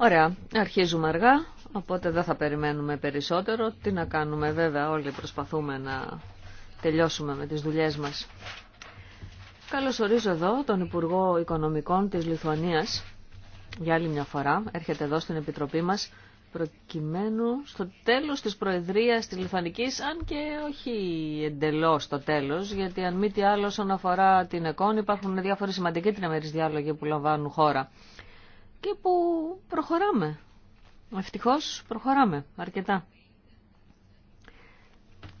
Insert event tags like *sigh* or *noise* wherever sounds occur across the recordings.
Ωραία, αρχίζουμε αργά, οπότε δεν θα περιμένουμε περισσότερο. Τι να κάνουμε βέβαια, όλοι προσπαθούμε να τελειώσουμε με τις δουλειές μας. Καλώς ορίζω εδώ τον Υπουργό Οικονομικών της Λιθουανίας. Για άλλη μια φορά έρχεται εδώ στην Επιτροπή μας προκειμένου στο τέλος της Προεδρίας της Λιθανικής, αν και όχι εντελώς το τέλος, γιατί αν μη τι άλλο όσον αφορά την ΕΚΟΝ υπάρχουν διάφορες σημαντικοί τριμερείς διάλογοι που λαμβάνουν χώρα και που προχωράμε. Ευτυχώς προχωράμε αρκετά.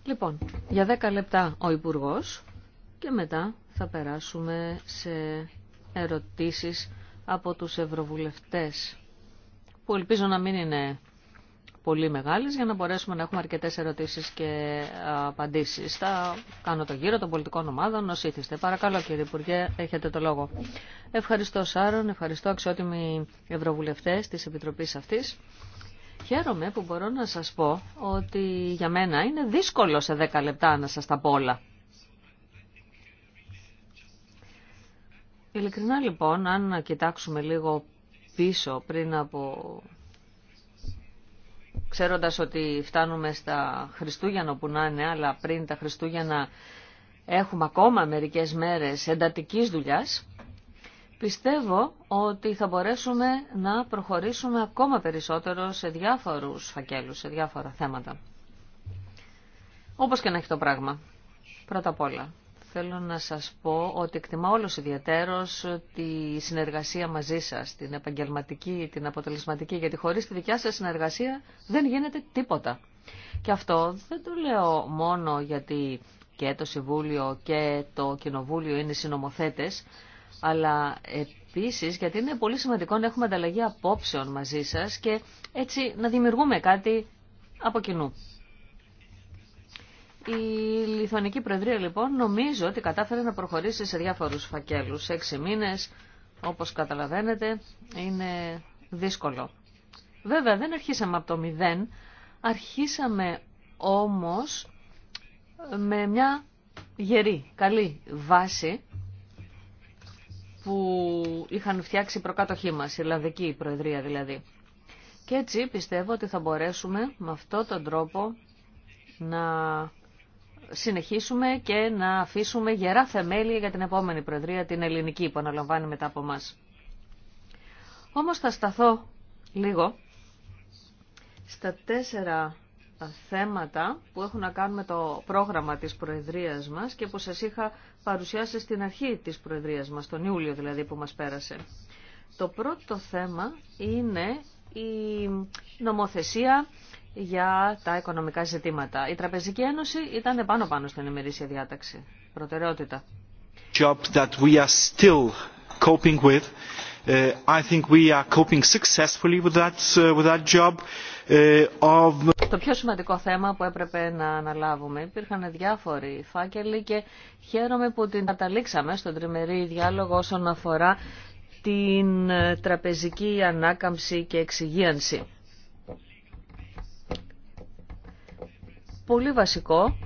Λοιπόν, για 10 λεπτά ο Υπουργός και μετά θα περάσουμε σε ερωτήσεις από τους Ευρωβουλευτές που ελπίζω να μην είναι πολύ μεγάλες για να μπορέσουμε να έχουμε αρκετές ερωτήσεις και απαντήσεις. Θα κάνω το γύρο των πολιτικών ομάδων, νοσήθηστε. Παρακαλώ κύριε Υπουργέ, έχετε το λόγο. Ευχαριστώ Σάρων, ευχαριστώ αξιότιμοι ευρωβουλευτές της Επιτροπής αυτής. Χαίρομαι που μπορώ να σας πω ότι για μένα είναι δύσκολο σε 10 λεπτά να σας τα πω όλα. Ειλικρινά λοιπόν, αν κοιτάξουμε λίγο πίσω πριν από... Ξέροντας ότι φτάνουμε στα Χριστούγεννα που να είναι, αλλά πριν τα Χριστούγεννα έχουμε ακόμα μερικές μέρες εντατικής δουλειάς, πιστεύω ότι θα μπορέσουμε να προχωρήσουμε ακόμα περισσότερο σε διάφορους φακέλους, σε διάφορα θέματα. Όπως και να έχει το πράγμα. Πρώτα απ' όλα, θέλω να σας πω ότι εκτιμά όλος ιδιαίτερος τη συνεργασία μαζί σας, την επαγγελματική, την αποτελεσματική, γιατί χωρίς τη δικιά σας συνεργασία δεν γίνεται τίποτα. Και αυτό δεν το λέω μόνο γιατί και το Συμβούλιο και το Κοινοβούλιο είναι συνομοθέτες, αλλά επίσης γιατί είναι πολύ σημαντικό να έχουμε ανταλλαγή απόψεων μαζί σας και έτσι να δημιουργούμε κάτι από κοινού. Η Λιθωνική Προεδρία λοιπόν νομίζω ότι κατάφερε να προχωρήσει σε διάφορους φακέλους. Έξι μήνες, όπως καταλαβαίνετε, είναι δύσκολο. Βέβαια δεν αρχίσαμε από το μηδέν, αρχίσαμε όμως με μια γερή, καλή βάση που είχαν φτιάξει προκάτοχή μας, η λαδική Προεδρία δηλαδή. Και έτσι πιστεύω ότι θα μπορέσουμε με αυτόν τον τρόπο να συνεχίσουμε και να αφήσουμε γερά θεμέλια για την επόμενη Προεδρία, την ελληνική που αναλαμβάνει μετά από μας. Όμως θα σταθώ λίγο στα τέσσερα θέματα που έχουν να κάνουν με το πρόγραμμα της Προεδρίας μας και που σας είχα παρουσιάσει στην αρχή της Προεδρίας μας, τον Ιούλιο δηλαδή που μας πέρασε. Το πρώτο θέμα είναι η νομοθεσία για τα οικονομικά ζητήματα. Η Τραπεζική Ένωση ήταν πάνω-πάνω στην ημερήσια διάταξη. Προτεραιότητα. that we are still coping with. Uh, I think we are coping successfully with that, uh, with that job. Uh, of... Το πιο σημαντικό θέμα που έπρεπε να αναλάβουμε υπήρχαν διάφοροι φάκελοι και χαίρομαι που την καταλήξαμε στον τριμερή διάλογο όσον αφορά την ε, τραπεζική ανάκαμψη και εξυγίανση. πολύ βασικό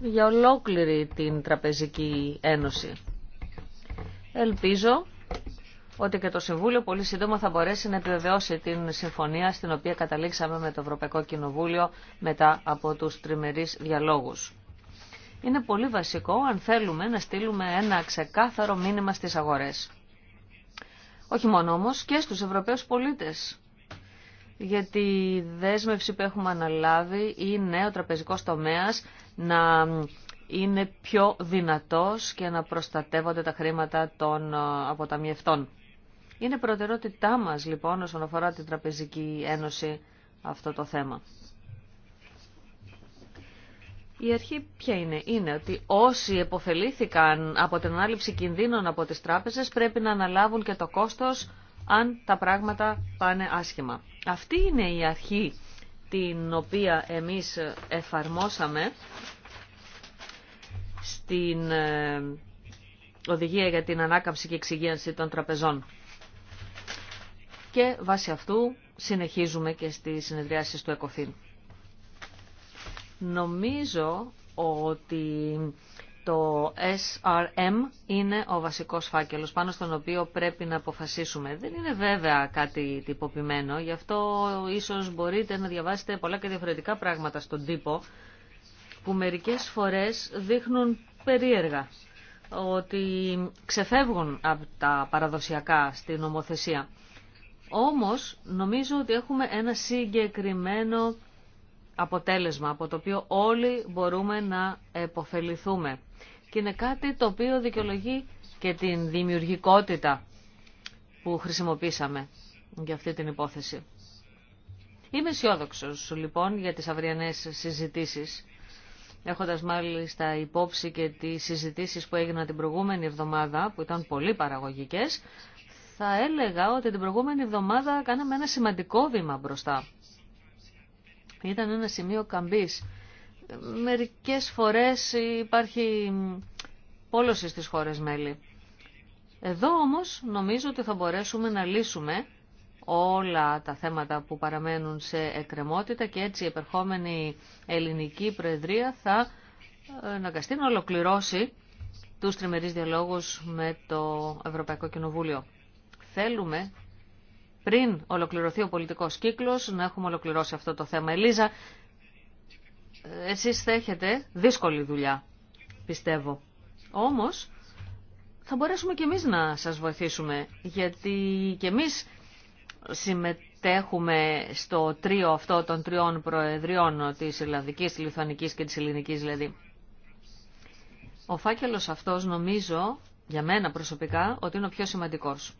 για ολόκληρη την Τραπεζική Ένωση. Ελπίζω ότι και το Συμβούλιο πολύ σύντομα θα μπορέσει να επιβεβαιώσει την συμφωνία στην οποία καταλήξαμε με το Ευρωπαϊκό Κοινοβούλιο μετά από τους τριμερείς διαλόγους. Είναι πολύ βασικό αν θέλουμε να στείλουμε ένα ξεκάθαρο μήνυμα στις αγορές. Όχι μόνο όμως και στους Ευρωπαίους πολίτες γιατί η δέσμευση που έχουμε αναλάβει είναι ο τραπεζικό τομέας να είναι πιο δυνατός και να προστατεύονται τα χρήματα των ε, αποταμιευτών. Είναι προτεραιότητά μας λοιπόν όσον αφορά την Τραπεζική Ένωση αυτό το θέμα. Η αρχή ποια είναι. Είναι ότι όσοι εποφελήθηκαν από την ανάληψη κινδύνων από τις τράπεζες πρέπει να αναλάβουν και το κόστος αν τα πράγματα πάνε άσχημα. Αυτή είναι η αρχή την οποία εμείς εφαρμόσαμε στην ε, οδηγία για την ανάκαμψη και εξυγίανση των τραπεζών. Και βάσει αυτού συνεχίζουμε και στις συνεδριάσεις του ΕΚΟΦΗΝ. Νομίζω ότι το SRM είναι ο βασικός φάκελος πάνω στον οποίο πρέπει να αποφασίσουμε. Δεν είναι βέβαια κάτι τυποποιημένο, γι' αυτό ίσως μπορείτε να διαβάσετε πολλά και διαφορετικά πράγματα στον τύπο που μερικές φορές δείχνουν περίεργα ότι ξεφεύγουν από τα παραδοσιακά στην νομοθεσία. Όμως νομίζω ότι έχουμε ένα συγκεκριμένο αποτέλεσμα από το οποίο όλοι μπορούμε να εποφεληθούμε και είναι κάτι το οποίο δικαιολογεί και την δημιουργικότητα που χρησιμοποίησαμε για αυτή την υπόθεση. Είμαι αισιόδοξο λοιπόν για τις αυριανές συζητήσεις, έχοντας μάλιστα υπόψη και τις συζητήσεις που έγιναν την προηγούμενη εβδομάδα, που ήταν πολύ παραγωγικές, θα έλεγα ότι την προηγούμενη εβδομάδα κάναμε ένα σημαντικό βήμα μπροστά. Ήταν ένα σημείο καμπής μερικές φορές υπάρχει πόλωση στις χώρες μέλη. Εδώ όμως νομίζω ότι θα μπορέσουμε να λύσουμε όλα τα θέματα που παραμένουν σε εκκρεμότητα και έτσι η επερχόμενη ελληνική προεδρία θα αναγκαστεί να ολοκληρώσει τους τριμερείς διαλόγους με το Ευρωπαϊκό Κοινοβούλιο. Θέλουμε πριν ολοκληρωθεί ο πολιτικός κύκλος να έχουμε ολοκληρώσει αυτό το θέμα. Ελίζα, εσείς θα έχετε δύσκολη δουλειά, πιστεύω. Όμως, θα μπορέσουμε και εμείς να σας βοηθήσουμε, γιατί και εμείς συμμετέχουμε στο τρίο αυτό των τριών προεδριών της ελλαδικής, της Λιθανικής και της Ελληνικής δηλαδή. Ο φάκελος αυτός νομίζω, για μένα προσωπικά, ότι είναι ο πιο σημαντικός.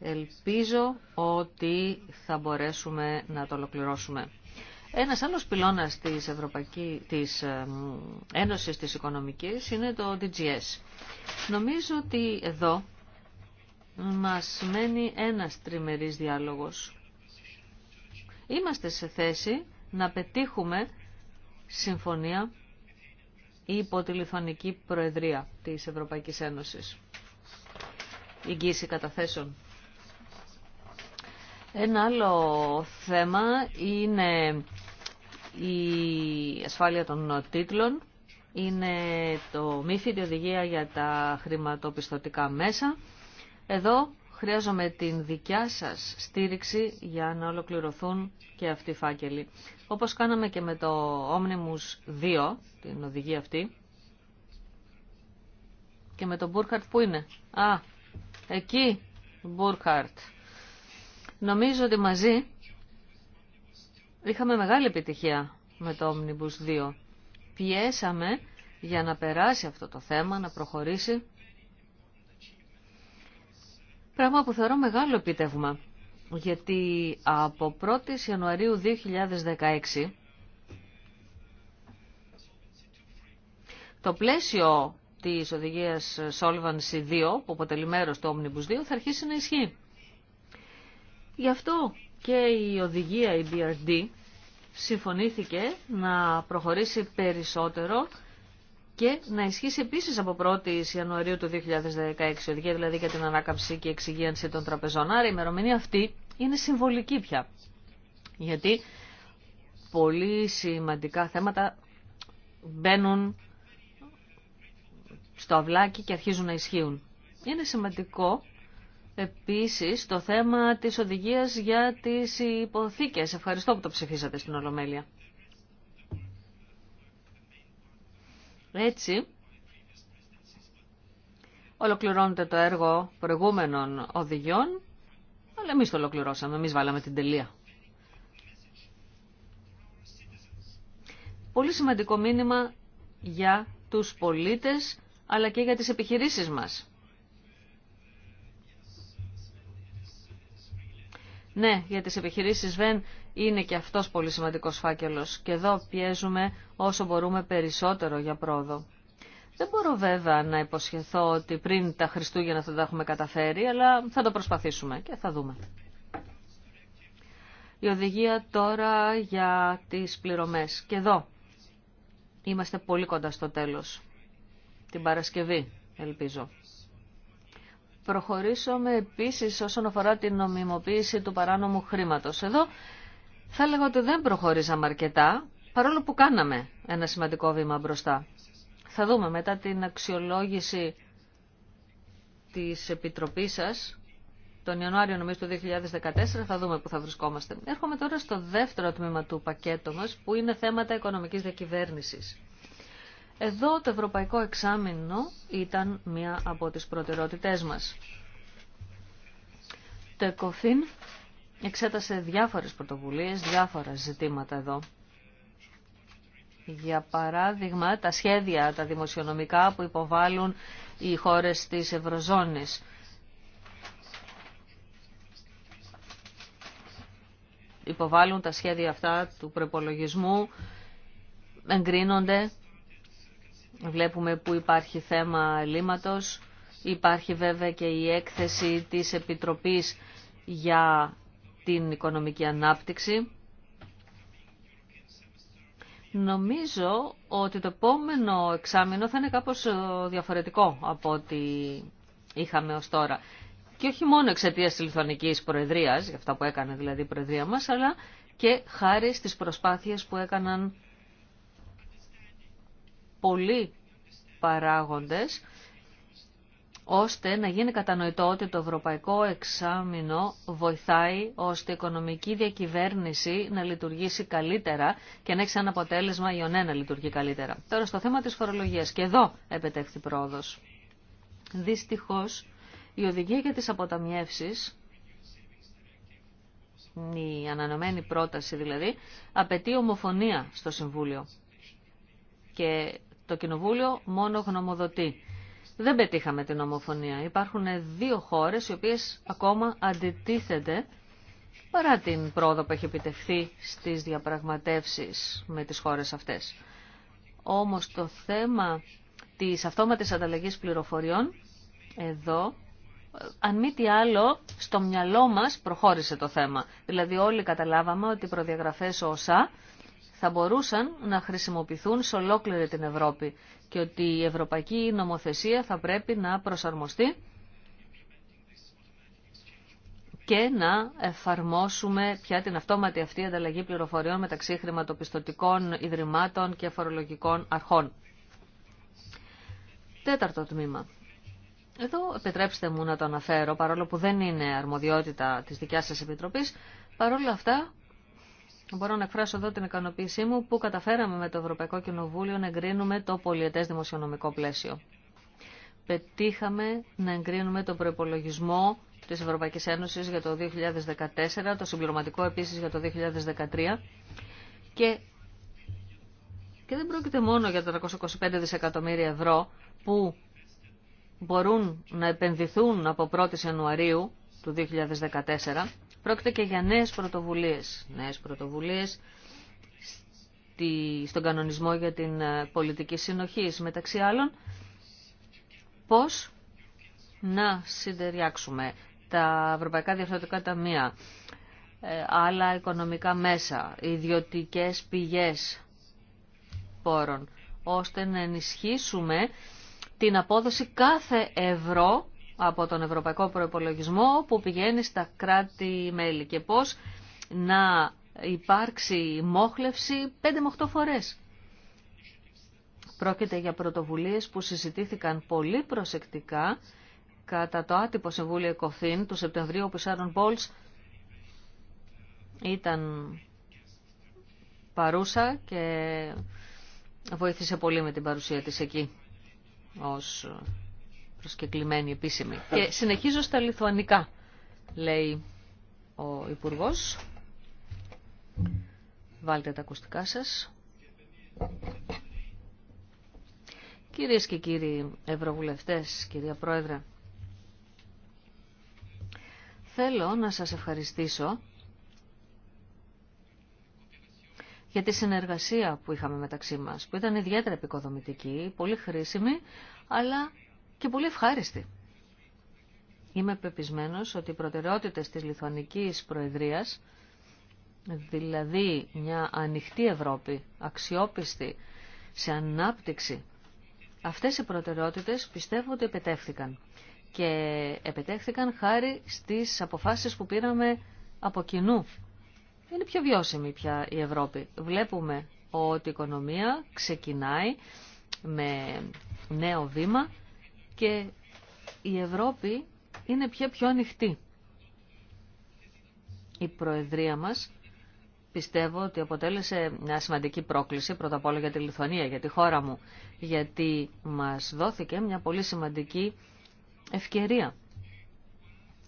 Ελπίζω ότι θα μπορέσουμε να το ολοκληρώσουμε. Ένα άλλο πυλώνα της, Ευρωπαϊκής της ε, Ένωσης της Οικονομικής είναι το DGS. Νομίζω ότι εδώ μας μένει ένας τριμερής διάλογος. Είμαστε σε θέση να πετύχουμε συμφωνία υπό τη Λιθουανική Προεδρία της Ευρωπαϊκής Ένωσης. Εγγύηση καταθέσεων ένα άλλο θέμα είναι η ασφάλεια των τίτλων. Είναι το MIFID, η οδηγία για τα χρηματοπιστωτικά μέσα. Εδώ χρειάζομαι την δικιά σας στήριξη για να ολοκληρωθούν και αυτοί οι φάκελοι. Όπως κάναμε και με το Omnibus 2, την οδηγία αυτή, και με τον Μπούρχαρτ που είναι. Α, εκεί, Μπούρχαρτ. Νομίζω ότι μαζί είχαμε μεγάλη επιτυχία με το Omnibus 2. Πιέσαμε για να περάσει αυτό το θέμα, να προχωρήσει. Πράγμα που θεωρώ μεγάλο επίτευγμα, γιατί από 1η Ιανουαρίου 2016 το πλαίσιο της οδηγίας Solvency 2, που αποτελεί μέρος του Omnibus 2, θα αρχίσει να ισχύει. Γι' αυτό και η οδηγία η BRD συμφωνήθηκε να προχωρήσει περισσότερο και να ισχύσει επίσης από 1η Ιανουαρίου του 2016 οδηγία δηλαδή για την ανάκαμψη και εξυγίανση των τραπεζών. Άρα η ημερομηνία αυτή είναι συμβολική πια. Γιατί πολύ σημαντικά θέματα μπαίνουν στο αυλάκι και αρχίζουν να ισχύουν. Είναι σημαντικό επίσης το θέμα της οδηγίας για τις υποθήκες. Ευχαριστώ που το ψηφίσατε στην Ολομέλεια. Έτσι, ολοκληρώνεται το έργο προηγούμενων οδηγιών, αλλά εμείς το ολοκληρώσαμε, εμείς βάλαμε την τελεία. Πολύ σημαντικό μήνυμα για τους πολίτες, αλλά και για τις επιχειρήσεις μας. Ναι, για τις επιχειρήσεις ΒΕΝ είναι και αυτός πολύ σημαντικός φάκελος και εδώ πιέζουμε όσο μπορούμε περισσότερο για πρόοδο. Δεν μπορώ βέβαια να υποσχεθώ ότι πριν τα Χριστούγεννα θα τα έχουμε καταφέρει, αλλά θα το προσπαθήσουμε και θα δούμε. Η οδηγία τώρα για τις πληρωμές. Και εδώ είμαστε πολύ κοντά στο τέλος. Την Παρασκευή, ελπίζω προχωρήσουμε επίσης όσον αφορά την νομιμοποίηση του παράνομου χρήματος. Εδώ θα έλεγα ότι δεν προχωρήσαμε αρκετά, παρόλο που κάναμε ένα σημαντικό βήμα μπροστά. Θα δούμε μετά την αξιολόγηση της Επιτροπής σας, τον Ιανουάριο νομίζω του 2014, θα δούμε που θα βρισκόμαστε. Έρχομαι τώρα στο δεύτερο τμήμα του πακέτου μας, που είναι θέματα οικονομικής διακυβέρνησης. Εδώ το ευρωπαϊκό εξάμεινο ήταν μία από τις προτεραιότητές μας. Το ΕΚΟΦΗΝ εξέτασε διάφορες πρωτοβουλίες, διάφορα ζητήματα εδώ. Για παράδειγμα, τα σχέδια, τα δημοσιονομικά που υποβάλλουν οι χώρες της Ευρωζώνης. Υποβάλλουν τα σχέδια αυτά του προπολογισμού, εγκρίνονται Βλέπουμε που υπάρχει θέμα λίματος. Υπάρχει βέβαια και η έκθεση της Επιτροπής για την οικονομική ανάπτυξη. Νομίζω ότι το επόμενο εξάμεινο θα είναι κάπως ε, διαφορετικό από ό,τι είχαμε ως τώρα. Και όχι μόνο εξαιτίας της Λιθουανικής Προεδρίας, για αυτά που έκανε δηλαδή η Προεδρία μας, αλλά και χάρη στις προσπάθειες που έκαναν πολλοί παράγοντες ώστε να γίνει κατανοητό ότι το ευρωπαϊκό εξάμεινο βοηθάει ώστε η οικονομική διακυβέρνηση να λειτουργήσει καλύτερα και να έχει σαν αποτέλεσμα η ΟΝΕ να λειτουργεί καλύτερα. Τώρα στο θέμα της φορολογίας και εδώ επετέχθη πρόοδος. Δυστυχώς η οδηγία για τις αποταμιεύσεις η ανανομένη πρόταση δηλαδή, απαιτεί ομοφωνία στο Συμβούλιο. Και το Κοινοβούλιο μόνο γνωμοδοτεί. Δεν πετύχαμε την ομοφωνία. Υπάρχουν δύο χώρες οι οποίες ακόμα αντιτίθενται παρά την πρόοδο που έχει επιτευχθεί στις διαπραγματεύσεις με τις χώρες αυτές. Όμως το θέμα της αυτόματης ανταλλαγής πληροφοριών εδώ αν μη τι άλλο, στο μυαλό μας προχώρησε το θέμα. Δηλαδή όλοι καταλάβαμε ότι οι προδιαγραφές ΟΣΑ θα μπορούσαν να χρησιμοποιηθούν σε ολόκληρη την Ευρώπη και ότι η ευρωπαϊκή νομοθεσία θα πρέπει να προσαρμοστεί και να εφαρμόσουμε πια την αυτόματη αυτή ανταλλαγή πληροφοριών μεταξύ χρηματοπιστωτικών ιδρυμάτων και φορολογικών αρχών. Τέταρτο τμήμα. Εδώ επιτρέψτε μου να το αναφέρω, παρόλο που δεν είναι αρμοδιότητα της δικιάς σας Επιτροπής, παρόλα αυτά Μπορώ να εκφράσω εδώ την ικανοποίησή μου που καταφέραμε με το Ευρωπαϊκό Κοινοβούλιο να εγκρίνουμε το πολιετέ δημοσιονομικό πλαίσιο. Πετύχαμε να εγκρίνουμε τον προπολογισμό της Ευρωπαϊκής Ένωσης για το 2014, το συμπληρωματικό επίση για το 2013 και, και δεν πρόκειται μόνο για τα 325 δισεκατομμύρια ευρώ που μπορούν να επενδυθούν από 1η Ιανουαρίου του 2014, πρόκειται και για νέες πρωτοβουλίες. Νέες πρωτοβουλίες στον κανονισμό για την ε, πολιτική συνοχή, μεταξύ άλλων, πώς να συντεριάξουμε τα Ευρωπαϊκά Διαφορετικά Ταμεία, ε, άλλα οικονομικά μέσα, ιδιωτικές πηγές πόρων, ώστε να ενισχύσουμε την απόδοση κάθε ευρώ από τον Ευρωπαϊκό Προπολογισμό που πηγαίνει στα κράτη-μέλη και πώς να υπάρξει μόχλευση 5 με 8 φορές. Πρόκειται για πρωτοβουλίες που συζητήθηκαν πολύ προσεκτικά κατά το άτυπο Συμβούλιο Εκοφήν του Σεπτεμβρίου που Σάρων Πόλς ήταν παρούσα και βοήθησε πολύ με την παρουσία της εκεί ως προσκεκλημένη επίσημη. Και συνεχίζω στα λιθουανικά, λέει ο Υπουργός. Βάλτε τα ακουστικά σας. Κυρίες και κύριοι Ευρωβουλευτές, κυρία Πρόεδρε, θέλω να σας ευχαριστήσω για τη συνεργασία που είχαμε μεταξύ μας, που ήταν ιδιαίτερα επικοδομητική, πολύ χρήσιμη, αλλά και πολύ ευχάριστη. Είμαι πεπισμένος ότι οι προτεραιότητες της Λιθουανικής Προεδρίας, δηλαδή μια ανοιχτή Ευρώπη, αξιόπιστη, σε ανάπτυξη, αυτές οι προτεραιότητες πιστεύω ότι επιτεύχθηκαν. Και επιτεύχθηκαν χάρη στις αποφάσεις που πήραμε από κοινού. Είναι πιο βιώσιμη πια η Ευρώπη. Βλέπουμε ότι η οικονομία ξεκινάει με νέο βήμα και η Ευρώπη είναι πια πιο ανοιχτή. Η Προεδρία μας πιστεύω ότι αποτέλεσε μια σημαντική πρόκληση πρώτα απ' όλα για τη Λιθουανία, για τη χώρα μου, γιατί μας δόθηκε μια πολύ σημαντική ευκαιρία.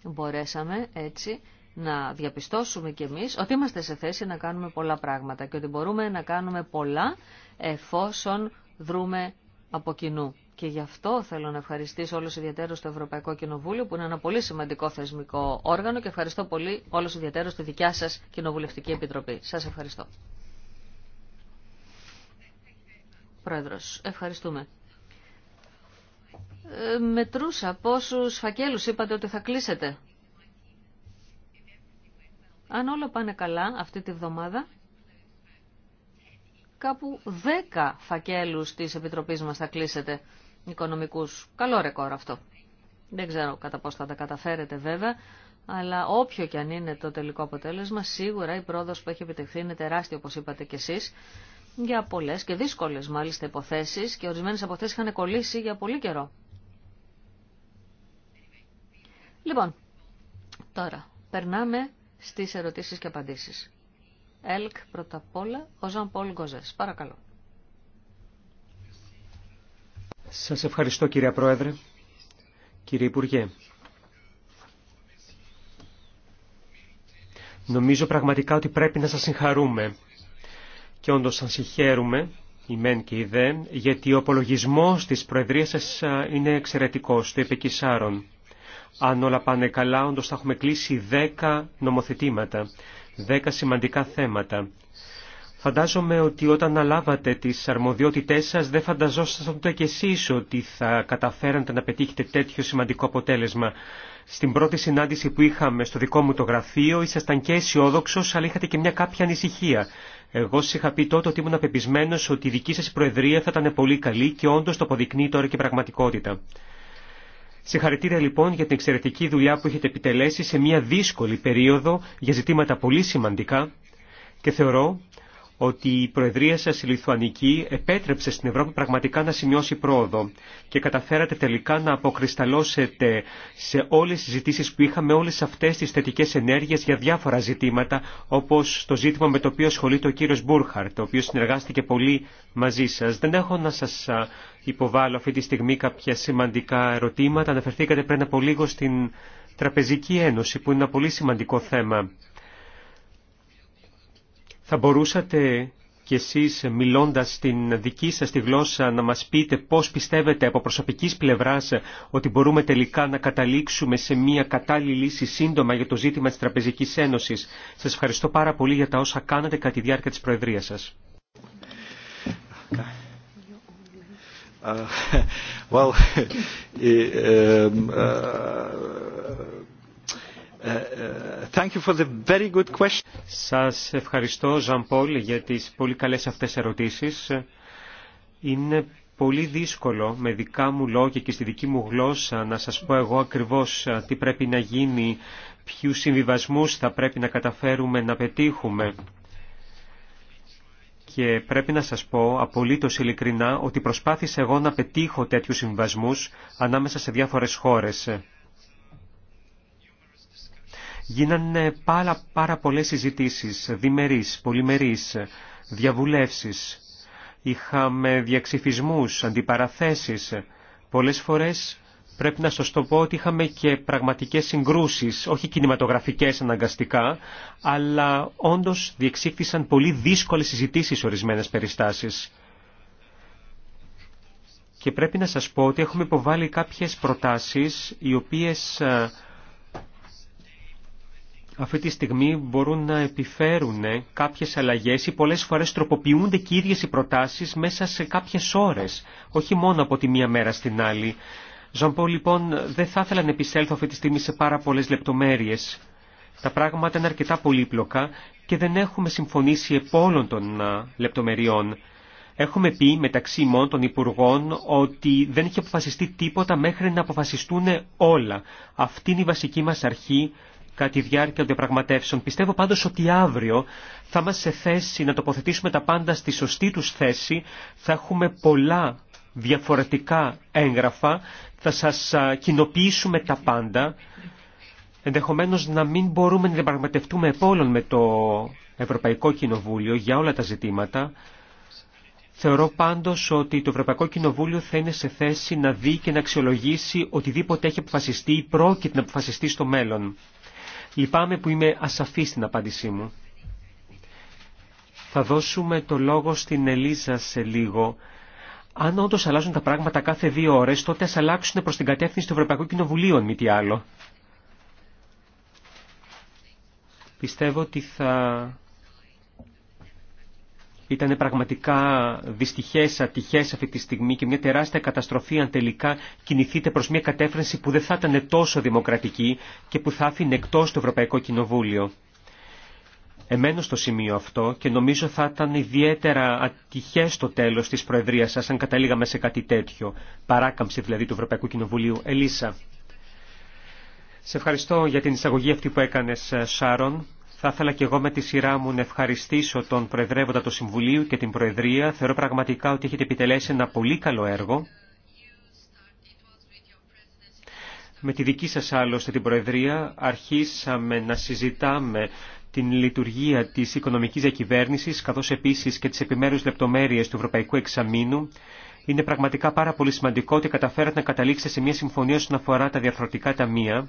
Μπορέσαμε έτσι να διαπιστώσουμε κι εμείς ότι είμαστε σε θέση να κάνουμε πολλά πράγματα και ότι μπορούμε να κάνουμε πολλά εφόσον δρούμε από κοινού. Και γι' αυτό θέλω να ευχαριστήσω όλους ιδιαίτερους στο Ευρωπαϊκό Κοινοβούλιο που είναι ένα πολύ σημαντικό θεσμικό όργανο και ευχαριστώ πολύ όλους ιδιαίτερους στη δικιά σας Κοινοβουλευτική Επιτροπή. Σας ευχαριστώ. Πρόεδρος, ευχαριστούμε. Ε, μετρούσα πόσους φακέλους είπατε ότι θα κλείσετε. Αν όλα πάνε καλά αυτή τη βδομάδα, κάπου 10 φακέλους της Επιτροπής μας θα κλείσετε οικονομικούς. Καλό ρεκόρ αυτό. Δεν ξέρω κατά πώς θα τα καταφέρετε βέβαια, αλλά όποιο και αν είναι το τελικό αποτέλεσμα, σίγουρα η πρόοδος που έχει επιτευχθεί είναι τεράστια όπως είπατε κι εσείς, για πολλές και δύσκολες μάλιστα υποθέσεις και ορισμένες αποθέσεις είχαν κολλήσει για πολύ καιρό. Λοιπόν, τώρα περνάμε στις ερωτήσεις και απαντήσεις. ΕΛΚ πρώτα απ' όλα, ο Ζαν Πολ Παρακαλώ. Σας ευχαριστώ κύριε Πρόεδρε, κύριε Υπουργέ. Νομίζω πραγματικά ότι πρέπει να σας συγχαρούμε. Και όντως σας συγχαίρουμε, η μεν και η δε, γιατί ο απολογισμός της Προεδρίας σας είναι εξαιρετικός, το είπε και Αν όλα πάνε καλά, όντως θα έχουμε κλείσει δέκα νομοθετήματα, δέκα σημαντικά θέματα Φαντάζομαι ότι όταν αναλάβατε τις αρμοδιότητές σας δεν φανταζόσασταν ούτε κι εσείς ότι θα καταφέρατε να πετύχετε τέτοιο σημαντικό αποτέλεσμα. Στην πρώτη συνάντηση που είχαμε στο δικό μου το γραφείο ήσασταν και αισιόδοξο, αλλά είχατε και μια κάποια ανησυχία. Εγώ σα είχα πει τότε ότι ήμουν απεπισμένο ότι η δική σα προεδρία θα ήταν πολύ καλή και όντω το αποδεικνύει τώρα και η πραγματικότητα. Συγχαρητήρια λοιπόν για την εξαιρετική δουλειά που έχετε επιτελέσει σε μια δύσκολη περίοδο για ζητήματα πολύ σημαντικά και θεωρώ ότι η Προεδρία σα η Λιθουανική επέτρεψε στην Ευρώπη πραγματικά να σημειώσει πρόοδο και καταφέρατε τελικά να αποκρισταλώσετε σε όλε τι συζητήσει που είχαμε όλε αυτέ τι θετικέ ενέργειε για διάφορα ζητήματα όπω το ζήτημα με το οποίο ασχολείται ο κύριο Μπούρχαρτ, ο οποίο συνεργάστηκε πολύ μαζί σα. Δεν έχω να σα υποβάλω αυτή τη στιγμή κάποια σημαντικά ερωτήματα. Αναφερθήκατε πριν από λίγο στην Τραπεζική Ένωση που είναι ένα πολύ σημαντικό θέμα. Θα μπορούσατε κι εσείς μιλώντας την δική σας τη γλώσσα να μας πείτε πώς πιστεύετε από προσωπικής πλευράς ότι μπορούμε τελικά να καταλήξουμε σε μια κατάλληλη λύση σύντομα για το ζήτημα της Τραπεζικής Ένωσης. Σας ευχαριστώ πάρα πολύ για τα όσα κάνατε κατά τη διάρκεια της Προεδρίας σας. Uh, *laughs* *laughs* ε, ε, ε, ε, ε, thank Σας ευχαριστώ, Ζαν Πολ, για τις πολύ καλές αυτές ερωτήσεις. Είναι πολύ δύσκολο με δικά μου λόγια και στη δική μου γλώσσα να σας πω εγώ ακριβώς ε, τι πρέπει να γίνει, ποιους συμβιβασμούς θα πρέπει να καταφέρουμε να πετύχουμε. Και πρέπει να σας πω απολύτως ειλικρινά ότι προσπάθησα εγώ να πετύχω τέτοιους συμβιβασμού ανάμεσα σε διάφορες χώρες. Γίνανε πάρα, πάρα πολλές συζητήσεις, διμερείς, πολυμερείς, διαβουλεύσεις. Είχαμε διαξυφισμούς, αντιπαραθέσεις. Πολλές φορές πρέπει να σας το πω ότι είχαμε και πραγματικές συγκρούσεις, όχι κινηματογραφικές αναγκαστικά, αλλά όντως διεξήχθησαν πολύ δύσκολες συζητήσεις ορισμένες περιστάσεις. Και πρέπει να σας πω ότι έχουμε υποβάλει κάποιες προτάσεις οι οποίες ε, αυτή τη στιγμή μπορούν να επιφέρουν κάποιες αλλαγές ή πολλές φορές τροποποιούνται και οι ίδιες οι προτάσεις μέσα σε κάποιες ώρες, όχι μόνο από τη μία μέρα στην άλλη. Ζαμπό, λοιπόν, δεν θα ήθελα να επισέλθω αυτή τη στιγμή σε πάρα πολλές λεπτομέρειες. Τα πράγματα είναι αρκετά πολύπλοκα και δεν έχουμε συμφωνήσει επ' όλων των λεπτομεριών. Έχουμε πει μεταξύ μόντων των Υπουργών ότι δεν έχει αποφασιστεί τίποτα μέχρι να αποφασιστούν όλα. Αυτή είναι η βασική μας αρχή κατά τη διάρκεια των διαπραγματεύσεων. Πιστεύω πάντως ότι αύριο θα είμαστε σε θέση να τοποθετήσουμε τα πάντα στη σωστή τους θέση. Θα έχουμε πολλά διαφορετικά έγγραφα, θα σας κοινοποιήσουμε τα πάντα. Ενδεχομένως να μην μπορούμε να διαπραγματευτούμε επόλων με το Ευρωπαϊκό Κοινοβούλιο για όλα τα ζητήματα. Θεωρώ πάντως ότι το Ευρωπαϊκό Κοινοβούλιο θα είναι σε θέση να δει και να αξιολογήσει οτιδήποτε έχει αποφασιστεί ή πρόκειται να αποφασιστεί στο μέλλον. Λυπάμαι που είμαι ασαφή στην απάντησή μου. Θα δώσουμε το λόγο στην Ελίζα σε λίγο. Αν όντω αλλάζουν τα πράγματα κάθε δύο ώρε, τότε α αλλάξουν προ την κατεύθυνση του Ευρωπαϊκού Κοινοβουλίου, αν μη τι άλλο. Πιστεύω ότι θα ήταν πραγματικά δυστυχές, ατυχές αυτή τη στιγμή και μια τεράστια καταστροφή αν τελικά κινηθείτε προς μια κατεύθυνση που δεν θα ήταν τόσο δημοκρατική και που θα άφηνε εκτός το Ευρωπαϊκό Κοινοβούλιο. Εμένω στο σημείο αυτό και νομίζω θα ήταν ιδιαίτερα ατυχές το τέλος της Προεδρίας σας αν καταλήγαμε σε κάτι τέτοιο. Παράκαμψη δηλαδή του Ευρωπαϊκού Κοινοβουλίου. Ελίσσα, Σε ευχαριστώ για την εισαγωγή αυτή που έκανες ε, Σάρον. Θα ήθελα και εγώ με τη σειρά μου να ευχαριστήσω τον Προεδρεύοντα του Συμβουλίου και την Προεδρία. Θεωρώ πραγματικά ότι έχετε επιτελέσει ένα πολύ καλό έργο. Με τη δική σας άλλωστε την Προεδρία αρχίσαμε να συζητάμε την λειτουργία της οικονομικής διακυβέρνησης καθώς επίσης και τις επιμέρους λεπτομέρειες του Ευρωπαϊκού Εξαμήνου. Είναι πραγματικά πάρα πολύ σημαντικό ότι καταφέρατε να καταλήξετε σε μια συμφωνία όσον αφορά τα διαφορετικά ταμεία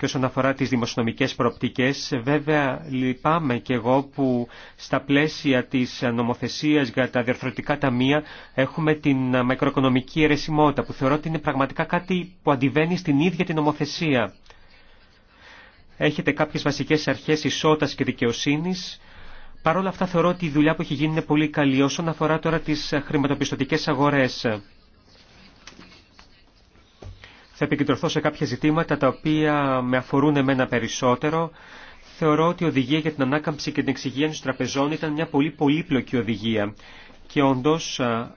και όσον αφορά τις δημοσιονομικές προοπτικές. Βέβαια, λυπάμαι και εγώ που στα πλαίσια της νομοθεσίας για τα διαρθρωτικά ταμεία έχουμε την μακροοικονομική αιρεσιμότητα που θεωρώ ότι είναι πραγματικά κάτι που αντιβαίνει στην ίδια την νομοθεσία. Έχετε κάποιες βασικές αρχές ισότητας και δικαιοσύνης. Παρ' όλα αυτά θεωρώ ότι η δουλειά που έχει γίνει είναι πολύ καλή όσον αφορά τώρα τις χρηματοπιστωτικές αγορές. Θα επικεντρωθώ σε κάποια ζητήματα τα οποία με αφορούν εμένα περισσότερο. Θεωρώ ότι η οδηγία για την ανάκαμψη και την εξυγίανση των τραπεζών ήταν μια πολύ πολύπλοκη οδηγία και όντω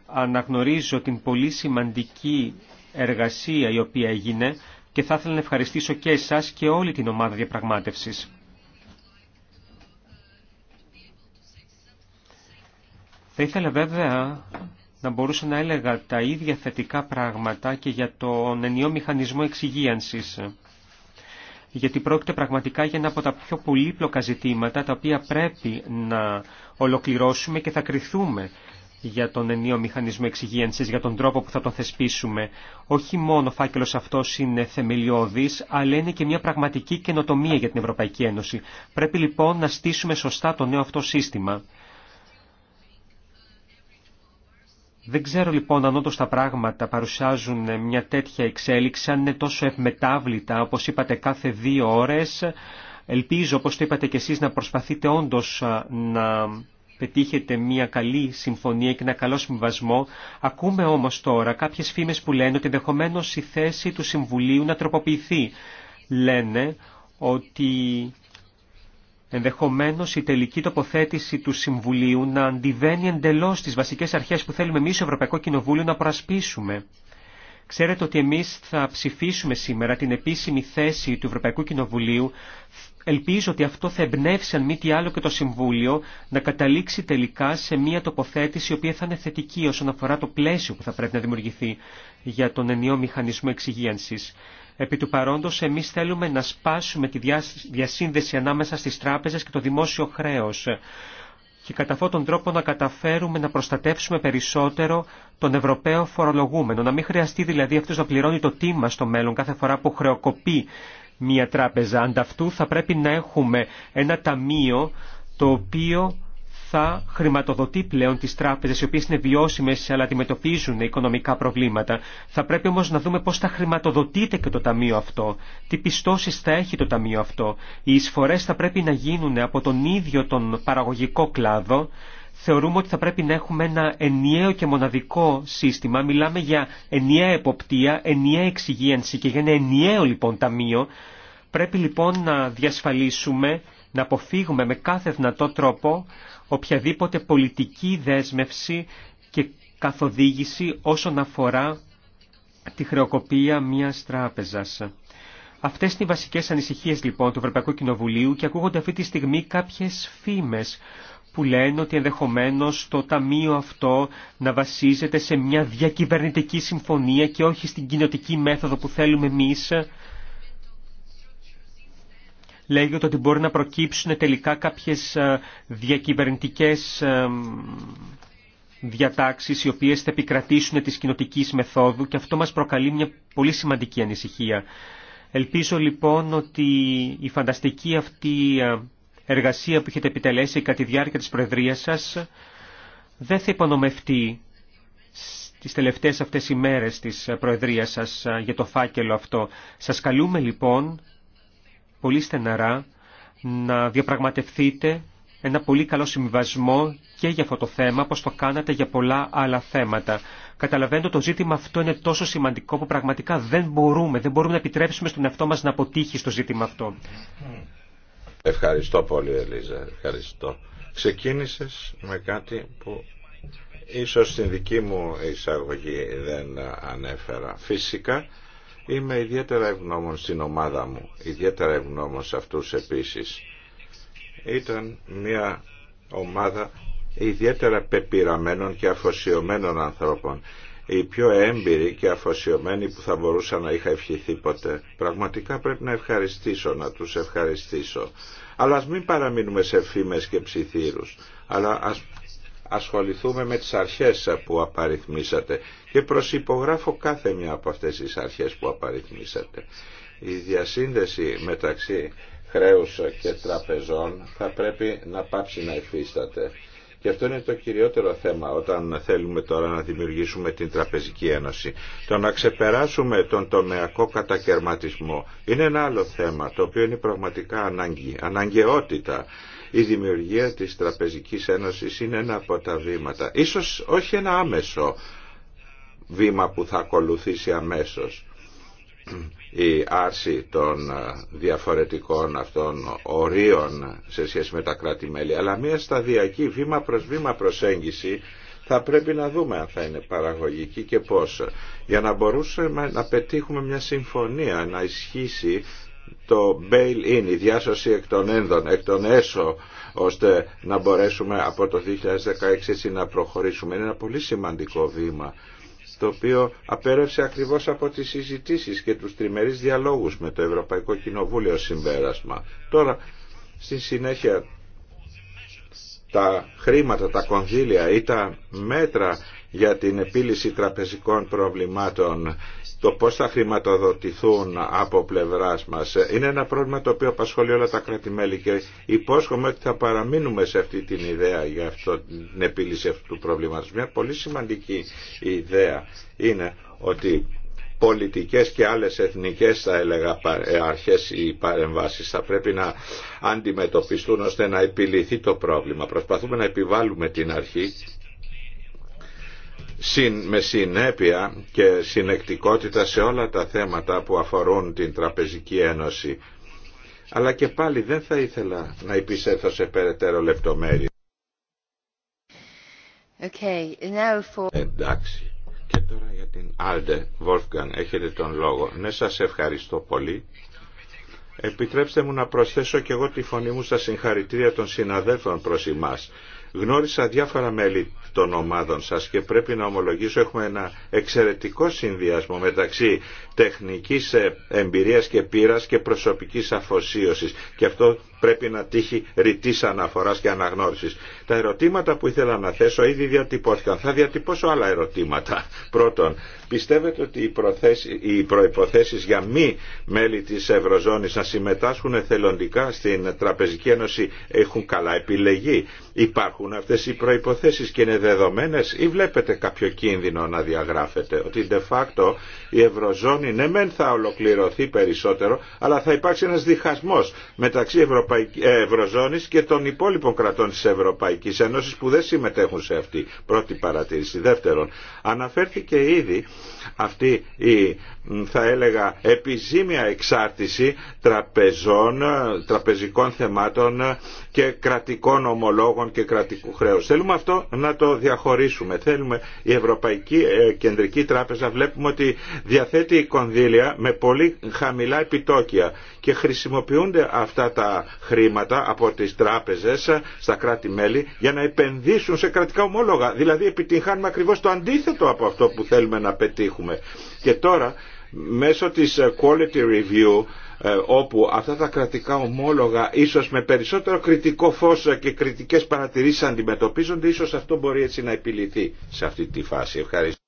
αναγνωρίζω την πολύ σημαντική εργασία η οποία έγινε και θα ήθελα να ευχαριστήσω και εσάς και όλη την ομάδα διαπραγματεύση. Θα ήθελα βέβαια να μπορούσα να έλεγα τα ίδια θετικά πράγματα και για τον ενιαίο μηχανισμό εξυγίανσης. Γιατί πρόκειται πραγματικά για ένα από τα πιο πολύπλοκα ζητήματα τα οποία πρέπει να ολοκληρώσουμε και θα κρυθούμε για τον ενίο μηχανισμό εξυγίανσης, για τον τρόπο που θα τον θεσπίσουμε. Όχι μόνο ο φάκελος αυτός είναι θεμελιώδης, αλλά είναι και μια πραγματική καινοτομία για την Ευρωπαϊκή Ένωση. Πρέπει λοιπόν να στήσουμε σωστά το νέο αυτό σύστημα. Δεν ξέρω λοιπόν αν όντως τα πράγματα παρουσιάζουν μια τέτοια εξέλιξη, αν είναι τόσο ευμετάβλητα, όπως είπατε κάθε δύο ώρες. Ελπίζω, όπως το είπατε και εσείς, να προσπαθείτε όντως να πετύχετε μια καλή συμφωνία και ένα καλό συμβασμό. Ακούμε όμως τώρα κάποιες φήμες που λένε ότι ενδεχομένω η θέση του Συμβουλίου να τροποποιηθεί. Λένε ότι ενδεχομένως η τελική τοποθέτηση του Συμβουλίου να αντιβαίνει εντελώς τις βασικές αρχές που θέλουμε εμείς στο Ευρωπαϊκό Κοινοβούλιο να προασπίσουμε. Ξέρετε ότι εμείς θα ψηφίσουμε σήμερα την επίσημη θέση του Ευρωπαϊκού Κοινοβουλίου. Ελπίζω ότι αυτό θα εμπνεύσει αν μη τι άλλο και το Συμβούλιο να καταλήξει τελικά σε μια τοποθέτηση η οποία θα είναι θετική όσον αφορά το πλαίσιο που θα πρέπει να δημιουργηθεί για τον ενιαίο μηχανισμό εξυγίανσης. Επί του παρόντος εμείς θέλουμε να σπάσουμε τη διασύνδεση ανάμεσα στις τράπεζες και το δημόσιο χρέος και κατά αυτόν τον τρόπο να καταφέρουμε να προστατεύσουμε περισσότερο τον Ευρωπαίο φορολογούμενο. Να μην χρειαστεί δηλαδή αυτός να πληρώνει το τίμα στο μέλλον κάθε φορά που χρεοκοπεί μια τράπεζα. Ανταυτού θα πρέπει να έχουμε ένα ταμείο το οποίο θα χρηματοδοτεί πλέον τις τράπεζες οι οποίες είναι βιώσιμες αλλά αντιμετωπίζουν οικονομικά προβλήματα. Θα πρέπει όμως να δούμε πώς θα χρηματοδοτείται και το ταμείο αυτό, τι πιστώσεις θα έχει το ταμείο αυτό. Οι εισφορές θα πρέπει να γίνουν από τον ίδιο τον παραγωγικό κλάδο θεωρούμε ότι θα πρέπει να έχουμε ένα ενιαίο και μοναδικό σύστημα. Μιλάμε για ενιαία εποπτεία, ενιαία εξυγίανση και για ένα ενιαίο λοιπόν ταμείο. Πρέπει λοιπόν να διασφαλίσουμε να αποφύγουμε με κάθε δυνατό τρόπο οποιαδήποτε πολιτική δέσμευση και καθοδήγηση όσον αφορά τη χρεοκοπία μιας τράπεζας. Αυτές είναι οι βασικές ανησυχίες λοιπόν του Ευρωπαϊκού Κοινοβουλίου και ακούγονται αυτή τη στιγμή κάποιες φήμες που λένε ότι ενδεχομένως το ταμείο αυτό να βασίζεται σε μια διακυβερνητική συμφωνία και όχι στην κοινοτική μέθοδο που θέλουμε εμεί λέγεται ότι μπορεί να προκύψουν τελικά κάποιες ε, διακυβερνητικές ε, διατάξεις οι οποίες θα επικρατήσουν τη κοινοτική μεθόδου και αυτό μας προκαλεί μια πολύ σημαντική ανησυχία. Ελπίζω λοιπόν ότι η φανταστική αυτή ε, εργασία που έχετε επιτελέσει κατά τη διάρκεια της Προεδρίας σας δεν θα υπονομευτεί τις τελευταίες αυτές ημέρες της Προεδρίας σας για το φάκελο αυτό. Σας καλούμε λοιπόν πολύ στεναρά να διαπραγματευτείτε ένα πολύ καλό συμβιβασμό και για αυτό το θέμα, όπως το κάνατε για πολλά άλλα θέματα. Καταλαβαίνω το ζήτημα αυτό είναι τόσο σημαντικό που πραγματικά δεν μπορούμε, δεν μπορούμε να επιτρέψουμε στον εαυτό μας να αποτύχει στο ζήτημα αυτό. Ευχαριστώ πολύ Ελίζα, ευχαριστώ. Ξεκίνησες με κάτι που ίσως στην δική μου εισαγωγή δεν ανέφερα. Φυσικά Είμαι ιδιαίτερα ευγνώμων στην ομάδα μου, ιδιαίτερα ευγνώμων σε αυτούς επίσης. Ήταν μια ομάδα ιδιαίτερα πεπειραμένων και αφοσιωμένων ανθρώπων. Οι πιο έμπειροι και αφοσιωμένοι που θα μπορούσα να είχα ευχηθεί ποτέ. Πραγματικά πρέπει να ευχαριστήσω, να τους ευχαριστήσω. Αλλά ας μην παραμείνουμε σε φήμες και ψιθύρους. Αλλά ασχοληθούμε με τις αρχές που απαριθμίσατε και προσυπογράφω κάθε μια από αυτές τις αρχές που απαριθμίσατε. Η διασύνδεση μεταξύ χρέους και τραπεζών θα πρέπει να πάψει να υφίσταται και αυτό είναι το κυριότερο θέμα όταν θέλουμε τώρα να δημιουργήσουμε την Τραπεζική Ένωση. Το να ξεπεράσουμε τον τομεακό κατακαιρματισμό είναι ένα άλλο θέμα το οποίο είναι πραγματικά ανάγκη, αναγκαιότητα. Η δημιουργία της Τραπεζικής Ένωσης είναι ένα από τα βήματα. Ίσως όχι ένα άμεσο βήμα που θα ακολουθήσει αμέσως η άρση των ε, διαφορετικών αυτών ορίων σε σχέση με τα κράτη-μέλη, αλλά μια σταδιακή βήμα προς βήμα προσέγγιση θα πρέπει να δούμε αν θα είναι παραγωγική και πώς. Για να μπορούσαμε να πετύχουμε μια συμφωνία, να ισχύσει το bail-in, η διάσωση εκ των ένδων, εκ των έσω, ώστε να μπορέσουμε από το 2016 να προχωρήσουμε. Είναι ένα πολύ σημαντικό βήμα το οποίο απέρευσε ακριβώς από τις συζητήσεις και τους τριμερείς διαλόγους με το Ευρωπαϊκό Κοινοβούλιο συμπέρασμα. Τώρα, στη συνέχεια, τα χρήματα, τα κονδύλια ή τα μέτρα για την επίλυση τραπεζικών προβλημάτων το πώς θα χρηματοδοτηθούν από πλευράς μας ε, είναι ένα πρόβλημα το οποίο απασχολεί όλα τα κράτη-μέλη και υπόσχομαι ότι θα παραμείνουμε σε αυτή την ιδέα για αυτό, την επίλυση αυτού του προβλήματος. Μια πολύ σημαντική ιδέα είναι ότι πολιτικές και άλλες εθνικές θα έλεγα ε, αρχές ή παρεμβάσεις θα πρέπει να αντιμετωπιστούν ώστε να επιληθεί το πρόβλημα. Προσπαθούμε να επιβάλλουμε την αρχή με συνέπεια και συνεκτικότητα σε όλα τα θέματα που αφορούν την Τραπεζική Ένωση. Αλλά και πάλι δεν θα ήθελα να υπησέθω σε περαιτέρω λεπτομέρειες. Okay, Εντάξει. Και τώρα για την Άλντε, Wolfgang, έχετε τον λόγο. Ναι, σας ευχαριστώ πολύ. Επιτρέψτε μου να προσθέσω και εγώ τη φωνή μου στα συγχαρητήρια των συναδέλφων προς εμάς. Γνώρισα διάφορα μέλη των ομάδων σας και πρέπει να ομολογήσω έχουμε ένα εξαιρετικό συνδυασμό μεταξύ τεχνικής εμπειρίας και πείρας και προσωπικής αφοσίωσης και αυτό πρέπει να τύχει ρητή αναφορά και αναγνώριση. Τα ερωτήματα που ήθελα να θέσω ήδη διατυπώθηκαν. Θα διατυπώσω άλλα ερωτήματα. Πρώτον, πιστεύετε ότι οι προποθέσει για μη μέλη τη Ευρωζώνη να συμμετάσχουν εθελοντικά στην Τραπεζική Ένωση έχουν καλά επιλεγεί. Υπάρχουν αυτέ οι προποθέσει και είναι δεδομένε ή βλέπετε κάποιο κίνδυνο να διαγράφεται Ότι de facto η Ευρωζώνη ναι μεν θα ολοκληρωθεί περισσότερο αλλά θα υπάρξει ένας διχασμός μεταξύ Ευρωπαϊκής ε, και των υπόλοιπων κρατών της Ευρωπαϊκής Ένωσης που δεν συμμετέχουν σε αυτή. Πρώτη παρατήρηση. Δεύτερον, αναφέρθηκε ήδη αυτή η θα έλεγα επιζήμια εξάρτηση τραπεζών, τραπεζικών θεμάτων και κρατικών ομολόγων και κρατικού χρέους. Θέλουμε αυτό να το διαχωρίσουμε. Θέλουμε η Ευρωπαϊκή ε, Κεντρική Τράπεζα βλέπουμε ότι διαθέτει κονδύλια με πολύ χαμηλά επιτόκια και χρησιμοποιούνται αυτά τα χρήματα από τις τράπεζες στα κράτη-μέλη για να επενδύσουν σε κρατικά ομόλογα. Δηλαδή επιτυγχάνουμε ακριβώς το αντίθετο από αυτό που θέλουμε να πετύχουμε. Και τώρα μέσω της ε, quality review ε, όπου αυτά τα κρατικά ομόλογα ίσως με περισσότερο κριτικό φως ε, και κριτικές παρατηρήσεις αντιμετωπίζονται ίσως αυτό μπορεί έτσι να επιληθεί σε αυτή τη φάση. Ευχαριστώ.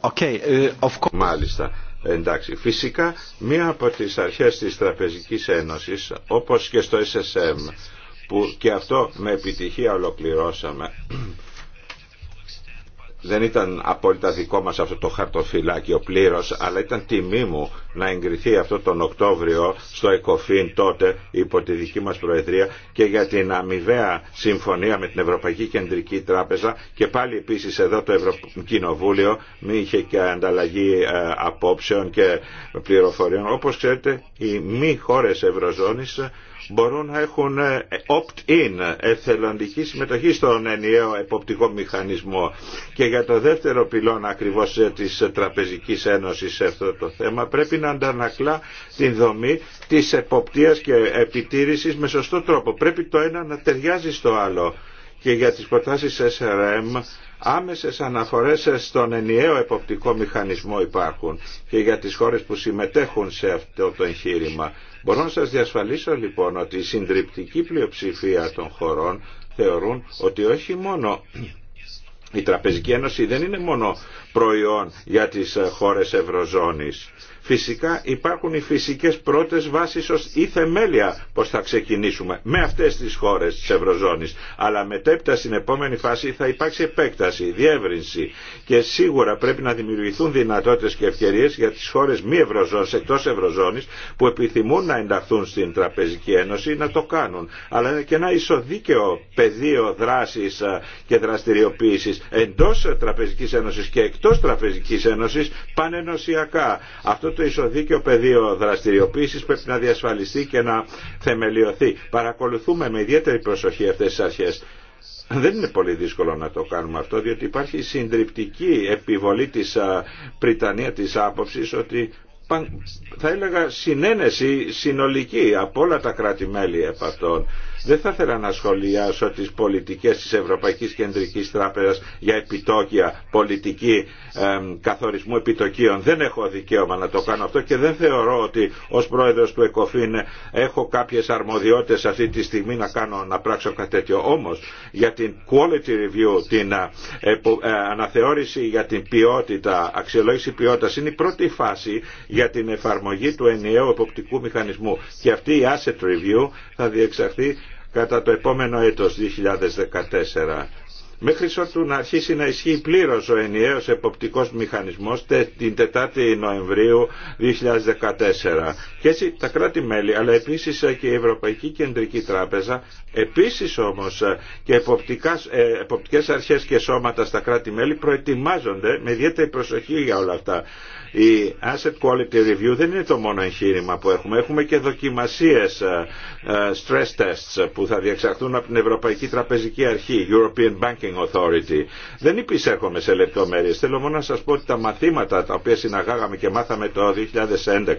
Okay. Of course. Μάλιστα. Εντάξει. Φυσικά μία από τις αρχές της Τραπεζικής Ένωσης όπως και στο SSM που και αυτό με επιτυχία ολοκληρώσαμε δεν ήταν απόλυτα δικό μας αυτό το χαρτοφυλάκιο πλήρως, αλλά ήταν τιμή μου να εγκριθεί αυτό τον Οκτώβριο στο ΕΚΟΦΗΝ τότε υπό τη δική μας Προεδρία και για την αμοιβαία συμφωνία με την Ευρωπαϊκή Κεντρική Τράπεζα και πάλι επίσης εδώ το Ευρωκοινοβούλιο Κοινοβούλιο μη είχε και ανταλλαγή ε, απόψεων και πληροφοριών. Όπως ξέρετε οι μη χώρες Ευρωζώνης μπορούν να έχουν ε, opt-in, εθελοντική συμμετοχή στον ενιαίο εποπτικό μηχανισμό. Και για το δεύτερο πυλόν ακριβώς ε, της Τραπεζικής Ένωσης σε αυτό το θέμα πρέπει να αντανακλά την δομή της εποπτείας και επιτήρησης με σωστό τρόπο. Πρέπει το ένα να ταιριάζει στο άλλο. Και για τις προτάσεις SRM άμεσες αναφορές ε, στον ενιαίο εποπτικό μηχανισμό υπάρχουν και για τις χώρες που συμμετέχουν σε αυτό το εγχείρημα. Μπορώ να σας διασφαλίσω λοιπόν ότι η συντριπτική πλειοψηφία των χωρών θεωρούν ότι όχι μόνο η Τραπεζική Ένωση δεν είναι μόνο προϊόν για τις ε, χώρες Ευρωζώνης Φυσικά υπάρχουν οι φυσικές πρώτες βάσεις ως ή θεμέλια πως θα ξεκινήσουμε με αυτές τις χώρες της Ευρωζώνης. Αλλά μετέπειτα στην επόμενη φάση θα υπάρξει επέκταση, διεύρυνση και σίγουρα πρέπει να δημιουργηθούν δυνατότητες και ευκαιρίες για τις χώρες μη Ευρωζώνης, εκτός Ευρωζώνης που επιθυμούν να ενταχθούν στην Τραπεζική Ένωση να το κάνουν. Αλλά είναι και ένα ισοδίκαιο πεδίο δράσης ε, και δραστηριοποίησης εντός Τραπεζικής Ένωσης και εκτός Τραπεζικής Ένωσης πανενωσιακά. Αυτό το ισοδίκαιο πεδίο δραστηριοποίηση πρέπει να διασφαλιστεί και να θεμελιωθεί. Παρακολουθούμε με ιδιαίτερη προσοχή αυτέ τι αρχέ. Δεν είναι πολύ δύσκολο να το κάνουμε αυτό, διότι υπάρχει συντριπτική επιβολή της Πριτανία της άποψης ότι θα έλεγα συνένεση συνολική από όλα τα κράτη-μέλη επ' Δεν θα ήθελα να σχολιάσω τις πολιτικές της Ευρωπαϊκής Κεντρικής Τράπεζας για επιτόκια, πολιτική καθορισμού επιτοκίων. Δεν έχω δικαίωμα να το κάνω αυτό και δεν θεωρώ ότι ως πρόεδρος του ΕΚΟΦΗΝ έχω κάποιες αρμοδιότητες αυτή τη στιγμή να, κάνω, να πράξω κάτι τέτοιο. Όμως για την quality review, την ε, ε, αναθεώρηση για την ποιότητα, αξιολόγηση ποιότητας είναι η πρώτη φάση για την εφαρμογή του ενιαίου εποπτικού μηχανισμού. Και αυτή η asset review θα διεξαχθεί κατά το επόμενο έτος 2014. Μέχρι ότου να αρχίσει να ισχύει πλήρως ο ενιαίος εποπτικός μηχανισμός την 4η Νοεμβρίου 2014. Και έτσι τα κράτη-μέλη αλλά επίσης και η Ευρωπαϊκή Κεντρική Τράπεζα επίσης όμως και ε, εποπτικές αρχές και σώματα στα κράτη-μέλη προετοιμάζονται με ιδιαίτερη προσοχή για όλα αυτά. Η Asset Quality Review δεν είναι το μόνο εγχείρημα που έχουμε. Έχουμε και δοκιμασίες ε, ε, stress tests που θα διεξαχθούν από την Ευρωπαϊκή Τραπεζική Αρχή, European Banking Authority. Δεν υπησέρχομαι σε λεπτομέρειες. Θέλω μόνο να σας πω ότι τα μαθήματα τα οποία συναγάγαμε και μάθαμε το 2011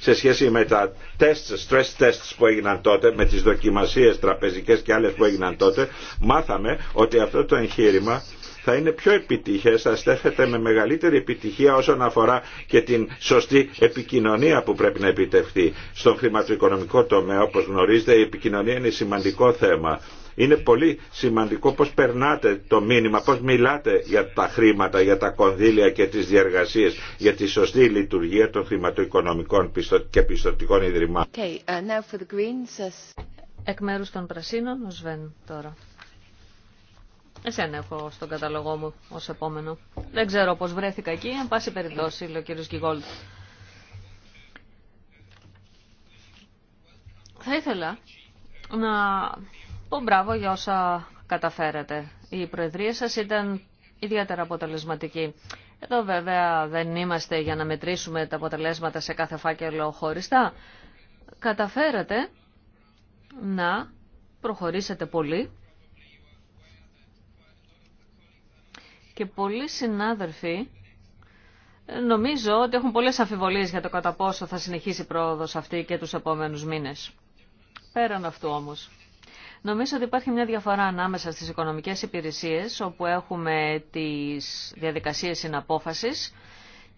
σε σχέση με τα tests, stress tests που έγιναν τότε, με τις δοκιμασίες τραπεζικές και άλλες που έγιναν τότε, μάθαμε ότι αυτό το εγχείρημα θα είναι πιο επιτυχές, θα στέφεται με μεγαλύτερη επιτυχία όσον αφορά και την σωστή επικοινωνία που πρέπει να επιτευχθεί. Στον χρηματοοικονομικό τομέα, όπως γνωρίζετε, η επικοινωνία είναι σημαντικό θέμα. Είναι πολύ σημαντικό πώς περνάτε το μήνυμα, πώς μιλάτε για τα χρήματα, για τα κονδύλια και τις διαργασίες, για τη σωστή λειτουργία των χρηματοοικονομικών και πιστοτικών ιδρυμάτων. Okay, uh, uh, Εκ μέρους των Πρασίνων, ο Σβέν τώρα. Εσένα έχω στον καταλογό μου ως επόμενο. Δεν ξέρω πώς βρέθηκα εκεί, αν πάση περιπτώσει, λέει ο κύριο Γκυγόλτ. Θα ήθελα να πω μπράβο για όσα καταφέρατε. Η προεδρία σα ήταν ιδιαίτερα αποτελεσματική. Εδώ βέβαια δεν είμαστε για να μετρήσουμε τα αποτελέσματα σε κάθε φάκελο χωριστά. Καταφέρατε να προχωρήσετε πολύ Και πολλοί συνάδελφοι νομίζω ότι έχουν πολλές αμφιβολίες για το κατά πόσο θα συνεχίσει η πρόοδος αυτή και τους επόμενους μήνες. Πέραν αυτού όμως. Νομίζω ότι υπάρχει μια διαφορά ανάμεσα στις οικονομικές υπηρεσίες, όπου έχουμε τις διαδικασίες συναπόφασης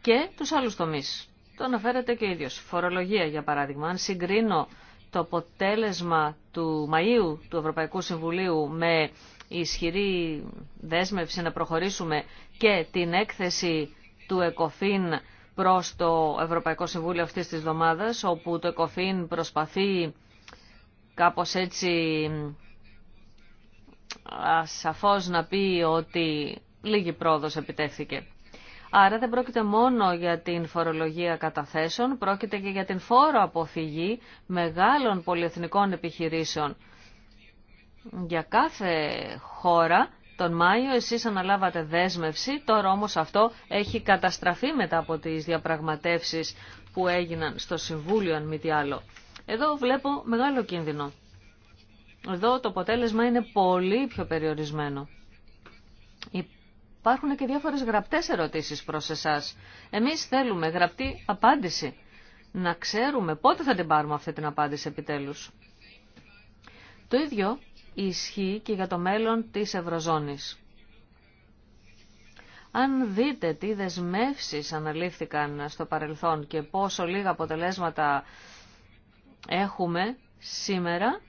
και τους άλλους τομείς. Το αναφέρεται και ίδιος. Φορολογία, για παράδειγμα. Αν συγκρίνω το αποτέλεσμα του Μαΐου του Ευρωπαϊκού Συμβουλίου με η ισχυρή δέσμευση να προχωρήσουμε και την έκθεση του ΕΚΟΦΗΝ προς το Ευρωπαϊκό Συμβούλιο αυτής της εβδομάδας, όπου το ΕΚΟΦΗΝ προσπαθεί κάπως έτσι σαφώς να πει ότι λίγη πρόοδος επιτεύχθηκε. Άρα δεν πρόκειται μόνο για την φορολογία καταθέσεων, πρόκειται και για την φόρο αποφυγή μεγάλων πολυεθνικών επιχειρήσεων για κάθε χώρα τον Μάιο εσείς αναλάβατε δέσμευση, τώρα όμως αυτό έχει καταστραφεί μετά από τις διαπραγματεύσεις που έγιναν στο Συμβούλιο αν μη τι άλλο. Εδώ βλέπω μεγάλο κίνδυνο. Εδώ το αποτέλεσμα είναι πολύ πιο περιορισμένο. Υπάρχουν και διάφορες γραπτές ερωτήσεις προς εσάς. Εμείς θέλουμε γραπτή απάντηση. Να ξέρουμε πότε θα την πάρουμε αυτή την απάντηση επιτέλους. Το ίδιο ισχύει και για το μέλλον της Ευρωζώνης. Αν δείτε τι δεσμεύσεις αναλήφθηκαν στο παρελθόν και πόσο λίγα αποτελέσματα έχουμε σήμερα,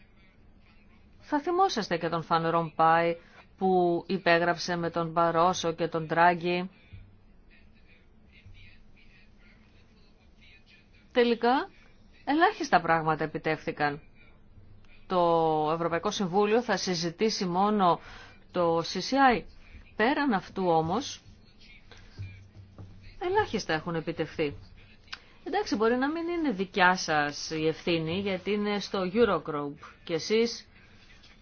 θα θυμόσαστε και τον Φαν Ρομπάι που υπέγραψε με τον Παρόσο και τον Τράγκη. Τελικά, ελάχιστα πράγματα επιτεύχθηκαν το Ευρωπαϊκό Συμβούλιο θα συζητήσει μόνο το CCI. Πέραν αυτού όμως, ελάχιστα έχουν επιτευχθεί. Εντάξει, μπορεί να μην είναι δικιά σας η ευθύνη, γιατί είναι στο Eurogroup και εσείς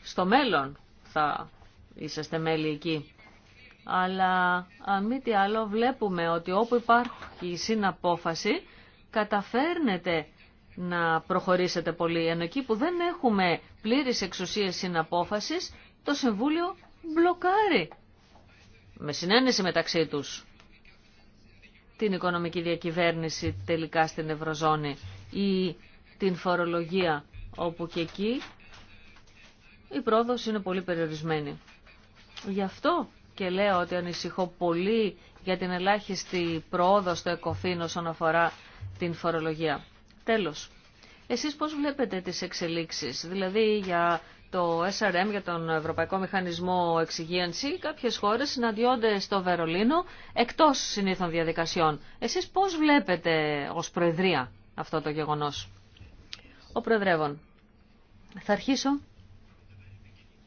στο μέλλον θα είσαστε μέλη εκεί. Αλλά αν μη τι άλλο βλέπουμε ότι όπου υπάρχει η συναπόφαση καταφέρνετε να προχωρήσετε πολύ. Ενώ εκεί που δεν έχουμε πλήρης εξουσίες συναπόφασης, το Συμβούλιο μπλοκάρει με συνένεση μεταξύ τους την οικονομική διακυβέρνηση τελικά στην Ευρωζώνη ή την φορολογία όπου και εκεί η πρόοδος είναι πολύ περιορισμένη. Γι' αυτό και λέω ότι ανησυχώ πολύ για την ελάχιστη πρόοδο στο ΕΚΟΦΗΝ όσον αφορά την φορολογία. Τέλος, εσείς πώς βλέπετε τις εξελίξεις, δηλαδή για το SRM, για τον Ευρωπαϊκό Μηχανισμό Εξυγίανση, κάποιες χώρες συναντιόνται στο Βερολίνο εκτός συνήθων διαδικασιών. Εσείς πώς βλέπετε ως Προεδρία αυτό το γεγονός. Ο Προεδρεύων, θα αρχίσω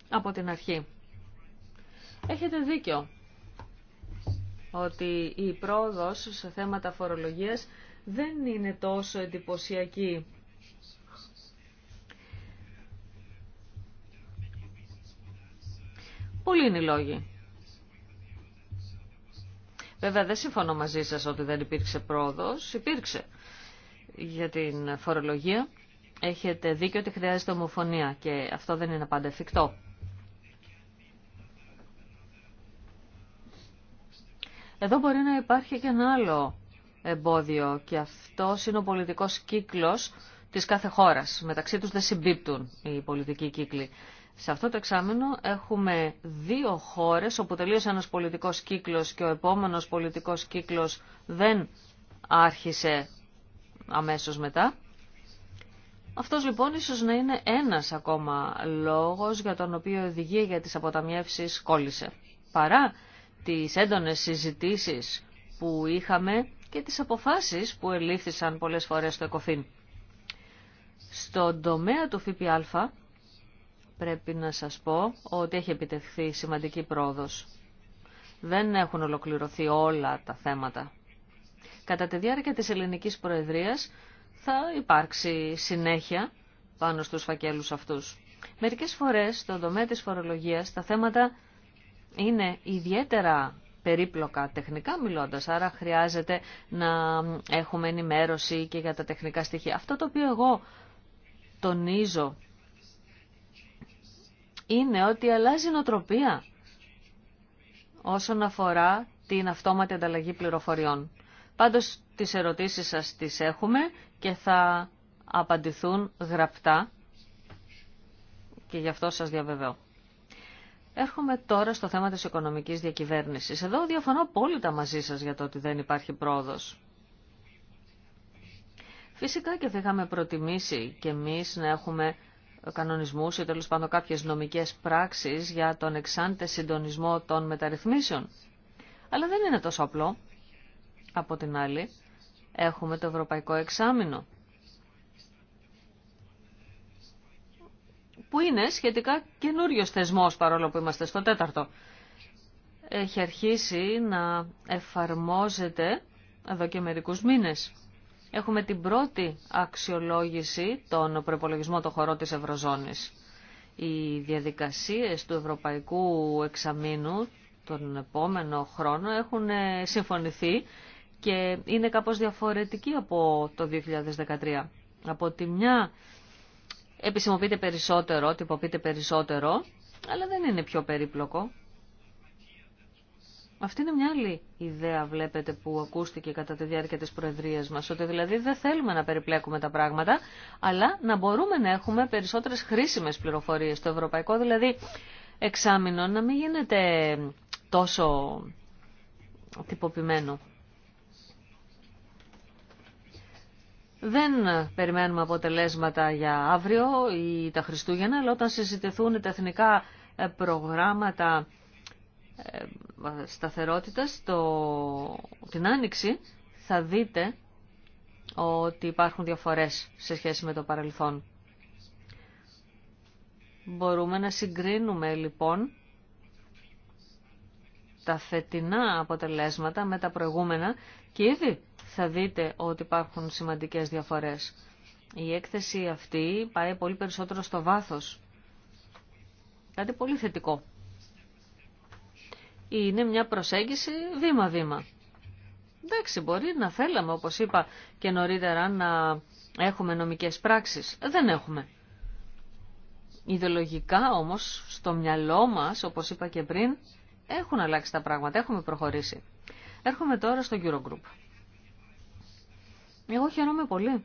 από την αρχή. Έχετε δίκιο ότι η πρόοδος σε θέματα φορολογίας δεν είναι τόσο εντυπωσιακή. Πολλοί είναι οι λόγοι. Βέβαια δεν συμφωνώ μαζί σας ότι δεν υπήρξε πρόοδος. Υπήρξε για την φορολογία. Έχετε δίκιο ότι χρειάζεται ομοφωνία και αυτό δεν είναι πάντα εφικτό. Εδώ μπορεί να υπάρχει και ένα άλλο εμπόδιο και αυτό είναι ο πολιτικό κύκλος της κάθε χώρα. Μεταξύ τους δεν συμπίπτουν οι πολιτικοί κύκλοι. Σε αυτό το εξάμεινο έχουμε δύο χώρες όπου τελείωσε ένας πολιτικός κύκλος και ο επόμενος πολιτικός κύκλος δεν άρχισε αμέσως μετά. Αυτός λοιπόν ίσως να είναι ένας ακόμα λόγος για τον οποίο η οδηγία για τις αποταμιεύσεις κόλλησε. Παρά τις έντονες συζητήσεις που είχαμε και τις αποφάσεις που ελήφθησαν πολλές φορές στο ΕΚΟΦΗΝ. Στον τομέα του ΦΠΑ πρέπει να σας πω ότι έχει επιτευχθεί σημαντική πρόοδος. Δεν έχουν ολοκληρωθεί όλα τα θέματα. Κατά τη διάρκεια της ελληνικής προεδρίας θα υπάρξει συνέχεια πάνω στους φακέλους αυτούς. Μερικές φορές στον τομέα της φορολογίας τα θέματα είναι ιδιαίτερα περίπλοκα τεχνικά μιλώντας, άρα χρειάζεται να έχουμε ενημέρωση και για τα τεχνικά στοιχεία. Αυτό το οποίο εγώ τονίζω είναι ότι αλλάζει νοτροπία όσον αφορά την αυτόματη ανταλλαγή πληροφοριών. Πάντως τις ερωτήσεις σας τις έχουμε και θα απαντηθούν γραπτά και γι' αυτό σας διαβεβαιώ. Έρχομαι τώρα στο θέμα της οικονομικής διακυβέρνησης. Εδώ διαφωνώ απόλυτα μαζί σας για το ότι δεν υπάρχει πρόοδος. Φυσικά και θα είχαμε προτιμήσει και εμείς να έχουμε κανονισμούς ή τέλος πάντων κάποιες νομικές πράξεις για τον εξάντε συντονισμό των μεταρρυθμίσεων. Αλλά δεν είναι τόσο απλό. Από την άλλη, έχουμε το Ευρωπαϊκό Εξάμεινο που είναι σχετικά καινούριο θεσμός παρόλο που είμαστε στο τέταρτο. Έχει αρχίσει να εφαρμόζεται εδώ και μερικού μήνε. Έχουμε την πρώτη αξιολόγηση των προπολογισμών των χωρών της Ευρωζώνης. Οι διαδικασίες του Ευρωπαϊκού Εξαμήνου τον επόμενο χρόνο έχουν ε, συμφωνηθεί και είναι κάπως διαφορετική από το 2013. Από τη μια επισημοποιείται περισσότερο, τυποποιείται περισσότερο, αλλά δεν είναι πιο περίπλοκο. Αυτή είναι μια άλλη ιδέα, βλέπετε, που ακούστηκε κατά τη διάρκεια της Προεδρίας μας, ότι δηλαδή δεν θέλουμε να περιπλέκουμε τα πράγματα, αλλά να μπορούμε να έχουμε περισσότερες χρήσιμες πληροφορίες. στο ευρωπαϊκό δηλαδή εξάμεινο να μην γίνεται τόσο τυποποιημένο. Δεν περιμένουμε αποτελέσματα για αύριο ή τα Χριστούγεννα, αλλά όταν συζητηθούν τα εθνικά ε, προγράμματα ε, σταθερότητας το... την Άνοιξη, θα δείτε ότι υπάρχουν διαφορές σε σχέση με το παρελθόν. Μπορούμε να συγκρίνουμε λοιπόν τα φετινά αποτελέσματα με τα προηγούμενα και ήδη θα δείτε ότι υπάρχουν σημαντικές διαφορές. Η έκθεση αυτή πάει πολύ περισσότερο στο βάθος. Κάτι πολύ θετικό. Είναι μια προσέγγιση βήμα-βήμα. Εντάξει, μπορεί να θέλαμε, όπως είπα και νωρίτερα, να έχουμε νομικές πράξεις. Δεν έχουμε. Ιδεολογικά όμως, στο μυαλό μας, όπως είπα και πριν, έχουν αλλάξει τα πράγματα, έχουμε προχωρήσει. Έρχομαι τώρα στο Eurogroup. Εγώ χαίρομαι πολύ,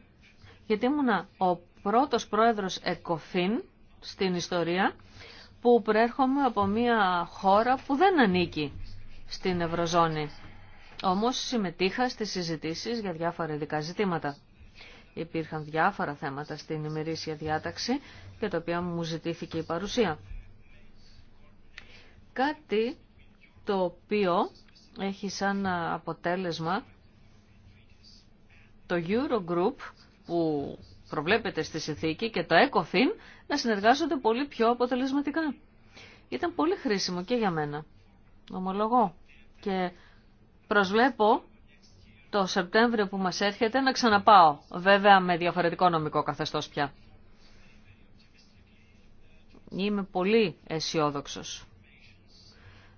γιατί ήμουνα ο πρώτος πρόεδρος ΕΚΟΦΗΝ στην ιστορία που προέρχομαι από μια χώρα που δεν ανήκει στην Ευρωζώνη. Όμως συμμετείχα στις συζητήσεις για διάφορα ειδικά ζητήματα. Υπήρχαν διάφορα θέματα στην ημερήσια διάταξη για τα οποία μου ζητήθηκε η παρουσία. Κάτι το οποίο έχει σαν αποτέλεσμα το Eurogroup που προβλέπεται στη συνθήκη και το ECOFIN να συνεργάζονται πολύ πιο αποτελεσματικά. Ήταν πολύ χρήσιμο και για μένα, ομολογώ. Και προσβλέπω το Σεπτέμβριο που μας έρχεται να ξαναπάω, βέβαια με διαφορετικό νομικό καθεστώς πια. Είμαι πολύ αισιόδοξο.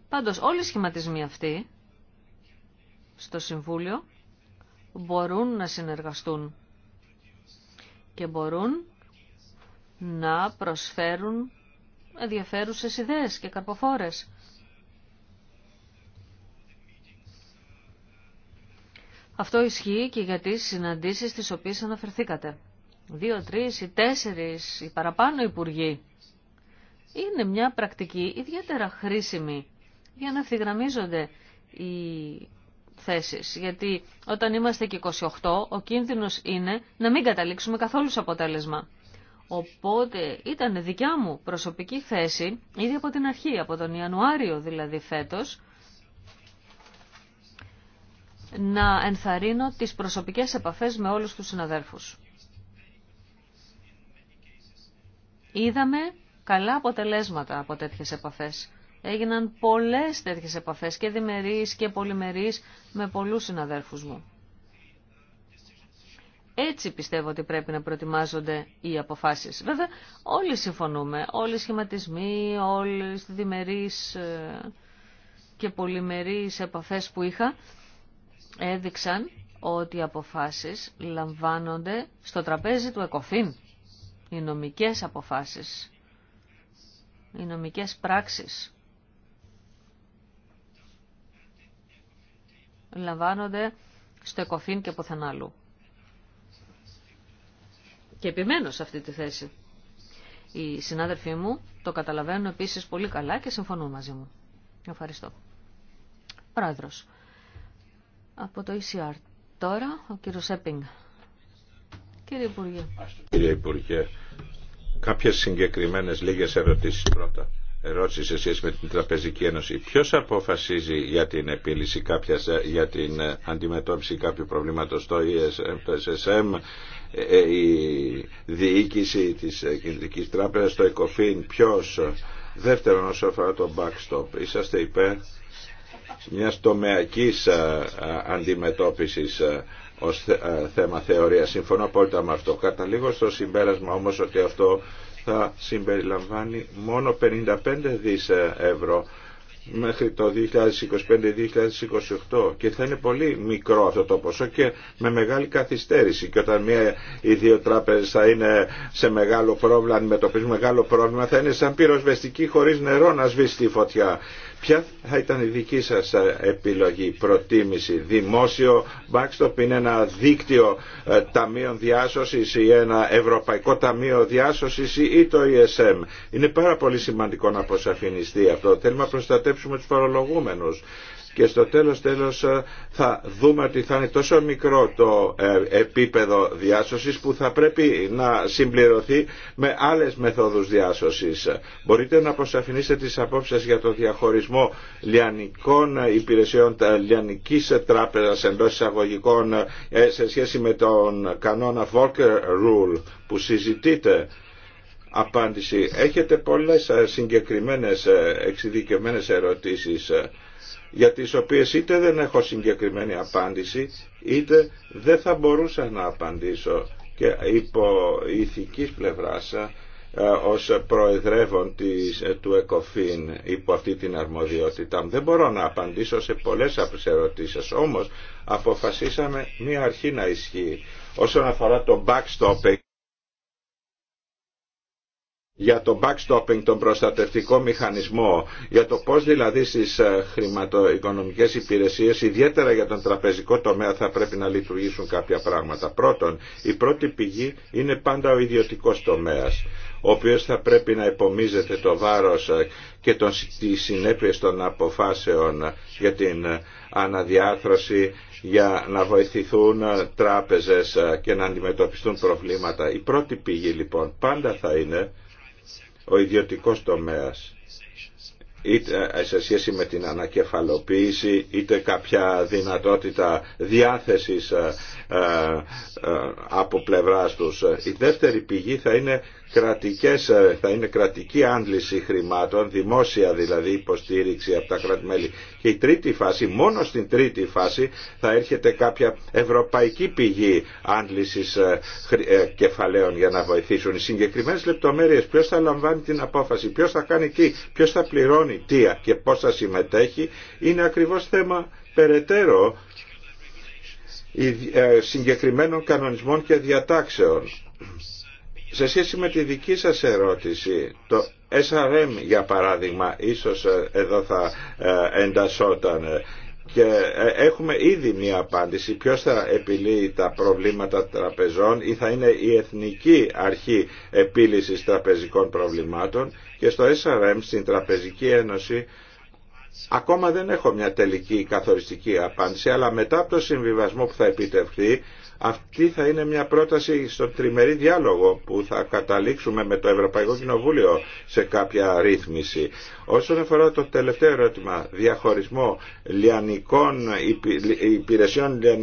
Πάντως όλοι οι σχηματισμοί αυτοί στο Συμβούλιο μπορούν να συνεργαστούν και μπορούν να προσφέρουν ενδιαφέρουσες ιδέες και καρποφόρες. Αυτό ισχύει και για τις συναντήσεις τις οποίες αναφερθήκατε. Δύο, τρεις ή τέσσερις ή παραπάνω υπουργοί. Είναι μια πρακτική ιδιαίτερα χρήσιμη για να ευθυγραμμίζονται οι θέσεις, γιατί όταν είμαστε και 28, ο κίνδυνος είναι να μην καταλήξουμε καθόλου σε αποτέλεσμα. Οπότε ήταν δικιά μου προσωπική θέση, ήδη από την αρχή, από τον Ιανουάριο δηλαδή φέτος, να ενθαρρύνω τις προσωπικές επαφές με όλους τους συναδέρφους. Είδαμε καλά αποτελέσματα από τέτοιες επαφές έγιναν πολλές τέτοιες επαφές και διμερείς και πολυμερείς με πολλούς συναδέρφους μου. Έτσι πιστεύω ότι πρέπει να προετοιμάζονται οι αποφάσεις. Βέβαια, όλοι συμφωνούμε, όλοι οι σχηματισμοί, όλοι οι διμερείς ε, και πολυμερείς επαφές που είχα, έδειξαν ότι οι αποφάσεις λαμβάνονται στο τραπέζι του ΕΚΟΦΗΝ. Οι νομικές αποφάσεις, οι νομικές πράξεις. λαμβάνονται στο ΕΚΟΦΗΝ και από άλλου. Και επιμένω σε αυτή τη θέση. Οι συνάδελφοί μου το καταλαβαίνουν επίσης πολύ καλά και συμφωνούν μαζί μου. Ευχαριστώ. Πρόεδρος. Από το ECR τώρα ο κύριος Έπινγκ. Κύριε Υπουργέ. Κύριε Υπουργέ, κάποιες συγκεκριμένες λίγες ερωτήσεις πρώτα ερώτηση σε σχέση με την Τραπεζική Ένωση. Ποιο αποφασίζει για την επίλυση ε, για την ε, αντιμετώπιση κάποιου προβλήματος στο ESM, το SSM, η διοίκηση της ε, Κεντρικής Τράπεζας, το ΕΚΟΦΗΝ, Ποιο Δεύτερον, όσο αφορά το backstop, είσαστε υπέρ μιας τομεακής αντιμετώπισης ω θέμα θεωρία. Συμφωνώ απόλυτα με αυτό. Καταλήγω στο συμπέρασμα όμω ότι αυτό θα συμπεριλαμβάνει μόνο 55 δις ε, ευρώ μέχρι το 2025-2028 και θα είναι πολύ μικρό αυτό το ποσό και με μεγάλη καθυστέρηση και όταν μία ή δύο τράπεζες θα είναι σε μεγάλο πρόβλημα, αντιμετωπίζουν μεγάλο πρόβλημα θα είναι σαν πυροσβεστική χωρίς νερό να σβήσει τη φωτιά Ποια θα ήταν η δική σας ε, επιλογή, προτίμηση, δημόσιο backstop είναι ένα δίκτυο ε, ταμείων διάσωσης ή ένα ευρωπαϊκό ταμείο διάσωσης ή το ESM. Είναι πάρα πολύ σημαντικό να αποσαφινιστεί αυτό. Θέλουμε να προστατέψουμε τους φορολογούμενους και στο τέλος τέλος ε, θα δούμε ότι θα είναι τόσο μικρό το ε, επίπεδο διάσωσης που θα πρέπει να συμπληρωθεί με άλλες μεθόδους διάσωσης. Μπορείτε να αποσαφηνίσετε τις απόψεις για το διαχωρισμό λιανικών υπηρεσιών, λιανικής τράπεζας εντός εισαγωγικών ε, σε σχέση με τον κανόνα Volcker Rule που συζητείτε. απάντηση. Έχετε πολλές συγκεκριμένες εξειδικευμένες ερωτήσεις για τις οποίες είτε δεν έχω συγκεκριμένη απάντηση είτε δεν θα μπορούσα να απαντήσω και υπό ηθικής πλευράς ε, ως προεδρεύων της, ε, του ΕΚΟΦΗΝ υπό αυτή την αρμοδιότητα. Δεν μπορώ να απαντήσω σε πολλές από τις ερωτήσεις, όμως αποφασίσαμε μία αρχή να ισχύει όσον αφορά το backstop για το backstopping, τον προστατευτικό μηχανισμό, για το πώς δηλαδή στις ε, χρηματοοικονομικές υπηρεσίες, ιδιαίτερα για τον τραπεζικό τομέα θα πρέπει να λειτουργήσουν κάποια πράγματα. Πρώτον, η πρώτη πηγή είναι πάντα ο ιδιωτικός τομέας ο οποίος θα πρέπει να υπομίζεται το βάρος ε, και τον, τις συνέπειες των αποφάσεων για την ε, αναδιάρθρωση για να βοηθηθούν τράπεζες και να αντιμετωπιστούν προβλήματα. Η πρώτη πηγή λοιπόν πάντα θα είναι ο ιδιωτικός τομέας είτε σε σχέση με την ανακεφαλοποίηση είτε κάποια δυνατότητα διάθεσης ε, ε, ε, από πλευράς τους. Η δεύτερη πηγή θα είναι κρατικές, ε, θα είναι κρατική άντληση χρημάτων, δημόσια δηλαδή υποστήριξη από τα κρατημέλη. Και η τρίτη φάση, μόνο στην τρίτη φάση θα έρχεται κάποια ευρωπαϊκή πηγή άντλησης ε, ε, κεφαλαίων για να βοηθήσουν. Οι συγκεκριμένες λεπτομέρειες, ποιος θα λαμβάνει την απόφαση, ποιος θα κάνει τι, ποιος θα πληρώνει τι και πώς θα συμμετέχει, είναι ακριβώς θέμα περαιτέρω συγκεκριμένων κανονισμών και διατάξεων σε σχέση με τη δική σας ερώτηση, το SRM για παράδειγμα, ίσως ε, εδώ θα ε, εντασσόταν ε, και έχουμε ήδη μια απάντηση ποιος θα επιλύει τα προβλήματα τραπεζών ή θα είναι η Εθνική Αρχή Επίλυσης Τραπεζικών Προβλημάτων και στο SRM στην Τραπεζική Ένωση ακόμα δεν έχω μια τελική καθοριστική απάντηση αλλά μετά από το συμβιβασμό που θα επιτευχθεί αυτή θα είναι μια πρόταση στο τριμερή διάλογο που θα καταλήξουμε με το Ευρωπαϊκό Κοινοβούλιο σε κάποια ρύθμιση. Όσον αφορά το τελευταίο ερώτημα, διαχωρισμό λιανικών, υπηρεσιών ε,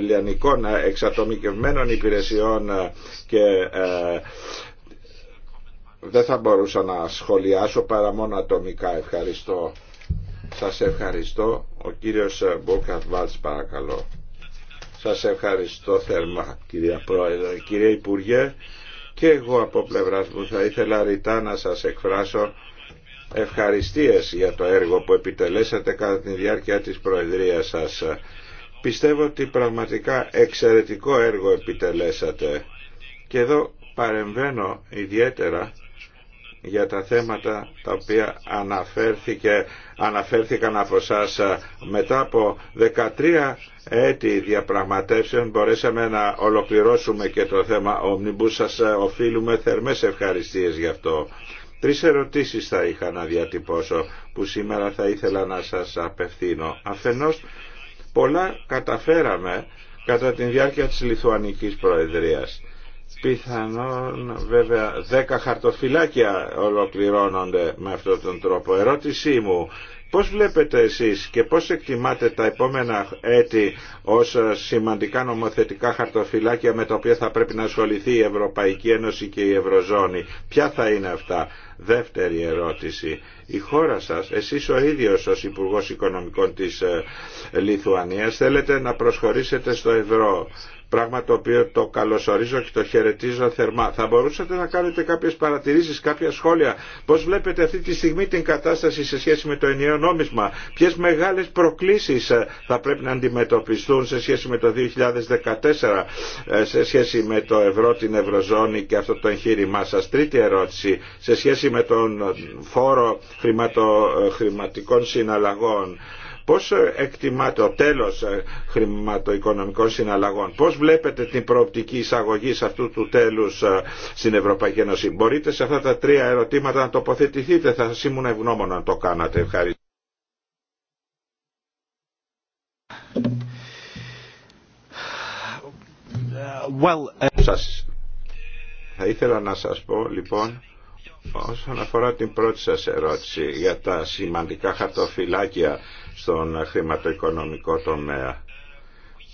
λιανικών, εξατομικευμένων υπηρεσιών ε, και ε, δεν θα μπορούσα να σχολιάσω παρά μόνο ατομικά. Ευχαριστώ. Σας ευχαριστώ. Ο κύριος Μπούκαρτ παρακαλώ. Σας ευχαριστώ θερμά κυρία Πρόεδρε, κύριε Υπουργέ και εγώ από πλευράς μου θα ήθελα ρητά να σας εκφράσω ευχαριστίες για το έργο που επιτελέσατε κατά τη διάρκεια της Προεδρίας σας. Πιστεύω ότι πραγματικά εξαιρετικό έργο επιτελέσατε και εδώ παρεμβαίνω ιδιαίτερα για τα θέματα τα οποία αναφέρθηκε αναφέρθηκαν από εσά μετά από 13 έτη διαπραγματεύσεων μπορέσαμε να ολοκληρώσουμε και το θέμα Omnibus. Σας ε, οφείλουμε θερμές ευχαριστίες γι' αυτό. Τρεις ερωτήσεις θα είχα να διατυπώσω που σήμερα θα ήθελα να σας απευθύνω. Αφενός, πολλά καταφέραμε κατά τη διάρκεια της Λιθουανικής Προεδρίας. Πιθανόν βέβαια 10 χαρτοφυλάκια ολοκληρώνονται με αυτόν τον τρόπο. Ερώτησή μου, πώς βλέπετε εσείς και πώς εκτιμάτε τα επόμενα έτη ως σημαντικά νομοθετικά χαρτοφυλάκια με τα οποία θα πρέπει να ασχοληθεί η Ευρωπαϊκή Ένωση και η Ευρωζώνη. Ποια θα είναι αυτά. Δεύτερη ερώτηση. Η χώρα σας, εσείς ο ίδιος ως Υπουργός Οικονομικών της ε, Λιθουανίας θέλετε να προσχωρήσετε στο ευρώ πράγμα το οποίο το καλωσορίζω και το χαιρετίζω θερμά. Θα μπορούσατε να κάνετε κάποιε παρατηρήσει, κάποια σχόλια. Πώ βλέπετε αυτή τη στιγμή την κατάσταση σε σχέση με το ενιαίο νόμισμα. ποιε μεγάλε προκλήσει ε, θα πρέπει να αντιμετωπιστούν σε σχέση με το 2014, ε, σε σχέση με το ευρώ, την ευρωζώνη και αυτό το εγχείρημά σα. Τρίτη ερώτηση, σε σχέση με τον φόρο χρηματο, ε, χρηματικών συναλλαγών. Πώς ε, εκτιμάτε το τέλος ε, χρηματοοικονομικών συναλλαγών, πώς βλέπετε την προοπτική εισαγωγή αυτού του τέλους ε, στην Ευρωπαϊκή Ένωση. Μπορείτε σε αυτά τα τρία ερωτήματα να τοποθετηθείτε, θα σας ήμουν ευγνώμων αν το κάνατε. Ευχαριστώ. Well, σας... Θα ήθελα να σας πω λοιπόν όσον αφορά την πρώτη σας ερώτηση για τα σημαντικά χαρτοφυλάκια στον χρηματοοικονομικό τομέα.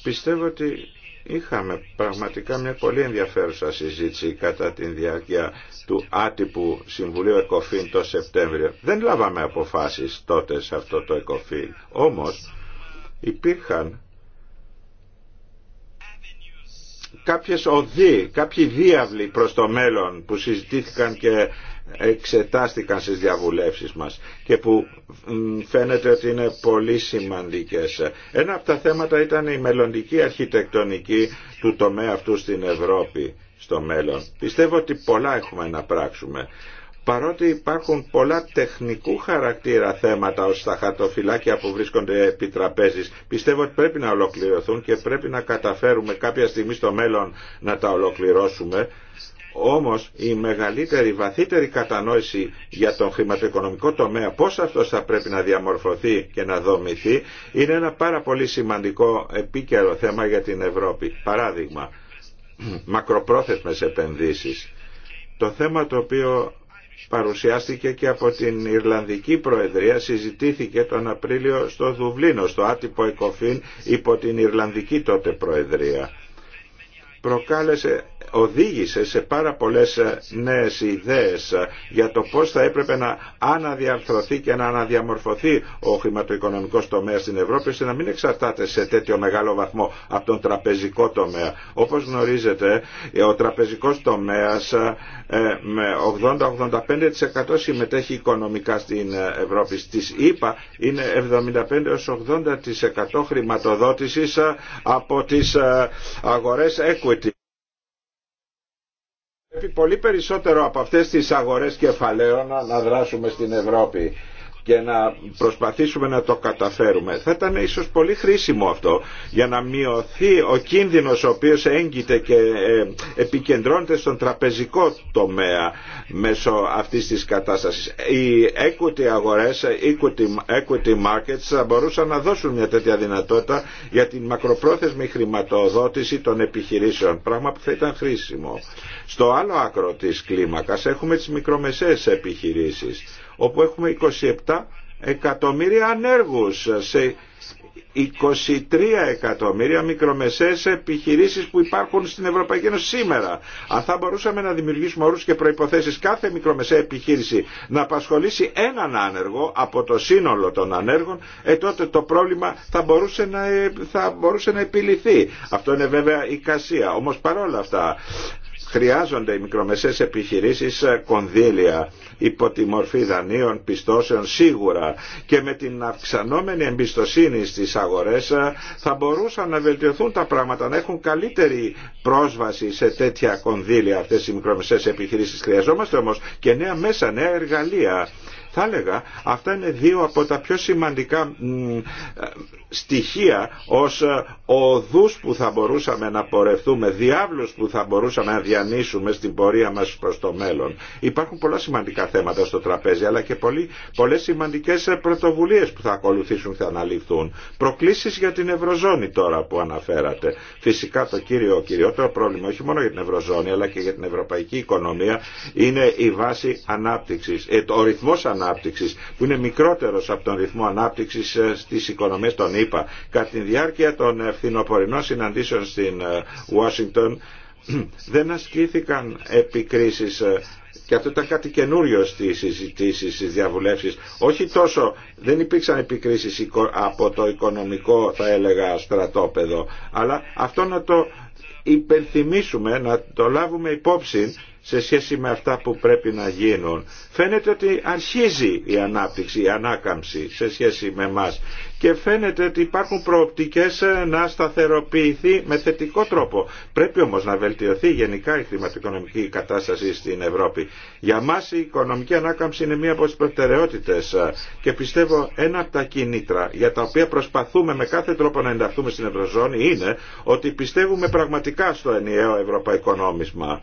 Πιστεύω ότι είχαμε πραγματικά μια πολύ ενδιαφέρουσα συζήτηση κατά τη διάρκεια του άτυπου Συμβουλίου ΕΚΟΦΗΝ το Σεπτέμβριο. Δεν λάβαμε αποφάσεις τότε σε αυτό το ΕΚΟΦΗΝ. Όμως υπήρχαν κάποιες οδοί, κάποιοι διάβλοι προς το μέλλον που συζητήθηκαν και εξετάστηκαν στις διαβουλεύσεις μας και που φαίνεται ότι είναι πολύ σημαντικές. Ένα από τα θέματα ήταν η μελλοντική αρχιτεκτονική του τομέα αυτού στην Ευρώπη στο μέλλον. Πιστεύω ότι πολλά έχουμε να πράξουμε. Παρότι υπάρχουν πολλά τεχνικού χαρακτήρα θέματα ως τα χαρτοφυλάκια που βρίσκονται επί τραπέζης, πιστεύω ότι πρέπει να ολοκληρωθούν και πρέπει να καταφέρουμε κάποια στιγμή στο μέλλον να τα ολοκληρώσουμε όμως η μεγαλύτερη, βαθύτερη κατανόηση για τον χρηματοοικονομικό τομέα, πώς αυτός θα πρέπει να διαμορφωθεί και να δομηθεί, είναι ένα πάρα πολύ σημαντικό επίκαιρο θέμα για την Ευρώπη. Παράδειγμα, μακροπρόθεσμες επενδύσεις. Το θέμα το οποίο παρουσιάστηκε και από την Ιρλανδική Προεδρία συζητήθηκε τον Απρίλιο στο Δουβλίνο, στο άτυπο Εκοφίν υπό την Ιρλανδική τότε Προεδρία. Προκάλεσε οδήγησε σε πάρα πολλές ε, νέες ιδέες ε, για το πώς θα έπρεπε να αναδιαρθρωθεί και να αναδιαμορφωθεί ο χρηματοοικονομικός τομέας στην Ευρώπη ώστε να μην εξαρτάται σε τέτοιο μεγάλο βαθμό από τον τραπεζικό τομέα. Όπως γνωρίζετε ε, ο τραπεζικός τομέας με 80-85% συμμετέχει οικονομικά στην Ευρώπη. Στις ΗΠΑ είναι 75-80% χρηματοδότησης από τις αγορές equity. Πρέπει πολύ περισσότερο από αυτές τις αγορές κεφαλαίων να δράσουμε στην Ευρώπη και να προσπαθήσουμε να το καταφέρουμε. Θα ήταν ίσως πολύ χρήσιμο αυτό για να μειωθεί ο κίνδυνος ο οποίος έγκυται και ε, επικεντρώνεται στον τραπεζικό τομέα μέσω αυτής της κατάστασης. Οι equity αγορές, equity, equity markets θα μπορούσαν να δώσουν μια τέτοια δυνατότητα για την μακροπρόθεσμη χρηματοδότηση των επιχειρήσεων, πράγμα που θα ήταν χρήσιμο. Στο άλλο άκρο της κλίμακας έχουμε τις μικρομεσαίες επιχειρήσεις όπου έχουμε 27 εκατομμύρια ανέργους σε 23 εκατομμύρια μικρομεσαίες επιχειρήσεις που υπάρχουν στην Ευρωπαϊκή Ένωση σήμερα. Αν θα μπορούσαμε να δημιουργήσουμε όρους και προϋποθέσεις κάθε μικρομεσαία επιχείρηση να απασχολήσει έναν άνεργο από το σύνολο των ανέργων, ε, τότε το πρόβλημα θα μπορούσε, να, ε, θα μπορούσε να επιληθεί. Αυτό είναι βέβαια η κασία. Όμως παρόλα αυτά χρειάζονται οι μικρομεσαίες επιχειρήσεις ε, κονδύλια υπό τη μορφή δανείων, πιστώσεων σίγουρα και με την αυξανόμενη εμπιστοσύνη στις αγορές ε, θα μπορούσαν να βελτιωθούν τα πράγματα, να έχουν καλύτερη πρόσβαση σε τέτοια κονδύλια αυτές οι μικρομεσαίες επιχειρήσεις. Χρειαζόμαστε όμως και νέα μέσα, νέα εργαλεία θα έλεγα αυτά είναι δύο από τα πιο σημαντικά στοιχεία ως ε, οδούς που θα μπορούσαμε να πορευτούμε, διάβλους που θα μπορούσαμε να διανύσουμε στην πορεία μας προς το μέλλον. Υπάρχουν πολλά σημαντικά θέματα στο τραπέζι αλλά και πολλοί, πολλές σημαντικές ε, πρωτοβουλίες που θα ακολουθήσουν και θα αναλυθούν. Προκλήσεις για την Ευρωζώνη τώρα που αναφέρατε. Φυσικά το κύριο κυριότερο πρόβλημα όχι μόνο για την Ευρωζώνη αλλά και για την ευρωπαϊκή οικονομία είναι η βάση ανάπτυξης, ε, ο ρυθμός ανάπτυξης ανάπτυξης που είναι μικρότερος από τον ρυθμό ανάπτυξης ε, στις οικονομίες των ΗΠΑ. Κατά τη διάρκεια των φθινοπορεινών συναντήσεων στην ε, Ουάσιγκτον *clears throat* δεν ασκήθηκαν επικρίσεις ε, και αυτό ήταν κάτι καινούριο στις συζητήσεις, στις διαβουλεύσεις. Όχι τόσο, δεν υπήρξαν επικρίσεις από το οικονομικό, θα έλεγα, στρατόπεδο, αλλά αυτό να το υπενθυμίσουμε, να το λάβουμε υπόψη σε σχέση με αυτά που πρέπει να γίνουν. Φαίνεται ότι αρχίζει η ανάπτυξη, η ανάκαμψη σε σχέση με εμά. και φαίνεται ότι υπάρχουν προοπτικές ε, να σταθεροποιηθεί με θετικό τρόπο. Πρέπει όμως να βελτιωθεί γενικά η χρηματοοικονομική κατάσταση στην Ευρώπη. Για μας η οικονομική ανάκαμψη είναι μία από τις προτεραιότητες ε, και πιστεύω ένα από τα κινήτρα για τα οποία προσπαθούμε με κάθε τρόπο να ενταχθούμε στην Ευρωζώνη είναι ότι πιστεύουμε πραγματικά στο ενιαίο ευρωπαϊκό νόμισμα.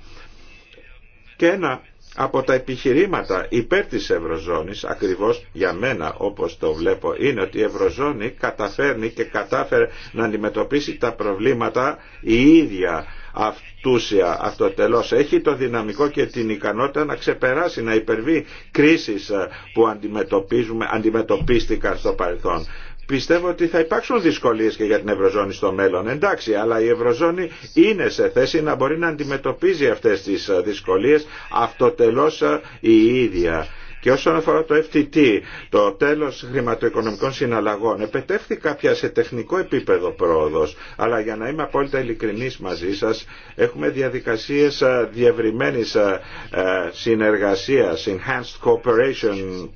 Και ένα από τα επιχειρήματα υπέρ της Ευρωζώνης, ακριβώς για μένα όπως το βλέπω, είναι ότι η Ευρωζώνη καταφέρνει και κατάφερε να αντιμετωπίσει τα προβλήματα η ίδια αυτούσια αυτοτελώς έχει το δυναμικό και την ικανότητα να ξεπεράσει, να υπερβεί κρίσεις που αντιμετωπίζουμε, αντιμετωπίστηκαν στο παρελθόν πιστεύω ότι θα υπάρξουν δυσκολίες και για την Ευρωζώνη στο μέλλον. Εντάξει, αλλά η Ευρωζώνη είναι σε θέση να μπορεί να αντιμετωπίζει αυτές τις ε, δυσκολίες αυτοτελώς ε, η ίδια. Και όσον αφορά το FTT, το τέλος χρηματοοικονομικών συναλλαγών, επετεύχθη κάποια σε τεχνικό επίπεδο πρόοδος, αλλά για να είμαι απόλυτα ειλικρινής μαζί σας, έχουμε διαδικασίες ε, διευρυμένης ε, ε, συνεργασίας, enhanced cooperation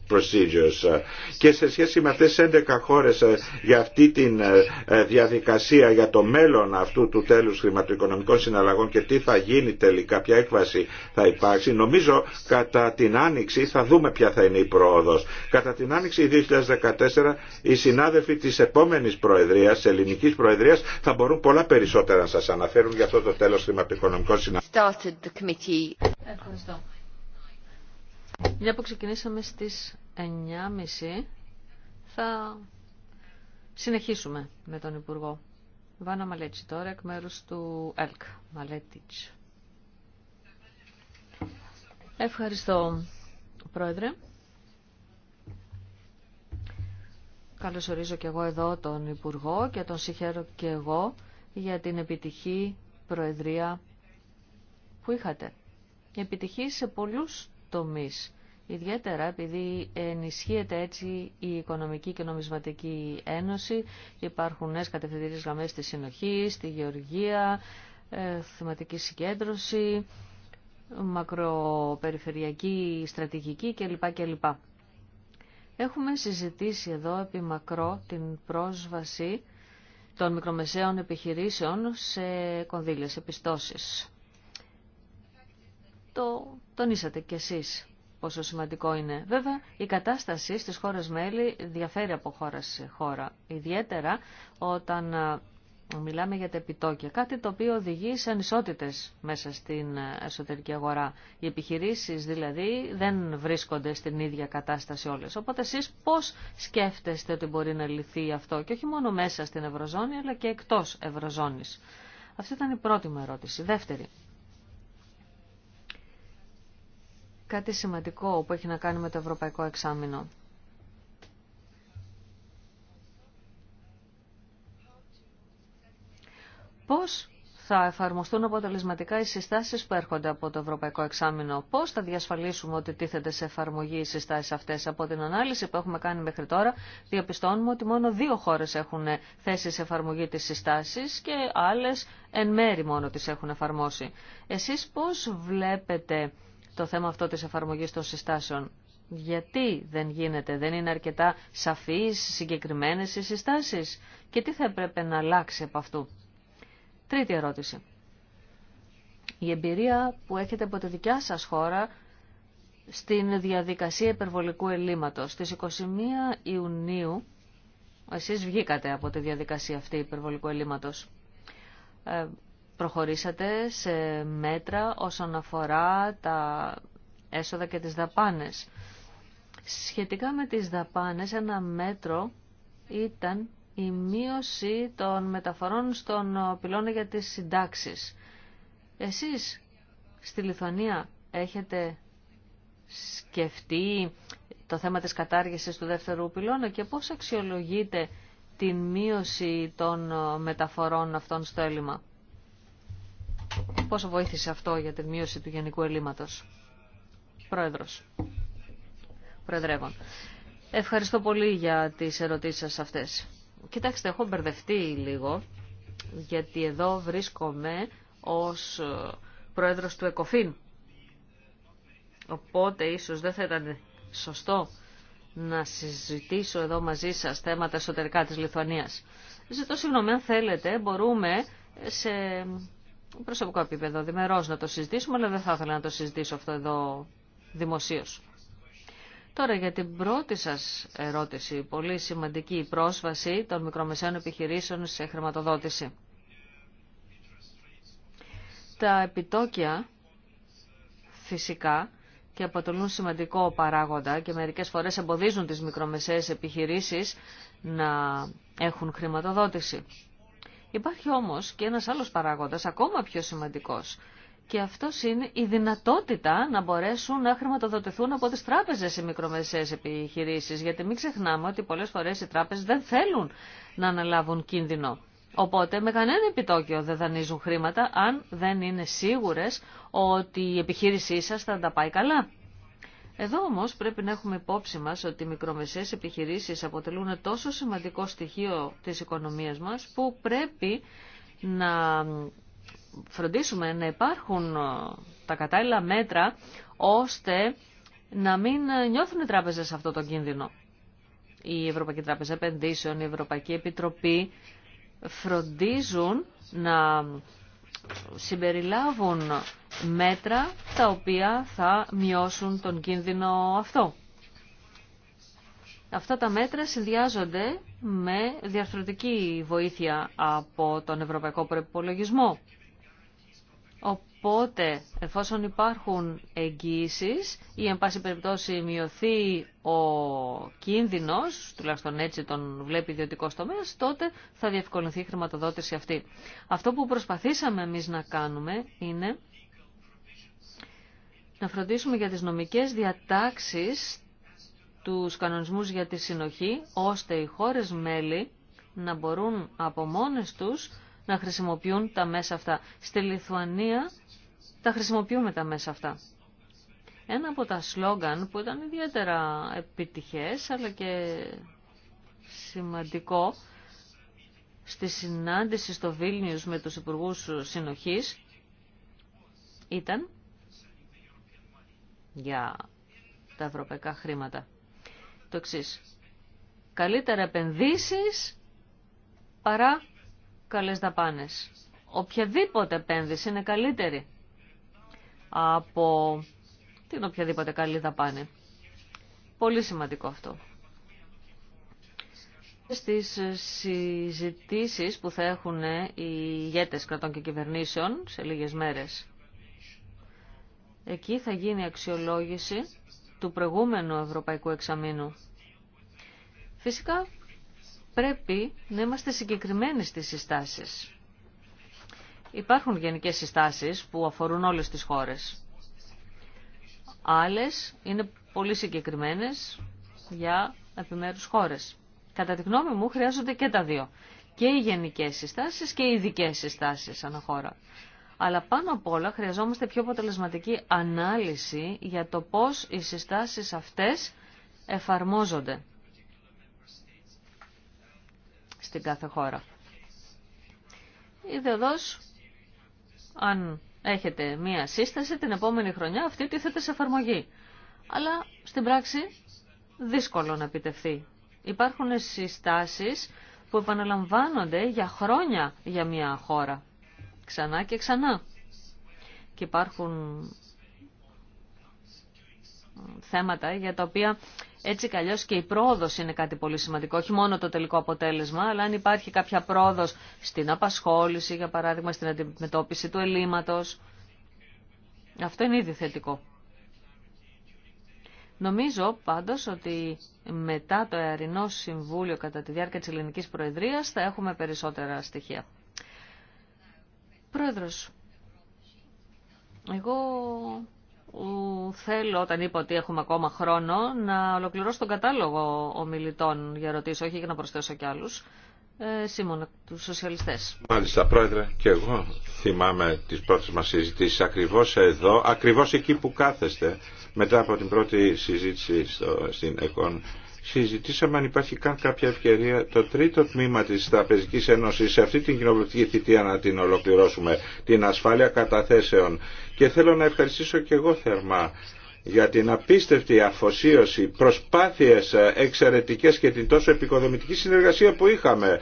procedures, και σε σχέση με αυτές 11 χώρες για αυτή τη διαδικασία, για το μέλλον αυτού του τέλους χρηματοοικονομικών συναλλαγών και τι θα γίνει τελικά, ποια έκβαση θα υπάρξει, νομίζω κατά την άνοιξη θα δούμε ποια θα είναι η πρόοδος. Κατά την άνοιξη 2014 οι συνάδελφοι της επόμενης προεδρίας, της ελληνικής προεδρίας θα μπορούν πολλά περισσότερα να σας αναφέρουν για αυτό το τέλος χρηματοοικονομικών συναντήσεων. Ευχαριστώ. Μια που ξεκινήσαμε στις 9.30 θα συνεχίσουμε με τον Υπουργό. Βάνα Μαλέτσι τώρα εκ μέρους του ΕΛΚ. Ευχαριστώ Πρόεδρε. Καλώς ορίζω και εγώ εδώ τον Υπουργό και τον συγχαίρω και εγώ για την επιτυχή Προεδρία που είχατε. Επιτυχή σε πολλούς τομείς, ιδιαίτερα επειδή ενισχύεται έτσι η Οικονομική και Νομισματική Ένωση, υπάρχουν νέες κατευθυντήριες γραμμές στη συνοχή, στη γεωργία, ε, θεματική συγκέντρωση, μακροπεριφερειακή στρατηγική κλπ. κλπ. Έχουμε συζητήσει εδώ επί μακρό την πρόσβαση των μικρομεσαίων επιχειρήσεων σε κονδύλια, σε πιστώσεις. Το τονίσατε κι εσείς πόσο σημαντικό είναι. Βέβαια, η κατάσταση στις χώρες μέλη διαφέρει από χώρα σε χώρα. Ιδιαίτερα όταν Μιλάμε για τα επιτόκια, κάτι το οποίο οδηγεί σε ανισότητες μέσα στην ε, εσωτερική αγορά. Οι επιχειρήσεις δηλαδή δεν βρίσκονται στην ίδια κατάσταση όλες. Οπότε εσείς πώς σκέφτεστε ότι μπορεί να λυθεί αυτό και όχι μόνο μέσα στην Ευρωζώνη αλλά και εκτός Ευρωζώνης. Αυτή ήταν η πρώτη μου ερώτηση. Δεύτερη. Κάτι σημαντικό που έχει να κάνει με το Ευρωπαϊκό Εξάμεινο. Πώς θα εφαρμοστούν αποτελεσματικά οι συστάσεις που έρχονται από το Ευρωπαϊκό Εξάμεινο. Πώς θα διασφαλίσουμε ότι τίθεται σε εφαρμογή οι συστάσεις αυτές. Από την ανάλυση που έχουμε κάνει μέχρι τώρα, διαπιστώνουμε ότι μόνο δύο χώρες έχουν θέσει σε εφαρμογή τις συστάσεις και άλλες εν μέρη μόνο τις έχουν εφαρμόσει. Εσείς πώς βλέπετε το θέμα αυτό της εφαρμογής των συστάσεων. Γιατί δεν γίνεται, δεν είναι αρκετά σαφείς, συγκεκριμένες οι συστάσεις και τι θα έπρεπε να αλλάξει από αυτού. Τρίτη ερώτηση. Η εμπειρία που έχετε από τη δικιά σας χώρα στην διαδικασία υπερβολικού ελλείμματος. Στις 21 Ιουνίου εσείς βγήκατε από τη διαδικασία αυτή υπερβολικού ελλείμματος. Ε, προχωρήσατε σε μέτρα όσον αφορά τα έσοδα και τις δαπάνες. Σχετικά με τις δαπάνες, ένα μέτρο ήταν η μείωση των μεταφορών στον πυλώνα για τις συντάξεις. Εσείς στη Λιθωνία έχετε σκεφτεί το θέμα της κατάργησης του δεύτερου πυλώνα και πώς αξιολογείτε την μείωση των μεταφορών αυτών στο έλλειμμα. Πώς βοήθησε αυτό για την μείωση του γενικού ελλείμματος. Πρόεδρος. Προεδρεύων. Ευχαριστώ πολύ για τις ερωτήσεις σας αυτές. Κοιτάξτε, έχω μπερδευτεί λίγο, γιατί εδώ βρίσκομαι ως ε, πρόεδρος του ΕΚΟΦΗΝ. Οπότε ίσως δεν θα ήταν σωστό να συζητήσω εδώ μαζί σας θέματα εσωτερικά της Λιθουανίας. Ζητώ συγγνώμη, αν θέλετε, μπορούμε σε προσωπικό επίπεδο διμερός να το συζητήσουμε, αλλά δεν θα ήθελα να το συζητήσω αυτό εδώ δημοσίως. Τώρα για την πρώτη σας ερώτηση, πολύ σημαντική η πρόσβαση των μικρομεσαίων επιχειρήσεων σε χρηματοδότηση. Τα επιτόκια φυσικά και αποτελούν σημαντικό παράγοντα και μερικές φορές εμποδίζουν τις μικρομεσαίες επιχειρήσεις να έχουν χρηματοδότηση. Υπάρχει όμως και ένας άλλος παράγοντας, ακόμα πιο σημαντικός. Και αυτό είναι η δυνατότητα να μπορέσουν να χρηματοδοτηθούν από τι τράπεζε οι μικρομεσαίε επιχειρήσει. Γιατί μην ξεχνάμε ότι πολλέ φορέ οι τράπεζε δεν θέλουν να αναλάβουν κίνδυνο. Οπότε με κανένα επιτόκιο δεν δανείζουν χρήματα αν δεν είναι σίγουρες ότι η επιχείρησή σας θα τα πάει καλά. Εδώ όμως πρέπει να έχουμε υπόψη μας ότι οι μικρομεσαίες επιχειρήσεις αποτελούν τόσο σημαντικό στοιχείο της οικονομίας μας που πρέπει να φροντίσουμε να υπάρχουν ε, τα κατάλληλα μέτρα ώστε να μην ε, νιώθουν οι τράπεζες αυτό το κίνδυνο. Η Ευρωπαϊκή Τράπεζα Επενδύσεων, η Ευρωπαϊκή Επιτροπή φροντίζουν να συμπεριλάβουν μέτρα τα οποία θα μειώσουν τον κίνδυνο αυτό. Αυτά τα μέτρα συνδυάζονται με διαρθρωτική βοήθεια από τον Ευρωπαϊκό Προπολογισμό Οπότε, εφόσον υπάρχουν εγγύησει ή εν πάση περιπτώσει μειωθεί ο κίνδυνος, τουλάχιστον έτσι τον βλέπει ιδιωτικό τομέα, τότε θα διευκολυνθεί η χρηματοδότηση αυτή. Αυτό που προσπαθήσαμε εμείς να κάνουμε είναι να φροντίσουμε για τις νομικές διατάξεις τους κανονισμούς για τη συνοχή, ώστε οι χώρες μέλη να μπορούν από μόνες τους να χρησιμοποιούν τα μέσα αυτά. Στη Λιθουανία τα χρησιμοποιούμε τα μέσα αυτά. Ένα από τα σλόγγαν που ήταν ιδιαίτερα επιτυχές αλλά και σημαντικό στη συνάντηση στο Βίλνιους με τους Υπουργούς Συνοχής ήταν για τα ευρωπαϊκά χρήματα. Το εξή. Καλύτερα επενδύσεις παρά καλές δαπάνες. Οποιαδήποτε επένδυση είναι καλύτερη από την οποιαδήποτε καλή δαπάνη. Πολύ σημαντικό αυτό. Στις συζητήσεις που θα έχουν οι ηγέτες κρατών και κυβερνήσεων σε λίγες μέρες, εκεί θα γίνει αξιολόγηση του προηγούμενου Ευρωπαϊκού Εξαμήνου. Φυσικά πρέπει να είμαστε συγκεκριμένοι στις συστάσεις. Υπάρχουν γενικές συστάσεις που αφορούν όλες τις χώρες. Άλλες είναι πολύ συγκεκριμένες για επιμέρους χώρες. Κατά τη γνώμη μου χρειάζονται και τα δύο. Και οι γενικές συστάσεις και οι ειδικέ συστάσεις ανά χώρα. Αλλά πάνω απ' όλα χρειαζόμαστε πιο αποτελεσματική ανάλυση για το πώς οι συστάσεις αυτές εφαρμόζονται στην κάθε χώρα. αν έχετε μία σύσταση, την επόμενη χρονιά αυτή τίθεται σε εφαρμογή. Αλλά στην πράξη δύσκολο να επιτευχθεί. Υπάρχουν συστάσεις που επαναλαμβάνονται για χρόνια για μία χώρα. Ξανά και ξανά. Και υπάρχουν θέματα για τα οποία έτσι αλλιώς και η πρόοδο είναι κάτι πολύ σημαντικό, όχι μόνο το τελικό αποτέλεσμα, αλλά αν υπάρχει κάποια πρόοδο στην απασχόληση, για παράδειγμα στην αντιμετώπιση του ελλείμματος. Αυτό είναι ήδη θετικό. Νομίζω πάντως ότι μετά το Εαρινό Συμβούλιο κατά τη διάρκεια της Ελληνικής Προεδρίας θα έχουμε περισσότερα στοιχεία. Πρόεδρος, εγώ θέλω όταν είπα ότι έχουμε ακόμα χρόνο να ολοκληρώσω τον κατάλογο ομιλητών για ερωτήσεις, όχι για να προσθέσω κι άλλους. Ε, Σίμωνα, τους σοσιαλιστές. Μάλιστα, Πρόεδρε, και εγώ θυμάμαι τις πρώτες μας συζητήσεις ακριβώς εδώ, ακριβώς εκεί που κάθεστε, μετά από την πρώτη συζήτηση στο, στην ΕΚΟΝ συζητήσαμε αν υπάρχει καν κάποια ευκαιρία το τρίτο τμήμα της Τραπεζικής Ένωσης σε αυτή την κοινοβουλευτική θητεία να την ολοκληρώσουμε, την ασφάλεια καταθέσεων. Και θέλω να ευχαριστήσω και εγώ θερμά για την απίστευτη αφοσίωση, προσπάθειες εξαιρετικές και την τόσο επικοδομητική συνεργασία που είχαμε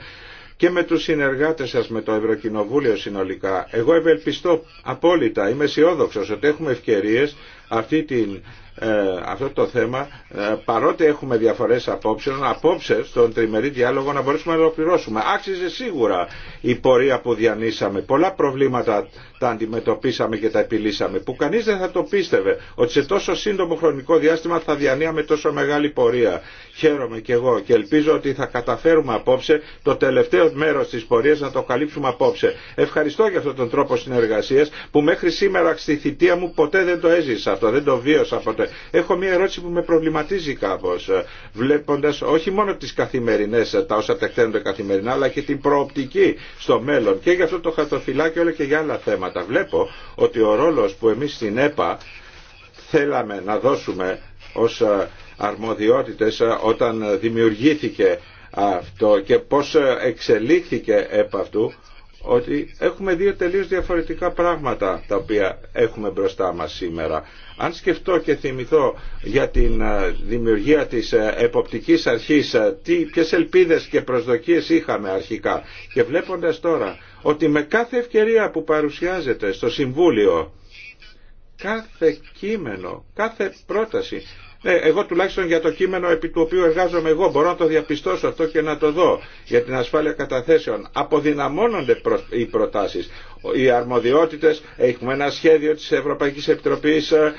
και με τους συνεργάτες σας με το Ευρωκοινοβούλιο συνολικά. Εγώ ευελπιστώ απόλυτα, είμαι αισιόδοξο ότι έχουμε ευκαιρίες αυτή την ε, αυτό το θέμα ε, παρότι έχουμε διαφορές απόψεων απόψε στον τριμερή διάλογο να μπορέσουμε να ολοκληρώσουμε. Άξιζε σίγουρα η πορεία που διανύσαμε. Πολλά προβλήματα τα αντιμετωπίσαμε και τα επιλύσαμε που κανείς δεν θα το πίστευε ότι σε τόσο σύντομο χρονικό διάστημα θα διανύαμε τόσο μεγάλη πορεία. Χαίρομαι και εγώ και ελπίζω ότι θα καταφέρουμε απόψε το τελευταίο μέρος της πορείας να το καλύψουμε απόψε. Ευχαριστώ για αυτόν τον τρόπο συνεργασίας που μέχρι σήμερα στη θητεία μου ποτέ δεν το έζησα αυτό, δεν το βίωσα Έχω μία ερώτηση που με προβληματίζει κάπω, ε, βλέποντας όχι μόνο τις καθημερινές, ε, τα όσα τεκταίνονται καθημερινά, αλλά και την προοπτική στο μέλλον. Και για αυτό το χαρτοφυλάκιο, όλο και για άλλα θέματα. Βλέπω ότι ο ρόλος που εμείς στην ΕΠΑ θέλαμε να δώσουμε ως ε, αρμοδιότητες όταν δημιουργήθηκε αυτό και πώς εξελίχθηκε επ' αυτού ότι έχουμε δύο τελείως διαφορετικά πράγματα τα οποία έχουμε μπροστά μας σήμερα. Αν σκεφτώ και θυμηθώ για την ε, δημιουργία της ε, εποπτικής αρχής, ε, τι, ποιες ελπίδες και προσδοκίες είχαμε αρχικά και βλέποντας τώρα ότι με κάθε ευκαιρία που παρουσιάζεται στο Συμβούλιο κάθε κείμενο, κάθε πρόταση εγώ τουλάχιστον για το κείμενο επί του οποίου εργάζομαι εγώ μπορώ να το διαπιστώσω αυτό και να το δω για την ασφάλεια καταθέσεων. Αποδυναμώνονται οι προτάσεις οι αρμοδιότητες. Έχουμε ένα σχέδιο της Ευρωπαϊκής Επιτροπής ε,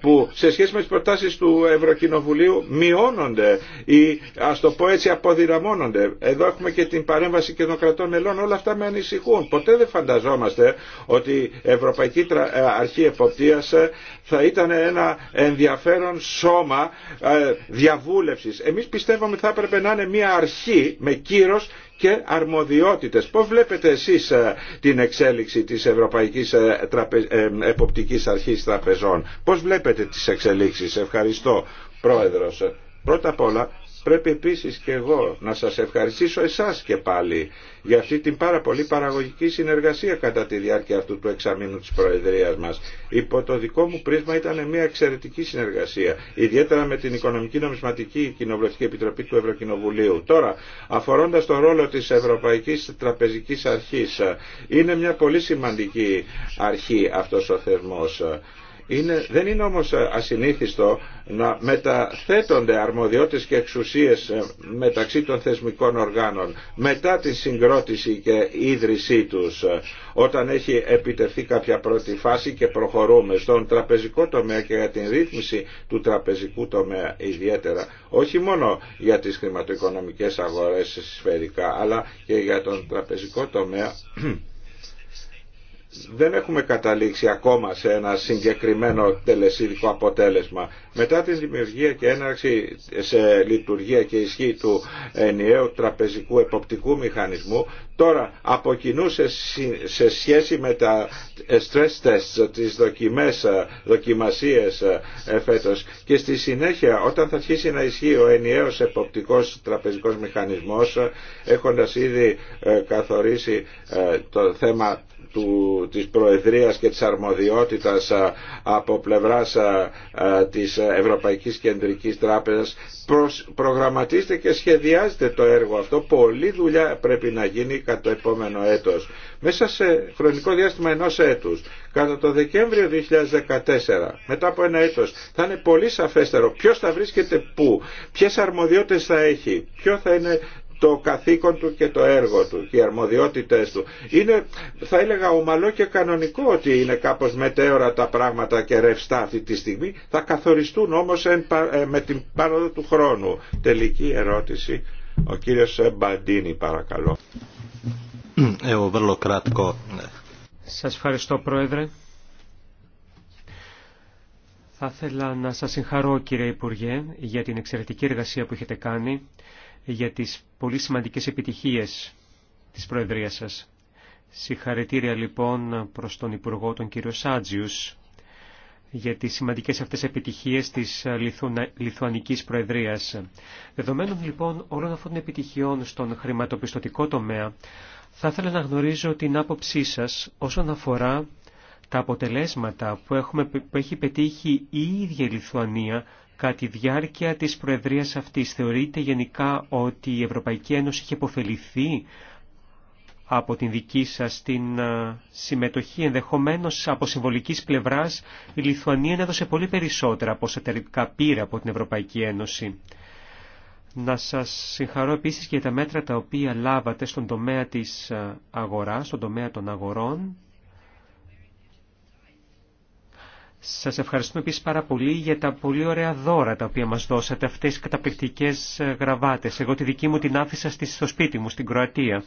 που σε σχέση με τις προτάσεις του Ευρωκοινοβουλίου μειώνονται ή ας το πω έτσι αποδυναμώνονται. Εδώ έχουμε και την παρέμβαση και των κρατών μελών. Όλα αυτά με ανησυχούν. Ποτέ δεν φανταζόμαστε ότι η Ευρωπαϊκή ε, Αρχή Εποπτείας ε, θα ήταν ένα ενδιαφέρον σώμα διαβούλευσης. Εμείς πιστεύουμε θα έπρεπε να είναι μια αρχή με κύρος και αρμοδιότητες. Πώς βλέπετε εσείς ε, την εξέλιξη της Ευρωπαϊκής ε, ε, Εποπτικής Αρχής Τραπεζών. Πώς βλέπετε τις εξελίξεις. Ευχαριστώ Πρόεδρος. Πρώτα απ' όλα Πρέπει επίσης και εγώ να σας ευχαριστήσω εσάς και πάλι για αυτή την πάρα πολύ παραγωγική συνεργασία κατά τη διάρκεια αυτού του εξαμήνου της Προεδρίας μας. Υπό το δικό μου πρίσμα ήταν μια εξαιρετική συνεργασία, ιδιαίτερα με την Οικονομική Νομισματική Κοινοβουλευτική Επιτροπή του Ευρωκοινοβουλίου. Τώρα, αφορώντας το ρόλο της Ευρωπαϊκής Τραπεζικής Αρχής, είναι μια πολύ σημαντική αρχή αυτός ο θεσμός. Είναι, δεν είναι όμως ε, ασυνήθιστο να μεταθέτονται αρμοδιότητες και εξουσίες ε, μεταξύ των θεσμικών οργάνων μετά την συγκρότηση και ίδρυσή τους ε, όταν έχει επιτευχθεί κάποια πρώτη φάση και προχωρούμε στον τραπεζικό τομέα και για την ρύθμιση του τραπεζικού τομέα ιδιαίτερα όχι μόνο για τις χρηματοοικονομικές αγορές σφαιρικά αλλά και για τον τραπεζικό τομέα *clears throat* δεν έχουμε καταλήξει ακόμα σε ένα συγκεκριμένο τελεσίδικο αποτέλεσμα. Μετά τη δημιουργία και έναρξη σε λειτουργία και ισχύ του ενιαίου τραπεζικού εποπτικού μηχανισμού, τώρα από σε, σχέση με τα ε, stress tests, τις δοκιμές, ε, δοκιμασίες ε, φέτος και στη συνέχεια όταν θα αρχίσει να ισχύει ο ενιαίος εποπτικός τραπεζικός μηχανισμός, έχοντας ήδη καθορίσει το θέμα του, της Προεδρίας και της Αρμοδιότητας από πλευράς της Ευρωπαϊκής Κεντρικής Τράπεζας προγραμματίζεται και σχεδιάζεται το έργο αυτό. Πολλή δουλειά πρέπει να γίνει κατά το επόμενο έτος. Μέσα σε χρονικό διάστημα ενός έτους, κατά το Δεκέμβριο 2014, μετά από ένα έτος, θα είναι πολύ σαφέστερο ποιος θα βρίσκεται πού, ποιες αρμοδιότητες θα έχει, ποιο θα είναι το καθήκον του και το έργο του και οι αρμοδιότητες του. Είναι θα έλεγα ομαλό και κανονικό ότι είναι κάπως μετέωρα τα πράγματα και ρευστά αυτή τη στιγμή. Θα καθοριστούν όμως ε, με την πάροδο του χρόνου. Τελική ερώτηση. Ο κύριος Μπαντίνη παρακαλώ. Ε, ναι. Σας ευχαριστώ Πρόεδρε. Θα ήθελα να σας συγχαρώ κύριε Υπουργέ για την εξαιρετική εργασία που έχετε κάνει, για τις πολύ σημαντικές επιτυχίες της Προεδρίας σας. Συγχαρητήρια λοιπόν προς τον Υπουργό τον κύριο Σάτζιους για τις σημαντικές αυτές επιτυχίες της Λιθουανικής Προεδρίας. Δεδομένων λοιπόν όλων αυτών των επιτυχιών στον χρηματοπιστωτικό τομέα, θα ήθελα να γνωρίζω την άποψή σας όσον αφορά τα αποτελέσματα που, έχουμε, που έχει πετύχει η ίδια η Λιθουανία κατά τη διάρκεια της προεδρίας αυτής. θεωρείται γενικά ότι η Ευρωπαϊκή Ένωση είχε υποφεληθεί από την δική σας την συμμετοχή. Ενδεχομένως από συμβολικής πλευράς η Λιθουανία έδωσε πολύ περισσότερα από όσα τελικά πήρε από την Ευρωπαϊκή Ένωση. Να σας συγχαρώ επίσης και για τα μέτρα τα οποία λάβατε στον τομέα της αγοράς, στον τομέα των αγορών Σας ευχαριστούμε επίσης πάρα πολύ για τα πολύ ωραία δώρα τα οποία μας δώσατε, αυτές οι καταπληκτικές ε, γραβάτες. Εγώ τη δική μου την άφησα στο σπίτι μου, στην Κροατία.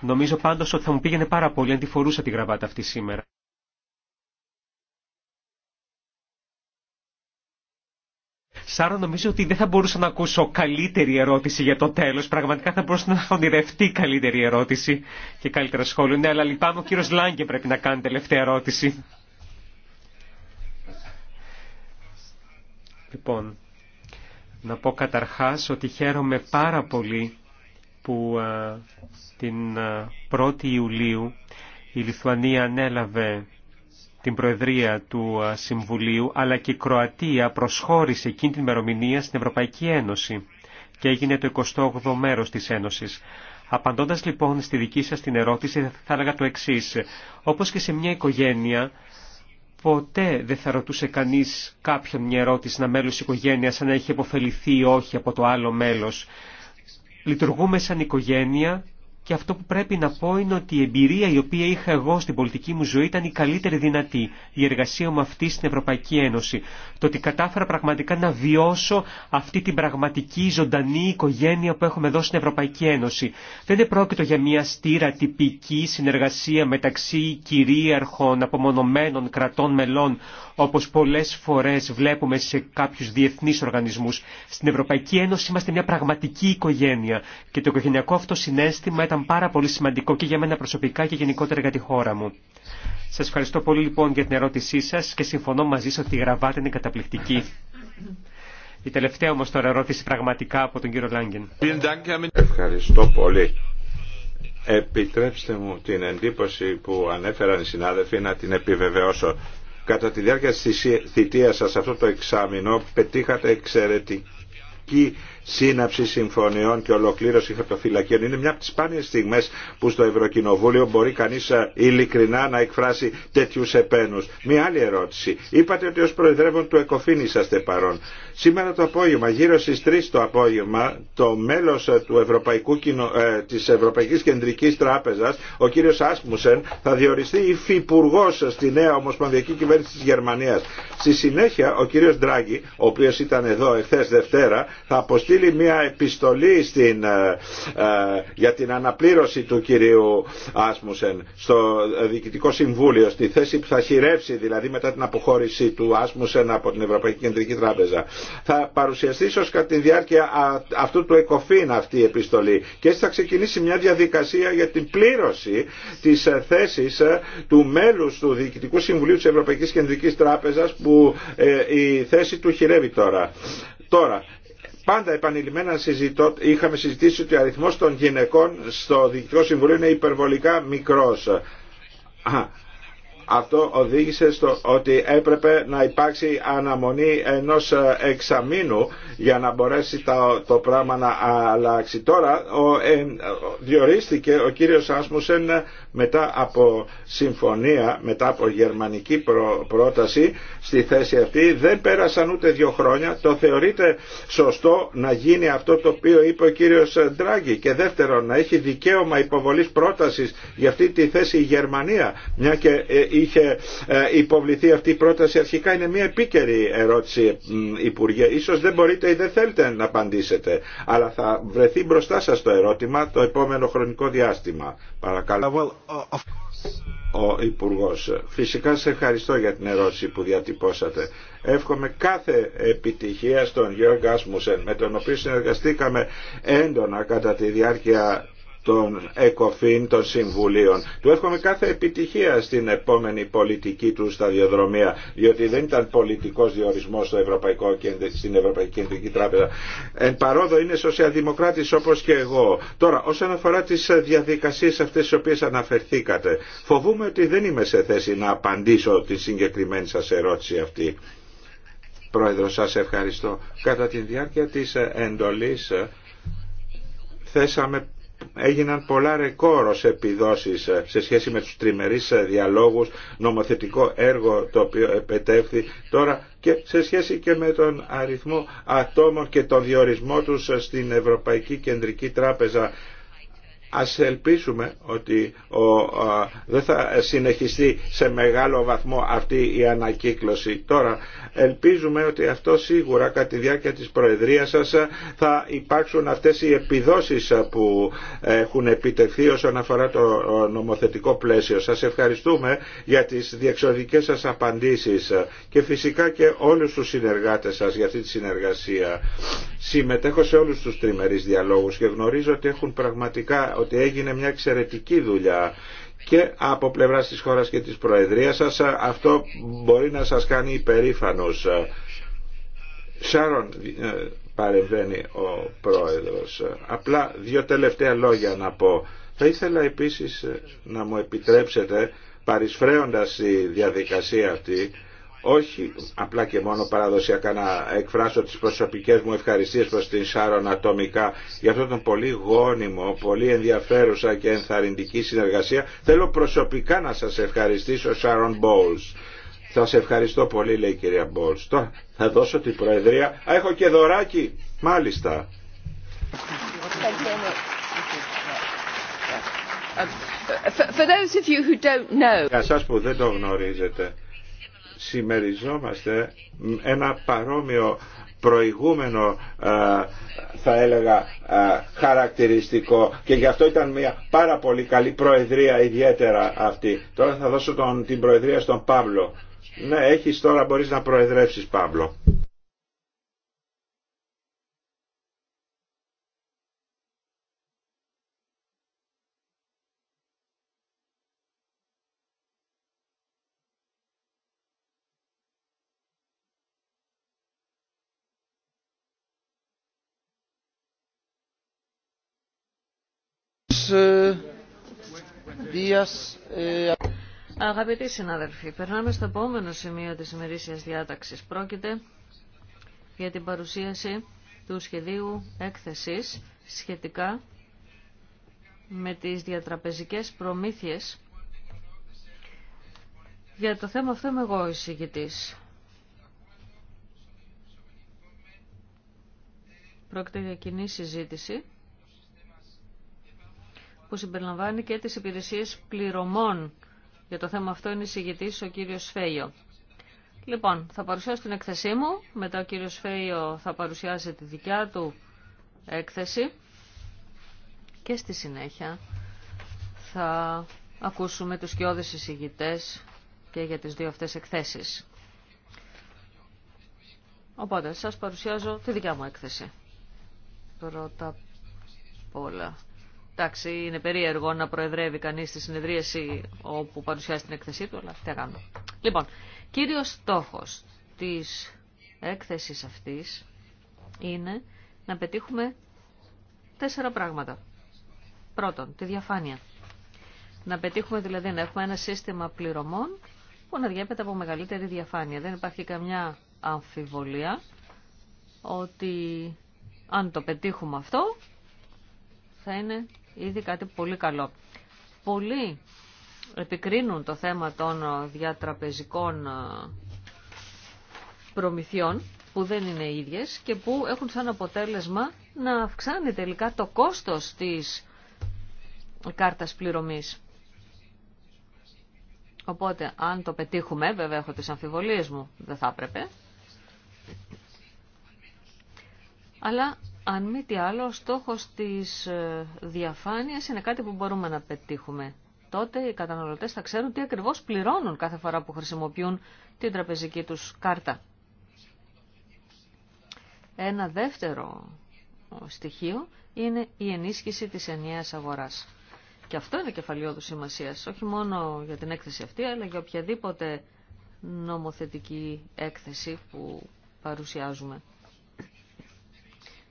Νομίζω πάντως ότι θα μου πήγαινε πάρα πολύ αν τη φορούσα τη γραβάτα αυτή σήμερα. Σάρα, νομίζω ότι δεν θα μπορούσα να ακούσω καλύτερη ερώτηση για το τέλος. Πραγματικά θα μπορούσα να ονειρευτεί καλύτερη ερώτηση και καλύτερα σχόλιο. Ναι, αλλά λυπάμαι ο κύριος Λάγκε πρέπει να κάνει τελευταία ερώτηση. Λοιπόν, να πω καταρχάς ότι χαίρομαι πάρα πολύ που την 1η Ιουλίου η Λιθουανία ανέλαβε την Προεδρία του Συμβουλίου, αλλά και η Κροατία προσχώρησε εκείνη την ημερομηνία στην Ευρωπαϊκή Ένωση και έγινε το 28ο μέρος της Ένωσης. Απαντώντας λοιπόν στη δική σας την ερώτηση θα έλεγα το εξής. Όπως και σε μια οικογένεια Ποτέ δεν θα ρωτούσε κανείς κάποιον μια ερώτηση, ένα μέλος οικογένειας, αν έχει αποφεληθεί ή όχι από το άλλο μέλος. Λειτουργούμε σαν οικογένεια και αυτό που πρέπει να πω είναι ότι η εμπειρία η οποία είχα εγώ στην πολιτική μου ζωή ήταν η καλύτερη δυνατή, η εργασία μου αυτή στην Ευρωπαϊκή Ένωση. Το ότι κατάφερα πραγματικά να βιώσω αυτή την πραγματική ζωντανή οικογένεια που έχουμε εδώ στην Ευρωπαϊκή Ένωση. Δεν είναι πρόκειτο για μια στήρα τυπική συνεργασία μεταξύ κυρίαρχων απομονωμένων κρατών μελών όπως πολλές φορές βλέπουμε σε κάποιους διεθνείς οργανισμούς. Στην Ευρωπαϊκή Ένωση είμαστε μια πραγματική οικογένεια και το οικογενειακό αυτό συνέστημα ήταν πάρα πολύ σημαντικό και για μένα προσωπικά και γενικότερα για τη χώρα μου. Σας ευχαριστώ πολύ λοιπόν για την ερώτησή σας και συμφωνώ μαζί σας ότι η γραβάτα είναι καταπληκτική. Η τελευταία όμως τώρα ερώτηση πραγματικά από τον κύριο Λάγκεν. Ευχαριστώ πολύ. Επιτρέψτε μου την εντύπωση που ανέφεραν οι συνάδελφοι να την επιβεβαιώσω. Κατά τη διάρκεια της θητείας σας αυτό το εξάμεινο πετύχατε εξαιρετικά ειρηνική σύναψη συμφωνιών και ολοκλήρωση χαρτοφυλακίων. Είναι μια από τι σπάνιε στιγμέ που στο Ευρωκοινοβούλιο μπορεί κανεί ε, ειλικρινά να εκφράσει τέτοιου επένου. Μια άλλη ερώτηση. Είπατε ότι ω Προεδρεύον του ΕΚΟΦΗΝ είσαστε παρόν. Σήμερα το απόγευμα, γύρω στι 3 το απόγευμα, το μέλο ε, ε, τη Ευρωπαϊκή Κεντρική Τράπεζα, ο κύριο Άσμουσεν, θα διοριστεί υφυπουργό στη νέα Ομοσπονδιακή Κυβέρνηση τη Γερμανία. Στη συνέχεια, ο κύριο Ντράγκη, ο οποίο ήταν εδώ εχθέ Δευτέρα, θα αποστείλει μια επιστολή στην, ε, ε, για την αναπλήρωση του κυρίου Άσμουσεν στο Διοικητικό Συμβούλιο, στη θέση που θα χειρεύσει δηλαδή μετά την αποχώρηση του Άσμουσεν από την Ευρωπαϊκή Κεντρική Τράπεζα. Θα παρουσιαστεί ίσω κατά τη διάρκεια αυτού του ΕΚΟΦΗΝ αυτή η επιστολή και έτσι θα ξεκινήσει μια διαδικασία για την πλήρωση τη ε, θέση του μέλου του Διοικητικού Συμβουλίου τη Ευρωπαϊκή Κεντρική Τράπεζα που η θέση του χειρεύει τώρα. Τώρα, Πάντα επανειλημμένα είχαμε συζητήσει ότι ο αριθμός των γυναικών στο Διοικητικό Συμβουλίο είναι υπερβολικά μικρός. Αυτό οδήγησε στο ότι έπρεπε να υπάρξει αναμονή ενός ε, εξαμήνου για να μπορέσει το πράγμα να αλλάξει. Τώρα ε, διορίστηκε ο κύριος Άσμουσεν μετά από συμφωνία, μετά από γερμανική πρόταση στη θέση αυτή. Δεν πέρασαν ούτε δύο χρόνια. Το θεωρείται σωστό να γίνει αυτό το οποίο είπε ο κύριος Ντράγκη. Και δεύτερον, να έχει δικαίωμα υποβολής πρότασης για αυτή τη θέση η Γερμανία, μια ε, είχε ε, υποβληθεί αυτή η πρόταση αρχικά είναι μια επίκαιρη ερώτηση Υπουργέ. Ίσως δεν μπορείτε ή δεν θέλετε να απαντήσετε. Αλλά θα βρεθεί μπροστά σας το ερώτημα το επόμενο χρονικό διάστημα. Παρακαλώ. Uh, uh, Ο Υπουργό. Φυσικά σε ευχαριστώ για την ερώτηση που διατυπώσατε. Εύχομαι κάθε επιτυχία στον Γιώργο Γκάσμουσεν με τον οποίο συνεργαστήκαμε έντονα κατά τη διάρκεια των ΕΚΟΦΗΝ των Συμβουλίων. Του εύχομαι κάθε επιτυχία στην επόμενη πολιτική του σταδιοδρομία, διότι δεν ήταν πολιτικό διορισμό στο Ευρωπαϊκό, στην Ευρωπαϊκή Κεντρική Τράπεζα. Εν παρόδο είναι σοσιαλδημοκράτη όπω και εγώ. Τώρα, όσον αφορά τι διαδικασίε αυτέ τι οποίε αναφερθήκατε, φοβούμαι ότι δεν είμαι σε θέση να απαντήσω τη συγκεκριμένη σα ερώτηση αυτή. Πρόεδρο, σας ευχαριστώ. Κατά τη διάρκεια της εντολής ε, θέσαμε έγιναν πολλά ρεκόρ ως επιδόσεις ε, σε σχέση με τους τριμερείς ε, διαλόγους, νομοθετικό έργο το οποίο επετεύθη τώρα και σε σχέση και με τον αριθμό ατόμων και τον διορισμό τους ε, στην Ευρωπαϊκή Κεντρική Τράπεζα Ας ελπίσουμε ότι ο, δεν θα συνεχιστεί σε μεγάλο βαθμό αυτή η ανακύκλωση. Τώρα, ελπίζουμε ότι αυτό σίγουρα κατά τη διάρκεια της Προεδρίας σας θα υπάρξουν αυτές οι επιδόσεις που έχουν επιτευχθεί όσον αφορά το νομοθετικό πλαίσιο. Σας ευχαριστούμε για τις διεξοδικές σας απαντήσεις και φυσικά και όλους τους συνεργάτες σας για αυτή τη συνεργασία. Συμμετέχω σε όλους τους τριμερείς διαλόγους και γνωρίζω ότι έχουν πραγματικά ότι έγινε μια εξαιρετική δουλειά και από πλευράς της χώρας και της Προεδρίας σας αυτό μπορεί να σας κάνει υπερήφανος. Σάρον ε, παρεμβαίνει ο Πρόεδρος. Απλά δύο τελευταία λόγια να πω. Θα ήθελα επίσης να μου επιτρέψετε παρισφρέοντας τη διαδικασία αυτή όχι απλά και μόνο παραδοσιακά να εκφράσω τις προσωπικές μου ευχαριστίες προς την Σάρων ατομικά για αυτόν τον πολύ γόνιμο, πολύ ενδιαφέρουσα και ενθαρρυντική συνεργασία. Θέλω προσωπικά να σας ευχαριστήσω Σάρων Μπόλς. Θα σε ευχαριστώ πολύ λέει η κυρία Μπόλς. Τώρα θα δώσω την προεδρία. έχω και δωράκι. Μάλιστα. Για σας που δεν το γνωρίζετε συμμεριζόμαστε ένα παρόμοιο προηγούμενο ε, θα έλεγα ε, χαρακτηριστικό και γι' αυτό ήταν μια πάρα πολύ καλή προεδρία ιδιαίτερα αυτή. Τώρα θα δώσω τον, την προεδρία στον Παύλο. Ναι, έχεις τώρα μπορείς να προεδρεύσεις Παύλο. Eh, Αγαπητοί συνάδελφοι, περνάμε στο επόμενο σημείο της ημερήσιας διάταξης. Πρόκειται για την παρουσίαση του σχεδίου έκθεσης σχετικά με τις διατραπεζικές προμήθειες. Για το θέμα αυτό είμαι εγώ εισηγητής. Πρόκειται για κοινή συζήτηση που συμπεριλαμβάνει και τις υπηρεσίες πληρωμών. Για το θέμα αυτό είναι εισηγητής ο κύριος Φέιο. Λοιπόν, θα παρουσιάσω την έκθεσή μου, μετά ο κύριος Φέιο θα παρουσιάσει τη δικιά του έκθεση και στη συνέχεια θα ακούσουμε τους κοιόδες εισηγητές και για τις δύο αυτές εκθέσεις. Οπότε, σας παρουσιάζω τη δικιά μου έκθεση. Πρώτα απ' όλα. Εντάξει, είναι περίεργο να προεδρεύει κανεί τη συνεδρίαση όπου παρουσιάζει την έκθεσή του, αλλά τι Λοιπόν, κύριο στόχο τη έκθεση αυτή είναι να πετύχουμε τέσσερα πράγματα. Πρώτον, τη διαφάνεια. Να πετύχουμε δηλαδή να έχουμε ένα σύστημα πληρωμών που να διέπεται από μεγαλύτερη διαφάνεια. Δεν υπάρχει καμιά αμφιβολία ότι αν το πετύχουμε αυτό θα είναι ήδη κάτι πολύ καλό. Πολλοί επικρίνουν το θέμα των διατραπεζικών ε, προμηθειών που δεν είναι ίδιες και που έχουν σαν αποτέλεσμα να αυξάνει τελικά το κόστος της κάρτας πληρωμής. Οπότε, αν το πετύχουμε, βέβαια έχω τις αμφιβολίες μου, δεν θα έπρεπε. Αλλά αν μη τι άλλο, ο στόχος της ε, διαφάνειας είναι κάτι που μπορούμε να πετύχουμε. Τότε οι καταναλωτές θα ξέρουν τι ακριβώς πληρώνουν κάθε φορά που χρησιμοποιούν την τραπεζική τους κάρτα. Ένα δεύτερο στοιχείο είναι η ενίσχυση της ενιαίας αγοράς. Και αυτό είναι κεφαλαιόδου σημασία, όχι μόνο για την έκθεση αυτή, αλλά για οποιαδήποτε νομοθετική έκθεση που παρουσιάζουμε.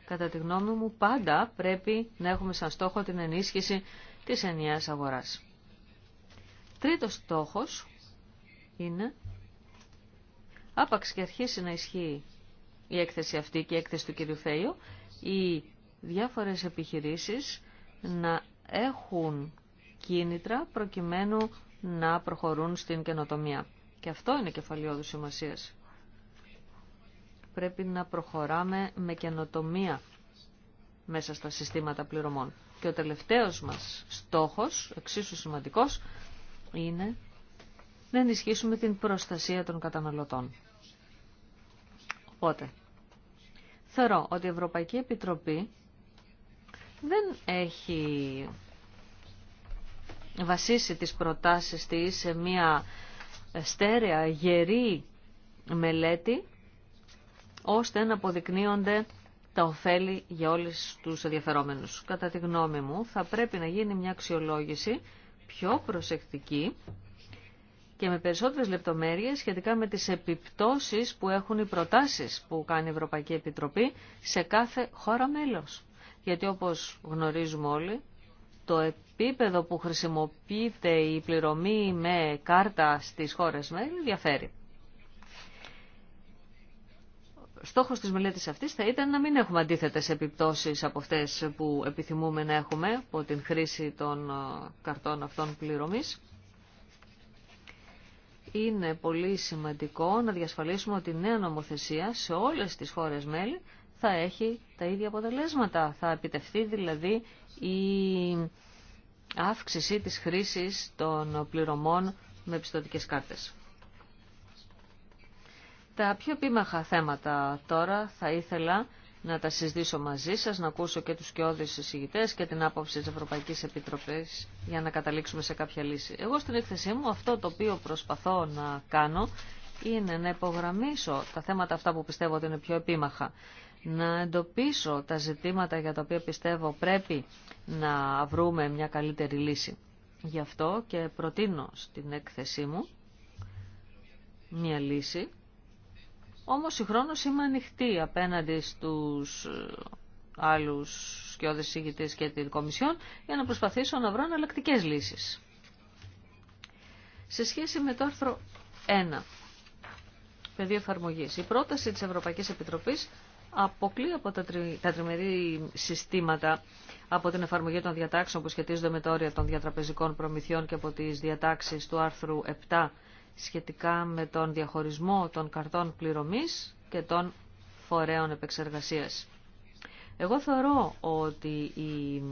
Κατά τη γνώμη μου πάντα πρέπει να έχουμε σαν στόχο την ενίσχυση της ενιαίας αγοράς. Τρίτος στόχος είναι άπαξ και αρχίσει να ισχύει η έκθεση αυτή και η έκθεση του κ. Φέιο, οι διάφορες επιχειρήσεις να έχουν κίνητρα προκειμένου να προχωρούν στην καινοτομία. Και αυτό είναι κεφαλαιόδου σημασία πρέπει να προχωράμε με καινοτομία μέσα στα συστήματα πληρωμών. Και ο τελευταίος μας στόχος, εξίσου σημαντικός, είναι να ενισχύσουμε την προστασία των καταναλωτών. Οπότε, θεωρώ ότι η Ευρωπαϊκή Επιτροπή δεν έχει βασίσει τις προτάσεις της σε μια στέρεα, γερή μελέτη ώστε να αποδεικνύονται τα ωφέλη για όλους τους ενδιαφερόμενους. Κατά τη γνώμη μου θα πρέπει να γίνει μια αξιολόγηση πιο προσεκτική και με περισσότερες λεπτομέρειες σχετικά με τις επιπτώσεις που έχουν οι προτάσεις που κάνει η Ευρωπαϊκή Επιτροπή σε κάθε χώρα μέλος. Γιατί όπως γνωρίζουμε όλοι, το επίπεδο που χρησιμοποιείται η πληρωμή με κάρτα στις χώρες μέλη διαφέρει. στόχος της μελέτης αυτής θα ήταν να μην έχουμε αντίθετε επιπτώσεις από αυτές που επιθυμούμε να έχουμε από την χρήση των ε, καρτών αυτών πλήρωμή. Είναι πολύ σημαντικό να διασφαλίσουμε ότι η νέα νομοθεσία σε όλες τις χώρε μέλη θα έχει τα ίδια αποτελέσματα. Θα επιτευχθεί δηλαδή η αύξηση της χρήσης των πληρωμών με πιστοτικές κάρτες. Τα πιο επίμαχα θέματα τώρα θα ήθελα να τα συζητήσω μαζί σας, να ακούσω και τους κοιόδης εισηγητές και την άποψη της Ευρωπαϊκής Επιτροπής για να καταλήξουμε σε κάποια λύση. Εγώ στην έκθεσή μου αυτό το οποίο προσπαθώ να κάνω είναι να υπογραμμίσω τα θέματα αυτά που πιστεύω ότι είναι πιο επίμαχα, να εντοπίσω τα ζητήματα για τα οποία πιστεύω πρέπει να βρούμε μια καλύτερη λύση. Γι' αυτό και προτείνω στην έκθεσή μου μια λύση όμως χρόνος είμαι ανοιχτή απέναντι στους ε, άλλους σκιώδες ηγητές και την Κομισιόν για να προσπαθήσω να βρω εναλλακτικέ λύσεις. Σε σχέση με το άρθρο 1, πεδίο εφαρμογή. η πρόταση της Ευρωπαϊκής Επιτροπής αποκλεί από τα, τριμερή συστήματα από την εφαρμογή των διατάξεων που σχετίζονται με τα όρια των διατραπεζικών προμηθειών και από τις διατάξεις του άρθρου 7 σχετικά με τον διαχωρισμό των καρτών πληρωμής και των φορέων επεξεργασίας. Εγώ θεωρώ ότι η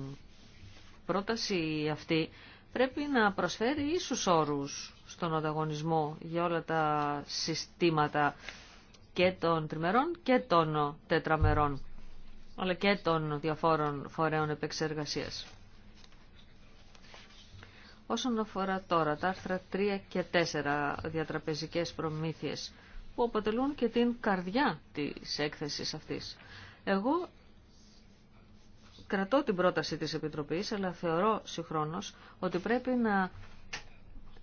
πρόταση αυτή πρέπει να προσφέρει ίσους όρους στον ανταγωνισμό για όλα τα συστήματα και των τριμερών και των τετραμερών αλλά και των διαφόρων φορέων επεξεργασίας. Όσον αφορά τώρα τα άρθρα 3 και 4 διατραπεζικές προμήθειες που αποτελούν και την καρδιά της έκθεσης αυτής. Εγώ κρατώ την πρόταση της Επιτροπής, αλλά θεωρώ συγχρόνως ότι πρέπει να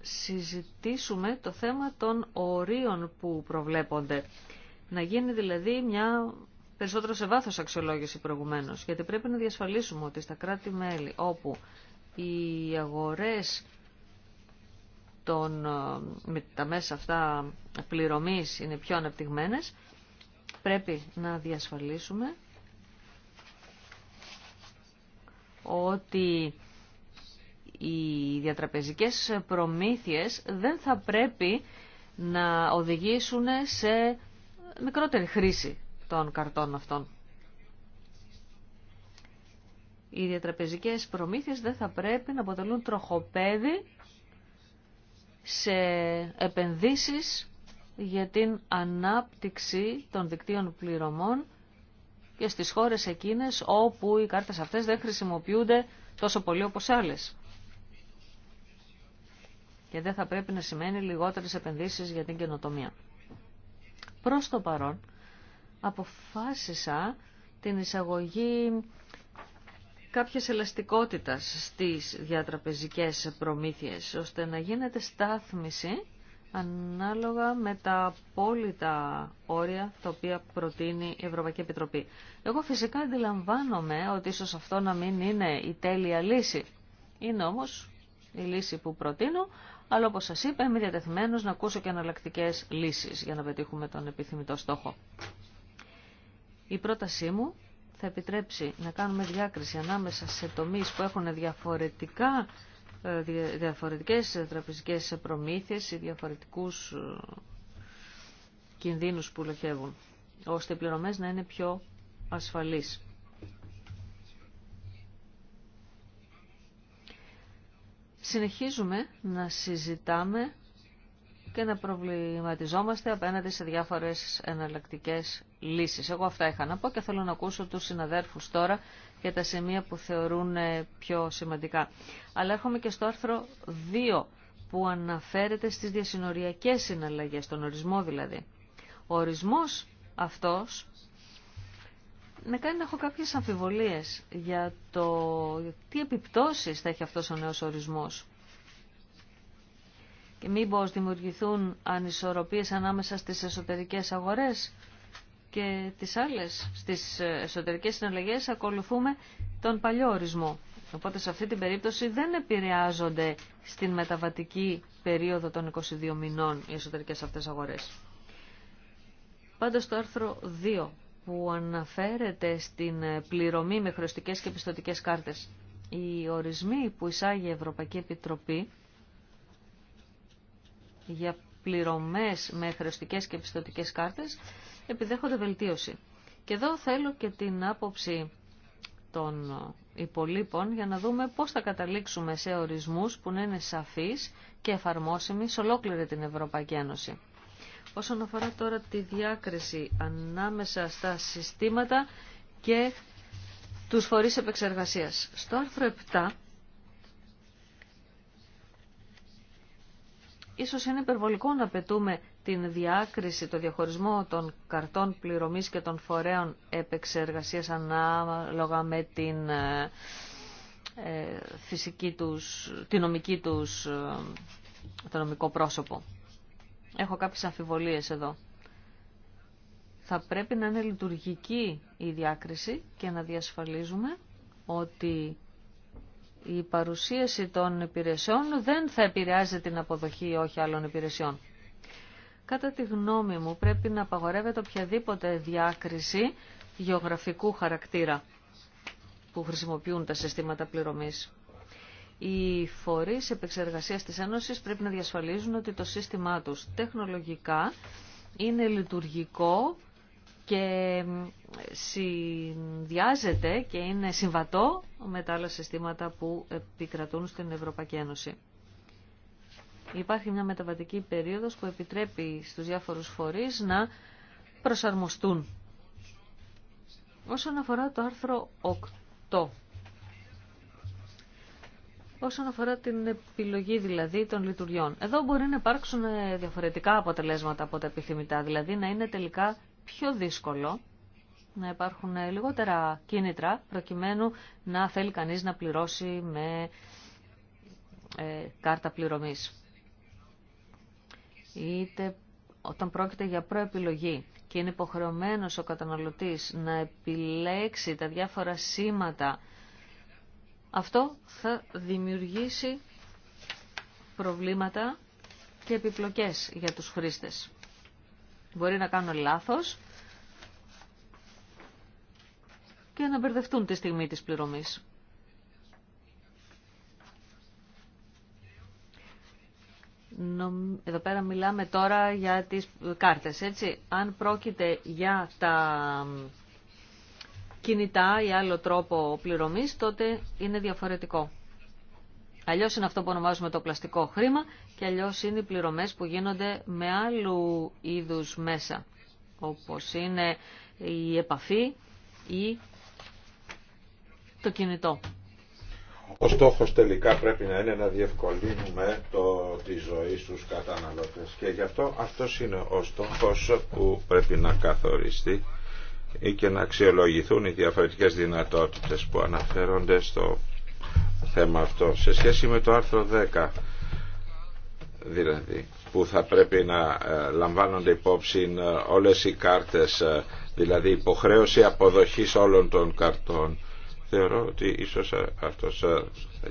συζητήσουμε το θέμα των ορίων που προβλέπονται. Να γίνει δηλαδή μια περισσότερο σε βάθος αξιολόγηση προηγουμένως, γιατί πρέπει να διασφαλίσουμε ότι στα κράτη-μέλη όπου οι αγορές των, ε, με τα μέσα αυτά πληρωμής είναι πιο αναπτυγμένες, πρέπει να διασφαλίσουμε ότι οι διατραπεζικές προμήθειες δεν θα πρέπει να οδηγήσουν σε μικρότερη χρήση των καρτών αυτών. Οι διατραπεζικές προμήθειες δεν θα πρέπει να αποτελούν τροχοπέδι σε επενδύσεις για την ανάπτυξη των δικτύων πληρωμών και στις χώρες εκείνες όπου οι κάρτες αυτές δεν χρησιμοποιούνται τόσο πολύ όπως άλλες. Και δεν θα πρέπει να σημαίνει λιγότερες επενδύσεις για την καινοτομία. Προς το παρόν αποφάσισα την εισαγωγή κάποιες ελαστικότητας στις διατραπεζικές προμήθειες, ώστε να γίνεται στάθμιση ανάλογα με τα απόλυτα όρια τα οποία προτείνει η Ευρωπαϊκή Επιτροπή. Εγώ φυσικά αντιλαμβάνομαι ότι ίσως αυτό να μην είναι η τέλεια λύση. Είναι όμως η λύση που προτείνω, αλλά όπως σας είπα είμαι διατεθειμένος να ακούσω και εναλλακτικέ λύσεις για να πετύχουμε τον επιθυμητό στόχο. Η πρότασή μου θα επιτρέψει να κάνουμε διάκριση ανάμεσα σε τομείς που έχουν διαφορετικά, ε, διαφορετικές τραπεζικές προμήθειες ή διαφορετικούς ε, κινδύνους που λοχεύουν, ώστε οι πληρωμές να είναι πιο ασφαλείς. Συνεχίζουμε να συζητάμε και να προβληματιζόμαστε απέναντι σε διάφορες εναλλακτικέ λύσεις. Εγώ αυτά είχα να πω και θέλω να ακούσω τους συναδέρφους τώρα για τα σημεία που θεωρούν πιο σημαντικά. Αλλά έρχομαι και στο άρθρο 2 που αναφέρεται στις διασυνοριακές συναλλαγές, τον ορισμό δηλαδή. Ο ορισμός αυτός με κάνει να έχω κάποιες αμφιβολίες για το τι επιπτώσεις θα έχει αυτός ο νέος ορισμός και μήπως δημιουργηθούν ανισορροπίες ανάμεσα στις εσωτερικές αγορές και τις άλλες. Στις εσωτερικές συναλλαγές ακολουθούμε τον παλιό ορισμό. Οπότε σε αυτή την περίπτωση δεν επηρεάζονται στην μεταβατική περίοδο των 22 μηνών οι εσωτερικές αυτές αγορές. Πάντως το άρθρο 2 που αναφέρεται στην πληρωμή με χρεωστικές και πιστοτικές κάρτες. Οι ορισμοί που εισάγει η Ευρωπαϊκή Επιτροπή για πληρωμές με χρεωστικές και πιστοτικές κάρτες επιδέχονται βελτίωση. Και εδώ θέλω και την άποψη των υπολείπων για να δούμε πώς θα καταλήξουμε σε ορισμούς που να είναι σαφείς και εφαρμόσιμοι σε ολόκληρη την Ευρωπαϊκή Ένωση. Όσον αφορά τώρα τη διάκριση ανάμεσα στα συστήματα και τους φορείς επεξεργασίας. Στο άρθρο 7 Ίσως είναι υπερβολικό να πετούμε την διάκριση, το διαχωρισμό των καρτών πληρωμής και των φορέων επεξεργασίας ανάλογα με την ε, ε, φυσική τους, την νομική τους, ε, το νομικό πρόσωπο. Έχω κάποιες αμφιβολίες εδώ. Θα πρέπει να είναι λειτουργική η διάκριση και να διασφαλίζουμε ότι η παρουσίαση των υπηρεσιών δεν θα επηρεάζει την αποδοχή όχι άλλων υπηρεσιών. Κατά τη γνώμη μου πρέπει να απαγορεύεται οποιαδήποτε διάκριση γεωγραφικού χαρακτήρα που χρησιμοποιούν τα συστήματα πληρωμής. Οι φορείς επεξεργασίας της Ένωσης πρέπει να διασφαλίζουν ότι το σύστημά τους τεχνολογικά είναι λειτουργικό και συνδυάζεται και είναι συμβατό με τα άλλα συστήματα που επικρατούν στην Ευρωπαϊκή Ένωση. Υπάρχει μια μεταβατική περίοδος που επιτρέπει στους διάφορους φορείς να προσαρμοστούν. Όσον αφορά το άρθρο 8, όσον αφορά την επιλογή δηλαδή των λειτουργιών. Εδώ μπορεί να υπάρξουν διαφορετικά αποτελέσματα από τα επιθυμητά, δηλαδή να είναι τελικά πιο δύσκολο να υπάρχουν λιγότερα κίνητρα προκειμένου να θέλει κανείς να πληρώσει με ε, κάρτα πληρωμής. Είτε όταν πρόκειται για προεπιλογή και είναι υποχρεωμένος ο καταναλωτής να επιλέξει τα διάφορα σήματα, αυτό θα δημιουργήσει προβλήματα και επιπλοκές για τους χρήστες. Μπορεί να κάνω λάθος και να μπερδευτούν τη στιγμή της πληρωμής. Εδώ πέρα μιλάμε τώρα για τις κάρτες, έτσι. Αν πρόκειται για τα κινητά ή άλλο τρόπο πληρωμής, τότε είναι διαφορετικό. Αλλιώ είναι αυτό που ονομάζουμε το πλαστικό χρήμα και αλλιώ είναι οι πληρωμέ που γίνονται με άλλου είδου μέσα, όπω είναι η επαφή ή το κινητό. Ο στόχος τελικά πρέπει να είναι να διευκολύνουμε το, τη ζωή στους καταναλωτές και γι' αυτό αυτό είναι ο στόχος που πρέπει να καθοριστεί ή και να αξιολογηθούν οι διαφορετικές δυνατότητες που αναφέρονται στο θέμα αυτό σε σχέση με το άρθρο 10 δηλαδή που θα πρέπει να ε, λαμβάνονται υπόψη ε, όλες οι κάρτες ε, δηλαδή υποχρέωση αποδοχής όλων των καρτών θεωρώ ότι ίσως αυτός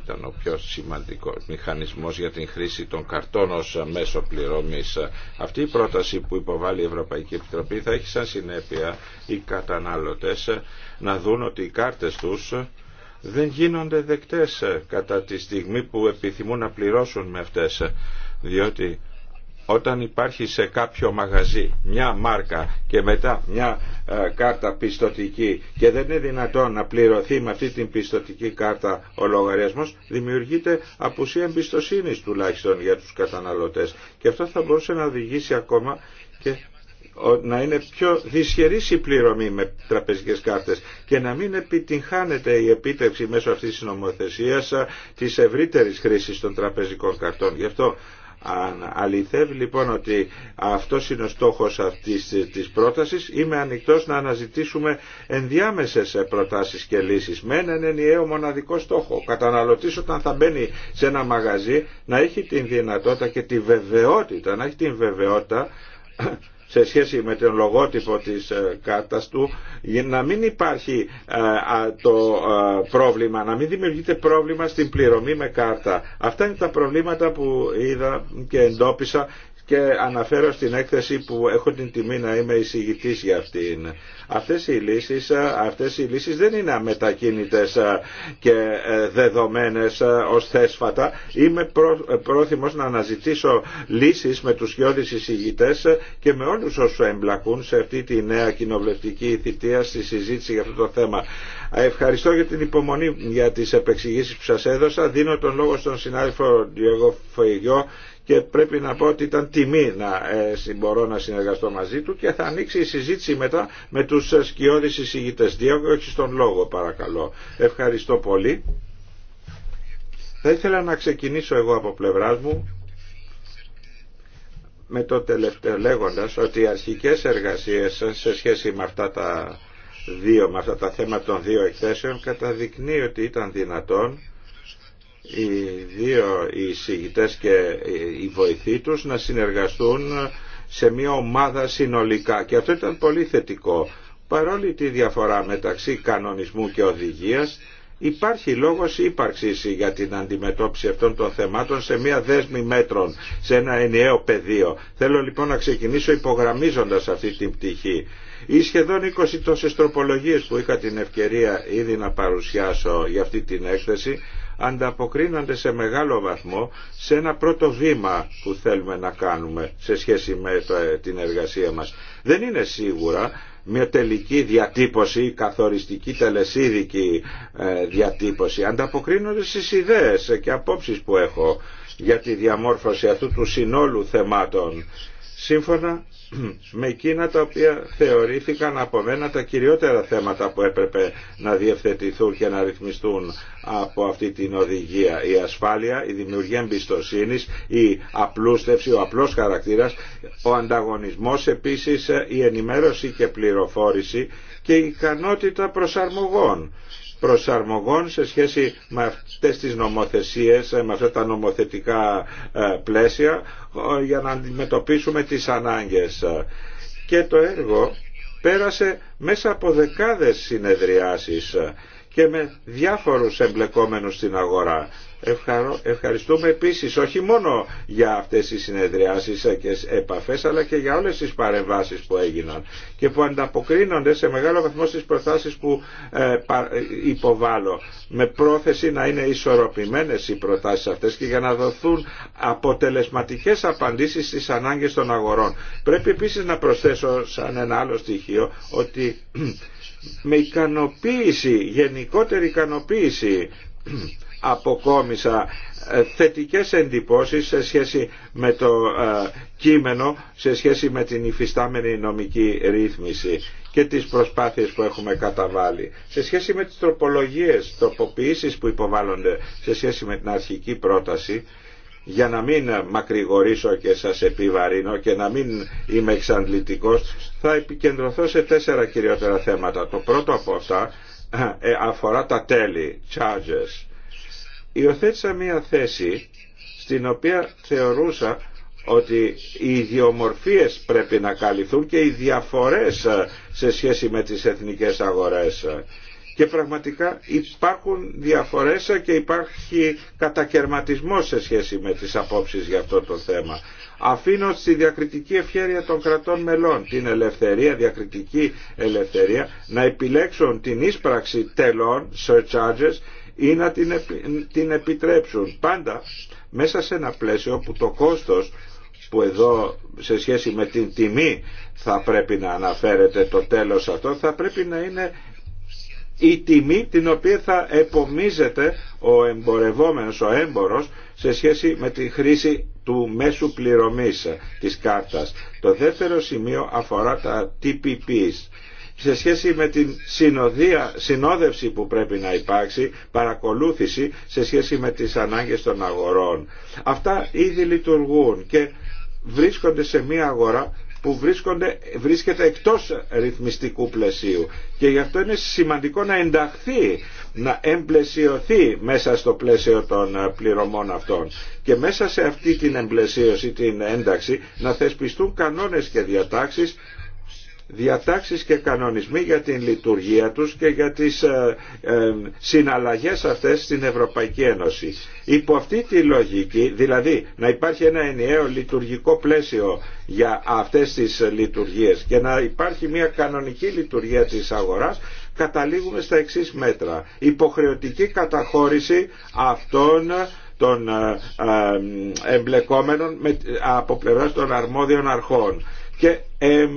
ήταν ο πιο σημαντικός μηχανισμός για την χρήση των καρτών ως μέσο πληρωμής. Αυτή η πρόταση που υποβάλλει η Ευρωπαϊκή Επιτροπή θα έχει σαν συνέπεια οι κατανάλωτες να δουν ότι οι κάρτες τους δεν γίνονται δεκτές κατά τη στιγμή που επιθυμούν να πληρώσουν με αυτές διότι όταν υπάρχει σε κάποιο μαγαζί μια μάρκα και μετά μια ε, κάρτα πιστοτική και δεν είναι δυνατόν να πληρωθεί με αυτή την πιστοτική κάρτα ο λογαριασμός δημιουργείται απουσία εμπιστοσύνης τουλάχιστον για τους καταναλωτές και αυτό θα μπορούσε να οδηγήσει ακόμα και να είναι πιο δυσχερή η πληρωμή με τραπεζικέ κάρτε και να μην επιτυγχάνεται η επίτευξη μέσω αυτή τη νομοθεσία τη ευρύτερη χρήση των τραπεζικών καρτών. Γι' αυτό αν αληθεύει λοιπόν ότι αυτό είναι ο στόχο αυτής της πρόταση. είμαι ανοιχτό να αναζητήσουμε ενδιάμεσε προτάσει και λύσει. με έναν ενιαίο μοναδικό στόχο. Ο όταν θα μπαίνει σε ένα μαγαζί να έχει την δυνατότητα και τη βεβαιότητα, να έχει την βεβαιότητα σε σχέση με τον λογότυπο της ε, κάρτας του για να μην υπάρχει ε, το ε, πρόβλημα, να μην δημιουργείται πρόβλημα στην πληρωμή με κάρτα. Αυτά είναι τα προβλήματα που είδα και εντόπισα και αναφέρω στην έκθεση που έχω την τιμή να είμαι εισηγητής για αυτήν. Αυτές οι λύσεις, αυτές οι λύσεις δεν είναι αμετακίνητες και ε, δεδομένες ως θέσφατα. Είμαι ε, πρόθυμος να αναζητήσω λύσεις με τους γιώδεις εισηγητές και με όλους όσους εμπλακούν σε αυτή τη νέα κοινοβουλευτική θητεία στη συζήτηση για αυτό το θέμα. Ευχαριστώ για την υπομονή για τις επεξηγήσεις που σας έδωσα. Δίνω τον λόγο στον συνάδελφο Διego Φεγιό και πρέπει να πω ότι ήταν τιμή να ε, μπορώ να συνεργαστώ μαζί του και θα ανοίξει η συζήτηση μετά με τους ε, σκιώδεις εισηγητές. Διόγκο, στον τον λόγο παρακαλώ. Ευχαριστώ πολύ. Θα ήθελα να ξεκινήσω εγώ από πλευράς μου με το τελευταίο λέγοντας ότι οι αρχικές εργασίες σε σχέση με αυτά τα δύο, με αυτά τα θέματα των δύο εκθέσεων καταδεικνύει ότι ήταν δυνατόν οι δύο εισηγητές και οι βοηθοί τους να συνεργαστούν σε μια ομάδα συνολικά και αυτό ήταν πολύ θετικό. Παρόλη τη διαφορά μεταξύ κανονισμού και οδηγίας υπάρχει λόγος ύπαρξης για την αντιμετώπιση αυτών των θεμάτων σε μια δέσμη μέτρων, σε ένα ενιαίο πεδίο. Θέλω λοιπόν να ξεκινήσω υπογραμμίζοντας αυτή την πτυχή. Οι σχεδόν 20 τόσες τροπολογίες που είχα την ευκαιρία ήδη να παρουσιάσω για αυτή την έκθεση ανταποκρίνονται σε μεγάλο βαθμό σε ένα πρώτο βήμα που θέλουμε να κάνουμε σε σχέση με ε, την εργασία μας. Δεν είναι σίγουρα μια τελική διατύπωση, καθοριστική τελεσίδικη ε, διατύπωση. Ανταποκρίνονται στις ιδέες και απόψεις που έχω για τη διαμόρφωση αυτού του συνόλου θεμάτων σύμφωνα *clears throat* με εκείνα τα οποία θεωρήθηκαν από μένα τα κυριότερα θέματα που έπρεπε να διευθετηθούν και να ρυθμιστούν από αυτή την οδηγία. Η ασφάλεια, η δημιουργία εμπιστοσύνη, η απλούστευση, ο απλό χαρακτήρα, ο ανταγωνισμό επίση, η ενημέρωση και πληροφόρηση και η ικανότητα προσαρμογών προσαρμογών σε σχέση με αυτές τις νομοθεσίες, με αυτά τα νομοθετικά ε, πλαίσια για να αντιμετωπίσουμε τις ανάγκες. Και το έργο πέρασε μέσα από δεκάδες συνεδριάσεις και με διάφορους εμπλεκόμενους στην αγορά. Ευχαριστούμε επίσης όχι μόνο για αυτές τις συνεδριάσεις και επαφές αλλά και για όλες τις παρεμβάσεις που έγιναν και που ανταποκρίνονται σε μεγάλο βαθμό στις προτάσεις που ε, υποβάλλω με πρόθεση να είναι ισορροπημένες οι προτάσεις αυτές και για να δοθούν αποτελεσματικές απαντήσεις στις ανάγκες των αγορών. Πρέπει επίσης να προσθέσω σαν ένα άλλο στοιχείο ότι με ικανοποίηση, γενικότερη ικανοποίηση αποκόμισα ε, θετικές εντυπώσεις σε σχέση με το ε, κείμενο, σε σχέση με την υφιστάμενη νομική ρύθμιση και τις προσπάθειες που έχουμε καταβάλει. Σε σχέση με τις τροπολογίες, τροποποιήσεις που υποβάλλονται σε σχέση με την αρχική πρόταση, για να μην μακρηγορήσω και σας επιβαρύνω και να μην είμαι εξαντλητικός θα επικεντρωθώ σε τέσσερα κυριότερα θέματα. Το πρώτο από αυτά ε, αφορά τα τέλη, charges. Υιοθέτησα μία θέση στην οποία θεωρούσα ότι οι ιδιομορφίες πρέπει να καλυφθούν και οι διαφορές ε, σε σχέση με τις εθνικές αγορές και πραγματικά υπάρχουν διαφορές και υπάρχει κατακαιρματισμός σε σχέση με τις απόψεις για αυτό το θέμα. Αφήνω στη διακριτική ευχέρεια των κρατών μελών την ελευθερία, διακριτική ελευθερία, να επιλέξουν την ίσπραξη τελών, surcharges, ή να την επιτρέψουν. Πάντα μέσα σε ένα πλαίσιο που το κόστος που εδώ σε σχέση με την τιμή θα πρέπει να αναφέρεται το τέλος αυτό θα πρέπει να είναι η τιμή την οποία θα επομίζεται ο εμπορευόμενος, ο έμπορος σε σχέση με τη χρήση του μέσου πληρωμής ε, της κάρτας. Το δεύτερο σημείο αφορά τα TPPs σε σχέση με την συνοδεία, συνόδευση που πρέπει να υπάρξει, παρακολούθηση σε σχέση με τις ανάγκες των αγορών. Αυτά ήδη λειτουργούν και βρίσκονται σε μια αγορά που βρίσκονται, βρίσκεται εκτός ρυθμιστικού πλαισίου και γι' αυτό είναι σημαντικό να ενταχθεί, να εμπλαισιωθεί μέσα στο πλαίσιο των πληρωμών αυτών και μέσα σε αυτή την εμπλαισίωση, την ένταξη να θεσπιστούν κανόνες και διατάξεις διατάξεις και κανονισμοί για την λειτουργία τους και για τις ε, ε, συναλλαγές αυτές στην Ευρωπαϊκή Ένωση. Υπό αυτή τη λογική, δηλαδή να υπάρχει ένα ενιαίο λειτουργικό πλαίσιο για αυτές τις λειτουργίες και να υπάρχει μια κανονική λειτουργία της αγοράς, καταλήγουμε στα εξής μέτρα. Υποχρεωτική καταχώρηση αυτών των ε, εμπλεκόμενων από πλευρά των αρμόδιων αρχών και ε,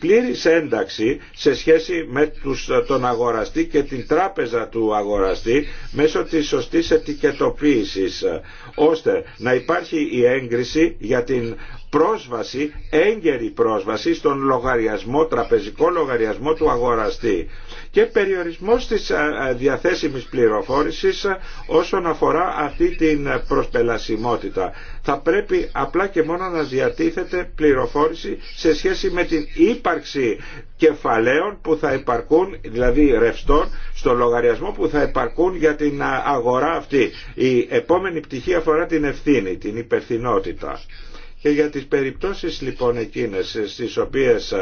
πλήρης ένταξη σε σχέση με τους, τον αγοραστή και την τράπεζα του αγοραστή μέσω της σωστής ετικετοποίησης ώστε να υπάρχει η έγκριση για την πρόσβαση, έγκαιρη πρόσβαση στον λογαριασμό, τραπεζικό λογαριασμό του αγοραστή και περιορισμός της ε, ε, διαθέσιμης πληροφόρησης ε, όσον αφορά αυτή την προσπελασιμότητα. Θα πρέπει απλά και μόνο να διατίθεται πληροφόρηση σε σχέση με την ύπαρξη κεφαλαίων που θα υπαρκούν, δηλαδή ρευστών, στο λογαριασμό που θα υπαρκούν για την αγορά αυτή. Η επόμενη πτυχή αφορά την ευθύνη, την υπευθυνότητα. Και για τις περιπτώσεις λοιπόν εκείνες στις οποίες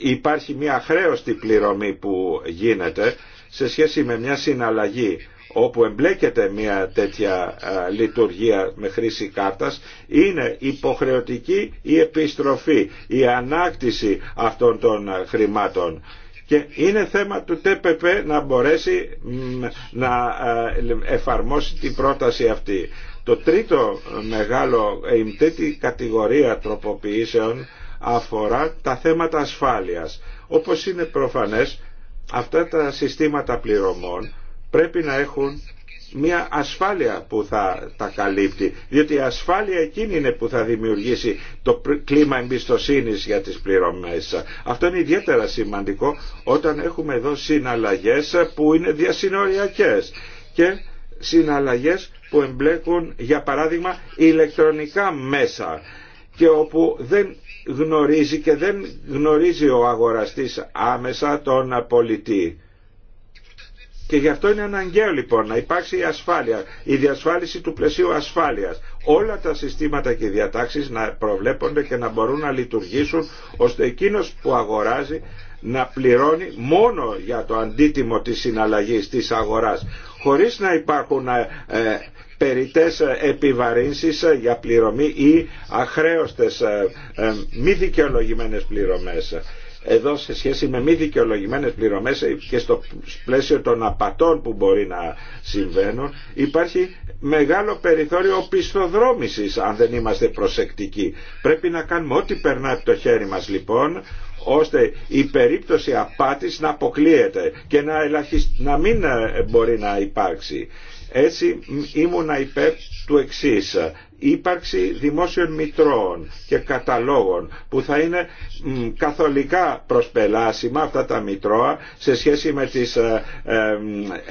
υπάρχει μια χρέωστη πληρωμή που γίνεται σε σχέση με μια συναλλαγή όπου εμπλέκεται μια τέτοια λειτουργία με χρήση κάρτας είναι υποχρεωτική η επιστροφή, η ανάκτηση αυτών των χρημάτων. Και είναι θέμα του ΤΠΠ να μπορέσει να εφαρμόσει την πρόταση αυτή. Το τρίτο μεγάλο, ε, η κατηγορία τροποποιήσεων αφορά τα θέματα ασφάλειας. Όπως είναι προφανές, αυτά τα συστήματα πληρωμών πρέπει να έχουν μια ασφάλεια που θα τα καλύπτει, διότι η ασφάλεια εκείνη είναι που θα δημιουργήσει το κλίμα εμπιστοσύνης για τις πληρωμές. Αυτό είναι ιδιαίτερα σημαντικό όταν έχουμε εδώ συναλλαγές που είναι διασυνοριακές και συναλλαγές που εμπλέκουν για παράδειγμα ηλεκτρονικά μέσα και όπου δεν γνωρίζει και δεν γνωρίζει ο αγοραστής άμεσα τον πολιτή. Και γι' αυτό είναι αναγκαίο λοιπόν να υπάρξει η ασφάλεια, η διασφάλιση του πλαισίου ασφάλειας όλα τα συστήματα και διατάξεις να προβλέπονται και να μπορούν να λειτουργήσουν ώστε εκείνος που αγοράζει να πληρώνει μόνο για το αντίτιμο της συναλλαγής της αγοράς χωρίς να υπάρχουν ε, ε περιτές επιβαρύνσεις για πληρωμή ή αχρέωστες ε, ε, μη δικαιολογημένες πληρωμές εδώ σε σχέση με μη δικαιολογημένε πληρωμέ και στο πλαίσιο των απατών που μπορεί να συμβαίνουν, υπάρχει μεγάλο περιθώριο πιστοδρόμηση αν δεν είμαστε προσεκτικοί. Πρέπει να κάνουμε ό,τι περνάει από το χέρι μα λοιπόν ώστε η περίπτωση απάτης να αποκλείεται και να, να μην ε, μπορεί να υπάρξει. Έτσι ήμουνα υπέρ του εξή ύπαρξη δημόσιων μητρώων και καταλόγων που θα είναι καθολικά προσπελάσιμα αυτά τα μητρώα σε σχέση με τις ε, ε,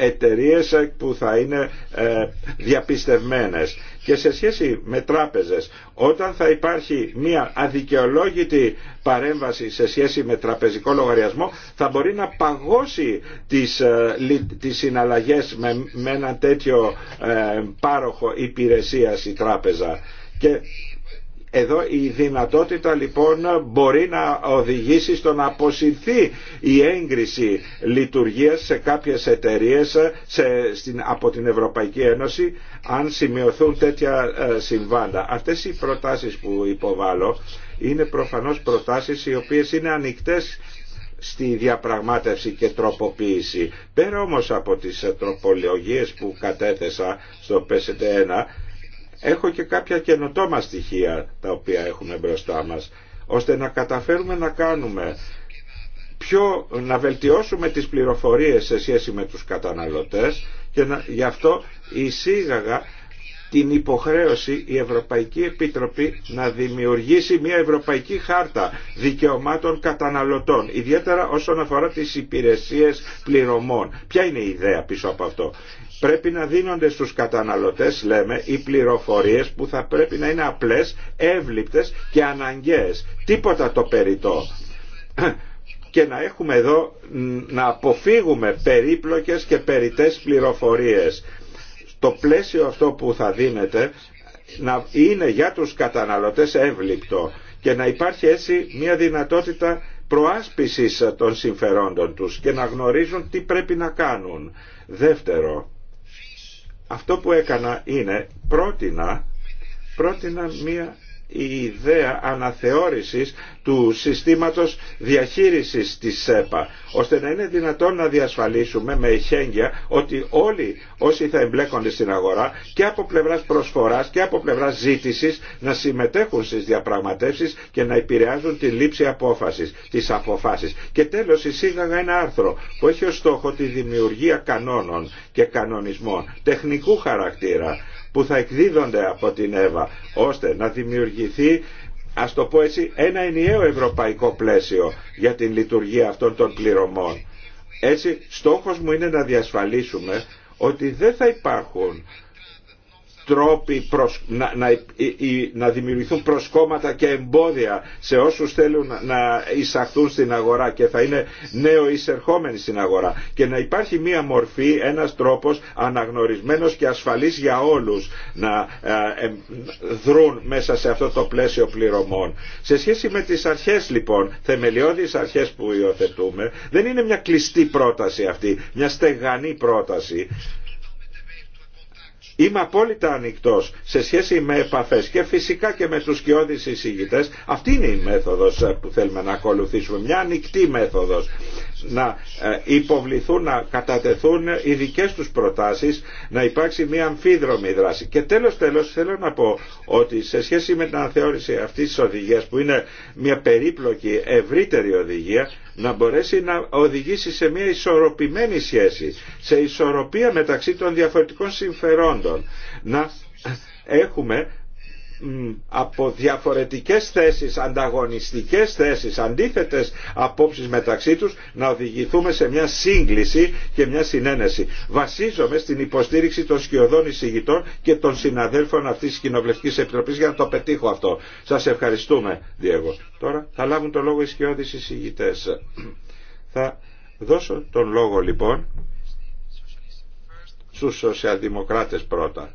εταιρείες που θα είναι ε, διαπιστευμένες. Και σε σχέση με τράπεζες, όταν θα υπάρχει μια αδικαιολόγητη παρέμβαση σε σχέση με τραπεζικό λογαριασμό, θα μπορεί να παγώσει τις, ε, τις συναλλαγές με, ένα τέτοιο ε, πάροχο υπηρεσίας η τράπεζα. Εδώ η δυνατότητα λοιπόν μπορεί να οδηγήσει στο να αποσυρθεί η έγκριση λειτουργίας σε κάποιες εταιρείες στην, από την Ευρωπαϊκή Ένωση αν σημειωθούν τέτοια ε, συμβάντα. Αυτές οι προτάσεις που υποβάλλω είναι προφανώς προτάσεις οι οποίες είναι ανοιχτές στη διαπραγμάτευση και τροποποίηση. Πέρα όμως από τις τροπολογίες που κατέθεσα στο ΠΣΤ1 έχω και κάποια καινοτόμα στοιχεία τα οποία έχουμε μπροστά μας ώστε να καταφέρουμε να κάνουμε πιο, να βελτιώσουμε τις πληροφορίες σε σχέση με τους καταναλωτές και να, γι' αυτό εισήγαγα την υποχρέωση η Ευρωπαϊκή Επιτροπή να δημιουργήσει μια Ευρωπαϊκή Χάρτα Δικαιωμάτων Καταναλωτών, ιδιαίτερα όσον αφορά τις υπηρεσίες πληρωμών. Ποια είναι η ιδέα πίσω από αυτό πρέπει να δίνονται στους καταναλωτές, λέμε, οι πληροφορίες που θα πρέπει να είναι απλές, εύληπτες και αναγκαίες. Τίποτα το περιττό. Και να έχουμε εδώ, να αποφύγουμε περίπλοκες και περιτές πληροφορίες. Το πλαίσιο αυτό που θα δίνεται να είναι για τους καταναλωτές εύληπτο και να υπάρχει έτσι μια δυνατότητα προάσπισης των συμφερόντων τους και να γνωρίζουν τι πρέπει να κάνουν. Δεύτερο, αυτό που έκανα είναι πρότεινα, πρότεινα μία η ιδέα αναθεώρησης του συστήματος διαχείρισης της ΣΕΠΑ, ώστε να είναι δυνατόν να διασφαλίσουμε με εχέγγυα ότι όλοι όσοι θα εμπλέκονται στην αγορά και από πλευράς προσφοράς και από πλευράς ζήτησης να συμμετέχουν στις διαπραγματεύσεις και να επηρεάζουν τη λήψη απόφασης, της αποφάσης. Και τέλος εισήγαγα ένα άρθρο που έχει ως στόχο τη δημιουργία κανόνων και κανονισμών τεχνικού χαρακτήρα που θα εκδίδονται από την ΕΒΑ ώστε να δημιουργηθεί ας το πω έτσι ένα ενιαίο ευρωπαϊκό πλαίσιο για την λειτουργία αυτών των πληρωμών. Έτσι στόχος μου είναι να διασφαλίσουμε ότι δεν θα υπάρχουν τρόποι να, να, να δημιουργηθούν προσκόμματα και εμπόδια σε όσους θέλουν να εισαχθούν στην αγορά και θα είναι νέο εισερχόμενοι στην αγορά και να υπάρχει μία μορφή, ένας τρόπος αναγνωρισμένος και ασφαλής για όλους να ε, δρουν μέσα σε αυτό το πλαίσιο πληρωμών. Σε σχέση με τις αρχές λοιπόν, θεμελιώδεις αρχές που υιοθετούμε, δεν είναι μια κλειστή πρόταση αυτή, μια στεγανή πρόταση Είμαι απόλυτα ανοιχτό σε σχέση με επαφέ και φυσικά και με του σκιώδει εισηγητέ. Αυτή είναι η μέθοδο που θέλουμε να ακολουθήσουμε. Μια ανοιχτή μέθοδο να ε, υποβληθούν, να κατατεθούν οι δικές τους προτάσεις, να υπάρξει μια αμφίδρομη δράση. Και τέλος τέλος θέλω να πω ότι σε σχέση με την αναθεώρηση αυτής της οδηγίας που είναι μια περίπλοκη ευρύτερη οδηγία να μπορέσει να οδηγήσει σε μια ισορροπημένη σχέση, σε ισορροπία μεταξύ των διαφορετικών συμφερόντων. Να έχουμε από διαφορετικές θέσεις, ανταγωνιστικές θέσεις, αντίθετες απόψεις μεταξύ τους να οδηγηθούμε σε μια σύγκληση και μια συνένεση. Βασίζομαι στην υποστήριξη των σκιωδών εισηγητών και των συναδέλφων αυτής της Κοινοβουλευτικής Επιτροπής για να το πετύχω αυτό. Σας ευχαριστούμε, Διέγο. Τώρα θα λάβουν το λόγο οι σκιώδεις εισηγητές. Θα δώσω τον λόγο λοιπόν στους σοσιαλδημοκράτες πρώτα.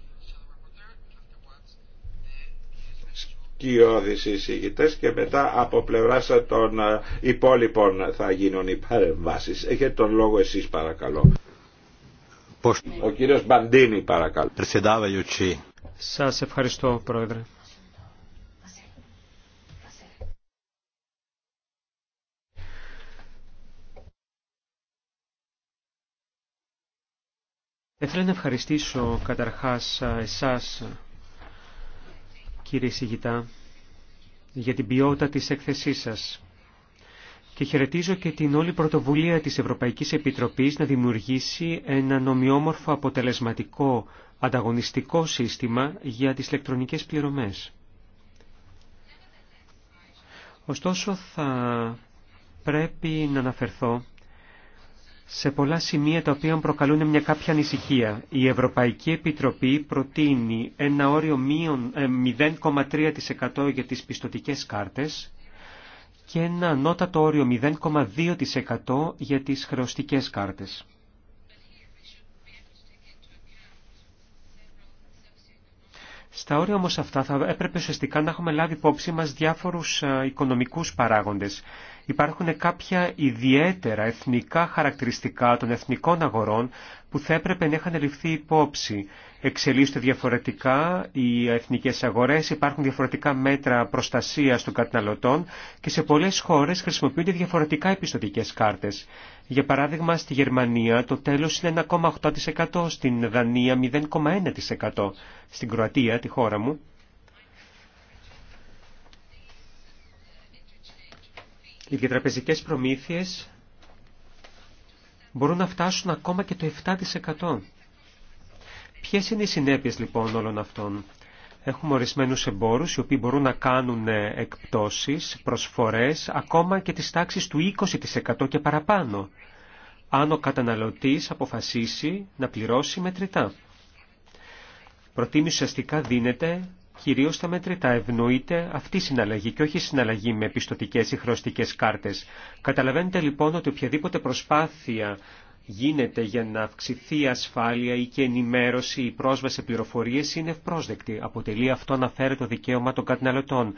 σκιώδεις εισηγητές και μετά από πλευρά των ε, υπόλοιπων θα γίνουν οι παρεμβάσεις. Έχετε τον λόγο εσείς παρακαλώ. Ο κύριος Μπαντίνη παρακαλώ. Σας ευχαριστώ πρόεδρε. Θέλω να ευχαριστήσω καταρχάς ε, εσάς κύριε Σιγητά, για την ποιότητα της έκθεσής σας. Και χαιρετίζω και την όλη πρωτοβουλία της Ευρωπαϊκής Επιτροπής να δημιουργήσει ένα νομιόμορφο αποτελεσματικό ανταγωνιστικό σύστημα για τις ηλεκτρονικές πληρωμές. Ωστόσο θα πρέπει να αναφερθώ σε πολλά σημεία τα οποία προκαλούν μια κάποια ανησυχία. Η Ευρωπαϊκή Επιτροπή προτείνει ένα όριο 0,3% ε, για τις πιστοτικές κάρτες και ένα ανώτατο όριο 0,2% για τις χρεωστικές κάρτες. Στα όρια όμως αυτά θα έπρεπε ουσιαστικά να έχουμε λάβει υπόψη μας διάφορους ε, οικονομικούς παράγοντες υπάρχουν κάποια ιδιαίτερα εθνικά χαρακτηριστικά των εθνικών αγορών που θα έπρεπε να είχαν ληφθεί υπόψη. Εξελίσσονται διαφορετικά οι εθνικές αγορές, υπάρχουν διαφορετικά μέτρα προστασίας των καταναλωτών και σε πολλές χώρες χρησιμοποιούνται διαφορετικά επιστοτικές κάρτες. Για παράδειγμα, στη Γερμανία το τέλος είναι 1,8%, στην Δανία 0,1%, στην Κροατία, τη χώρα μου, οι διατραπεζικές προμήθειες μπορούν να φτάσουν ακόμα και το 7%. Ποιες είναι οι συνέπειες λοιπόν όλων αυτών. Έχουμε ορισμένους εμπόρους οι οποίοι μπορούν να κάνουν ε, εκπτώσεις, προσφορές, ακόμα και τις τάξεις του 20% και παραπάνω, αν ο καταναλωτής αποφασίσει να πληρώσει μετρητά. Προτίμηση ουσιαστικά δίνεται Κυρίω τα μέτρητα ευνοείται αυτή η συναλλαγή και όχι η συναλλαγή με πιστοτικέ ή χρωστικέ κάρτε. Καταλαβαίνετε λοιπόν ότι οποιαδήποτε προσπάθεια γίνεται για να αυξηθεί η ασφάλεια ή και ενημέρωση ή πρόσβαση σε πληροφορίε είναι ευπρόσδεκτη. Αποτελεί αυτό να το δικαίωμα των καταναλωτών.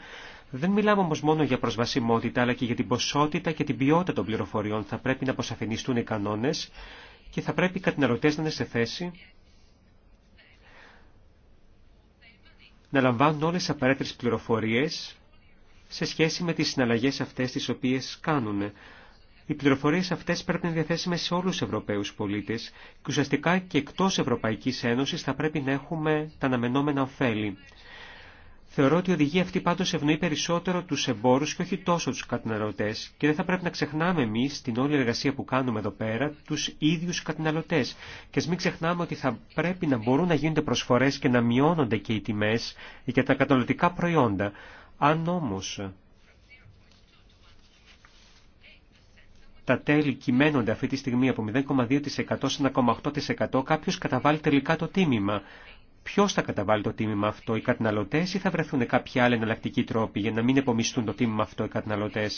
Δεν μιλάμε όμω μόνο για προσβασιμότητα, αλλά και για την ποσότητα και την ποιότητα των πληροφοριών. Θα πρέπει να αποσαφινιστούν οι κανόνε και θα πρέπει οι καταναλωτέ να είναι σε θέση να λαμβάνουν όλες τις απαραίτητες πληροφορίες σε σχέση με τις συναλλαγές αυτές τις οποίες κάνουν. Οι πληροφορίες αυτές πρέπει να είναι διαθέσιμες σε όλους τους Ευρωπαίους πολίτες και ουσιαστικά και εκτός Ευρωπαϊκής Ένωσης θα πρέπει να έχουμε τα αναμενόμενα ωφέλη. Θεωρώ ότι η οδηγία αυτή πάντω ευνοεί περισσότερο του εμπόρου και όχι τόσο του καταναλωτέ. και δεν θα πρέπει να ξεχνάμε εμεί την όλη εργασία που κάνουμε εδώ πέρα του ίδιου καταναλωτέ. και α μην ξεχνάμε ότι θα πρέπει να μπορούν να γίνονται προσφορέ και να μειώνονται και οι τιμέ για τα καταναλωτικά προϊόντα. Αν όμω, τα τέλη κυμαίνονται αυτή τη στιγμή από 0,2% σε 1,8% κάποιο καταβάλει τελικά το τίμημα. Ποιο θα καταβάλει το τίμημα αυτό, οι καταναλωτέ ή θα βρεθούν κάποια άλλοι εναλλακτικοί τρόποι για να μην επομιστούν το τίμημα αυτό οι καταναλωτέ.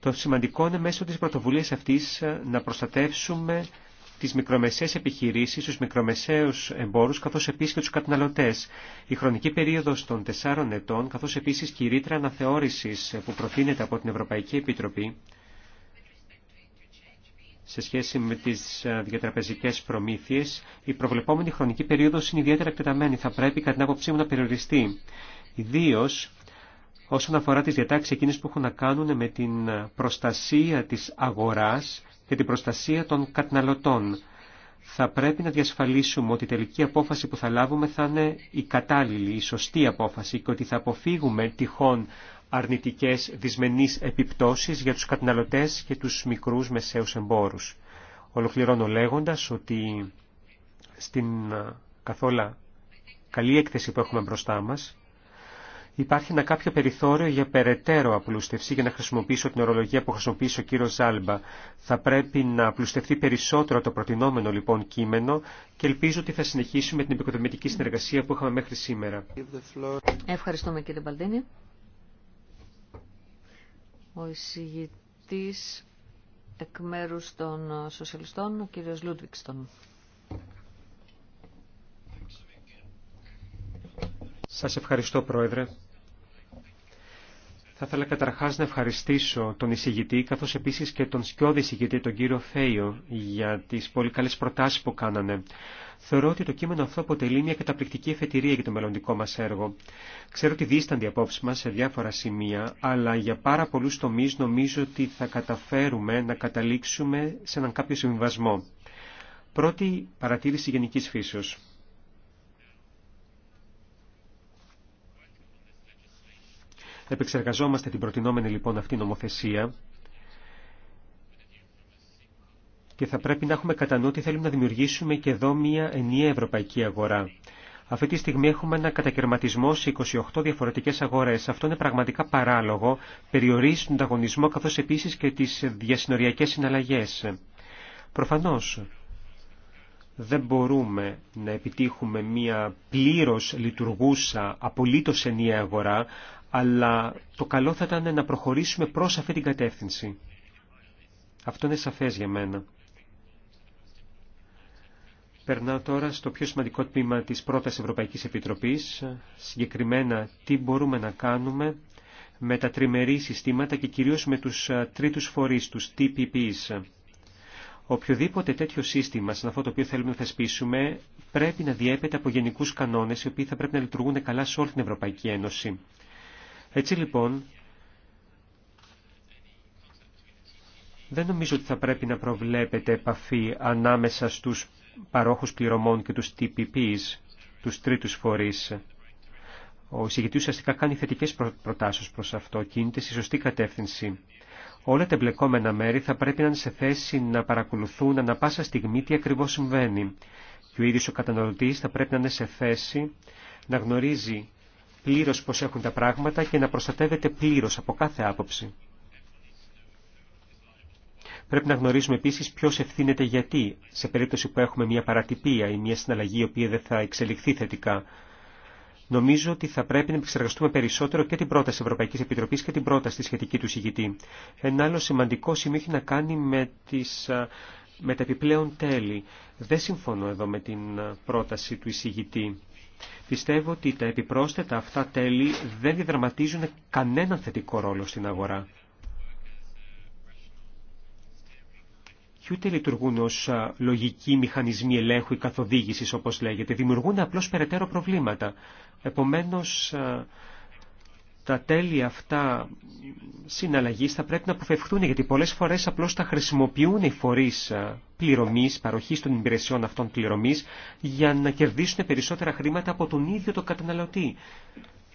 Το σημαντικό είναι μέσω τη πρωτοβουλία αυτή να προστατεύσουμε τι μικρομεσαίε επιχειρήσει, του μικρομεσαίου εμπόρου, καθώ επίση και του καταναλωτέ. Η χρονική περίοδο των τεσσάρων ετών, καθώ επίση και η ρήτρα αναθεώρηση που προτείνεται από την Ευρωπαϊκή Επιτροπή, σε σχέση με τις ε, διατραπεζικές προμήθειες, η προβλεπόμενη χρονική περίοδος είναι ιδιαίτερα εκτεταμένη. Θα πρέπει κατά την άποψή μου να περιοριστεί. Ιδίω όσον αφορά τις διατάξεις εκείνες που έχουν να κάνουν με την προστασία της αγοράς και την προστασία των καταναλωτών. Θα πρέπει να διασφαλίσουμε ότι η τελική απόφαση που θα λάβουμε θα είναι η κατάλληλη, η σωστή απόφαση και ότι θα αποφύγουμε τυχόν αρνητικές δυσμενείς επιπτώσεις για τους καταναλωτές και τους μικρούς μεσαίους εμπόρους. Ολοκληρώνω λέγοντας ότι στην ε, καθόλα καλή έκθεση που έχουμε μπροστά μας υπάρχει ένα κάποιο περιθώριο για περαιτέρω απλούστευση για να χρησιμοποιήσω την ορολογία που χρησιμοποιήσει ο κύριο Ζάλμπα. Θα πρέπει να απλουστευτεί περισσότερο το προτινόμενο λοιπόν κείμενο και ελπίζω ότι θα συνεχίσουμε την επικοδομητική συνεργασία που είχαμε μέχρι σήμερα. Ευχαριστούμε κύριε Μπαλτίνη. Ο εισηγητής εκ μέρους των σοσιαλιστών, ο κύριος Λούντβικστον. Σας ευχαριστώ, Πρόεδρε. Θα ήθελα καταρχάς να ευχαριστήσω τον εισηγητή, καθώς επίσης και τον σκιώδη εισηγητή, τον κύριο Φέιο, για τις πολύ καλές προτάσεις που κάνανε θεωρώ ότι το κείμενο αυτό αποτελεί μια καταπληκτική εφετηρία για το μελλοντικό μα έργο. Ξέρω ότι δίστανται οι απόψει μα σε διάφορα σημεία, αλλά για πάρα πολλού τομεί νομίζω ότι θα καταφέρουμε να καταλήξουμε σε έναν κάποιο συμβιβασμό. Πρώτη παρατήρηση γενική φύσεω. Επεξεργαζόμαστε την προτινόμενη λοιπόν αυτή νομοθεσία και θα πρέπει να έχουμε κατά νου ότι θέλουμε να δημιουργήσουμε και εδώ μια ενιαία ευρωπαϊκή αγορά. Αυτή τη στιγμή έχουμε ένα κατακαιρματισμό σε 28 διαφορετικές αγορές. Αυτό είναι πραγματικά παράλογο, περιορίζει τον ανταγωνισμό καθώς επίσης και τις διασυνοριακές συναλλαγές. Προφανώς, δεν μπορούμε να επιτύχουμε μια πλήρως λειτουργούσα, απολύτως ενιαία αγορά, αλλά το καλό θα ήταν να προχωρήσουμε προς αυτή την κατεύθυνση. Αυτό είναι σαφές για μένα. Περνάω τώρα στο πιο σημαντικό τμήμα της πρώτας Ευρωπαϊκής Επιτροπής, συγκεκριμένα τι μπορούμε να κάνουμε με τα τριμερή συστήματα και κυρίως με τους ε, τρίτους φορείς, τους TPPs. Οποιοδήποτε τέτοιο σύστημα, σαν αυτό το οποίο θέλουμε να θεσπίσουμε, πρέπει να διέπεται από γενικούς κανόνες, οι οποίοι θα πρέπει να λειτουργούν καλά σε όλη την Ευρωπαϊκή Ένωση. Έτσι λοιπόν, δεν νομίζω ότι θα πρέπει να προβλέπεται επαφή ανάμεσα στους παρόχους πληρωμών και τους TPPs, τους τρίτους φορείς. Ο εισηγητής ουσιαστικά κάνει θετικές προτάσεις προς αυτό, κινείται στη σωστή κατεύθυνση. Όλα τα εμπλεκόμενα μέρη θα πρέπει να είναι σε θέση να παρακολουθούν ανα πάσα στιγμή τι ακριβώς συμβαίνει. Και ο ίδιος ο καταναλωτή θα πρέπει να είναι σε θέση να γνωρίζει πλήρως πω έχουν τα πράγματα και να προστατεύεται πλήρως από κάθε άποψη. Πρέπει να γνωρίζουμε επίσης ποιος ευθύνεται γιατί, σε περίπτωση που έχουμε μια παρατυπία ή μια συναλλαγή η οποία δεν θα εξελιχθεί θετικά. Νομίζω ότι θα πρέπει να επεξεργαστούμε περισσότερο και την πρόταση Ευρωπαϊκής Επιτροπής και την πρόταση τη σχετική του ηγητή. Ένα άλλο σημαντικό σημείο έχει να κάνει με, τις, με τα επιπλέον τέλη. Δεν συμφωνώ εδώ με την πρόταση του εισηγητή. Πιστεύω ότι τα επιπρόσθετα αυτά τέλη δεν διδραματίζουν κανέναν θετικό ρόλο στην αγορά. και ούτε λειτουργούν ω λογικοί μηχανισμοί ελέγχου ή καθοδήγησης όπως λέγεται. Δημιουργούν απλώ περαιτέρω προβλήματα. Επομένω, τα τέλη αυτά συναλλαγή θα πρέπει να αποφευχθούν γιατί πολλέ φορέ απλώ τα χρησιμοποιούν οι φορεί πληρωμή, παροχή των υπηρεσιών αυτών πληρωμή για να κερδίσουν περισσότερα χρήματα από τον ίδιο τον καταναλωτή.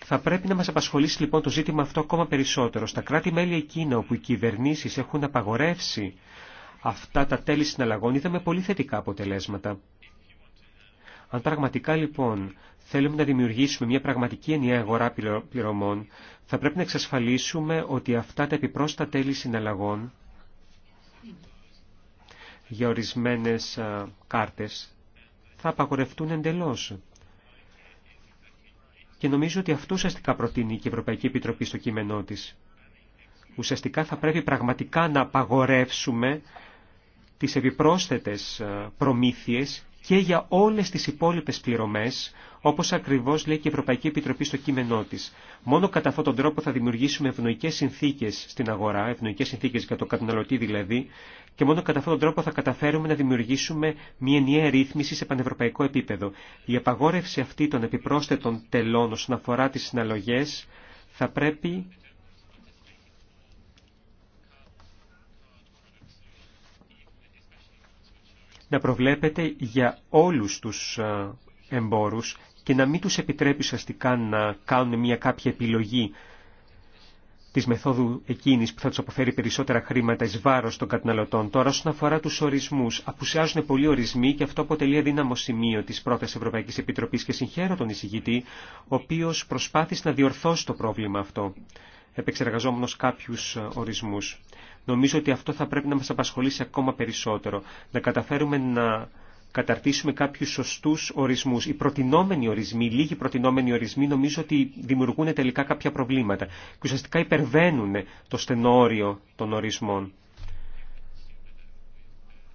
Θα πρέπει να μας απασχολήσει λοιπόν το ζήτημα αυτό ακόμα περισσότερο. Στα κράτη-μέλη εκείνα όπου οι κυβερνήσεις έχουν απαγορεύσει αυτά τα τέλη συναλλαγών είδαμε πολύ θετικά αποτελέσματα. Αν πραγματικά λοιπόν θέλουμε να δημιουργήσουμε μια πραγματική ενιαία αγορά πληρωμών, θα πρέπει να εξασφαλίσουμε ότι αυτά τα επιπρόσθετα τέλη συναλλαγών για ορισμένες κάρτες θα απαγορευτούν εντελώς. Και νομίζω ότι αυτό ουσιαστικά προτείνει και η Ευρωπαϊκή Επιτροπή στο κείμενό της. Ουσιαστικά θα πρέπει πραγματικά να απαγορεύσουμε τις επιπρόσθετες ε, προμήθειες και για όλες τις υπόλοιπες πληρωμές, όπως ακριβώς λέει και η Ευρωπαϊκή Επιτροπή στο κείμενό της. Μόνο κατά αυτόν τον τρόπο θα δημιουργήσουμε ευνοϊκές συνθήκες στην αγορά, ευνοϊκές συνθήκες για το καταναλωτή δηλαδή, και μόνο κατά αυτόν τον τρόπο θα καταφέρουμε να δημιουργήσουμε μια ενιαία ρύθμιση σε πανευρωπαϊκό επίπεδο. Η απαγόρευση αυτή των επιπρόσθετων τελών όσον αφορά τις συναλλογές θα πρέπει να προβλέπεται για όλους τους ε, εμπόρους και να μην τους επιτρέπει ουσιαστικά να κάνουν μια κάποια επιλογή της μεθόδου εκείνης που θα τους αποφέρει περισσότερα χρήματα εις βάρος των καταναλωτών. Τώρα όσον αφορά τους ορισμούς, απουσιάζουν πολλοί ορισμοί και αυτό αποτελεί αδύναμο σημείο της πρώτης Ευρωπαϊκής Επιτροπής και συγχαίρω τον εισηγητή, ο οποίος προσπάθησε να διορθώσει το πρόβλημα αυτό επεξεργαζόμενος κάποιους ε, ορισμούς νομίζω ότι αυτό θα πρέπει να μας απασχολήσει ακόμα περισσότερο. Να καταφέρουμε να καταρτήσουμε κάποιους σωστούς ορισμούς. Οι προτινόμενοι ορισμοί, οι λίγοι προτινόμενοι ορισμοί νομίζω ότι δημιουργούν τελικά κάποια προβλήματα και ουσιαστικά υπερβαίνουν το στενόριο των ορισμών.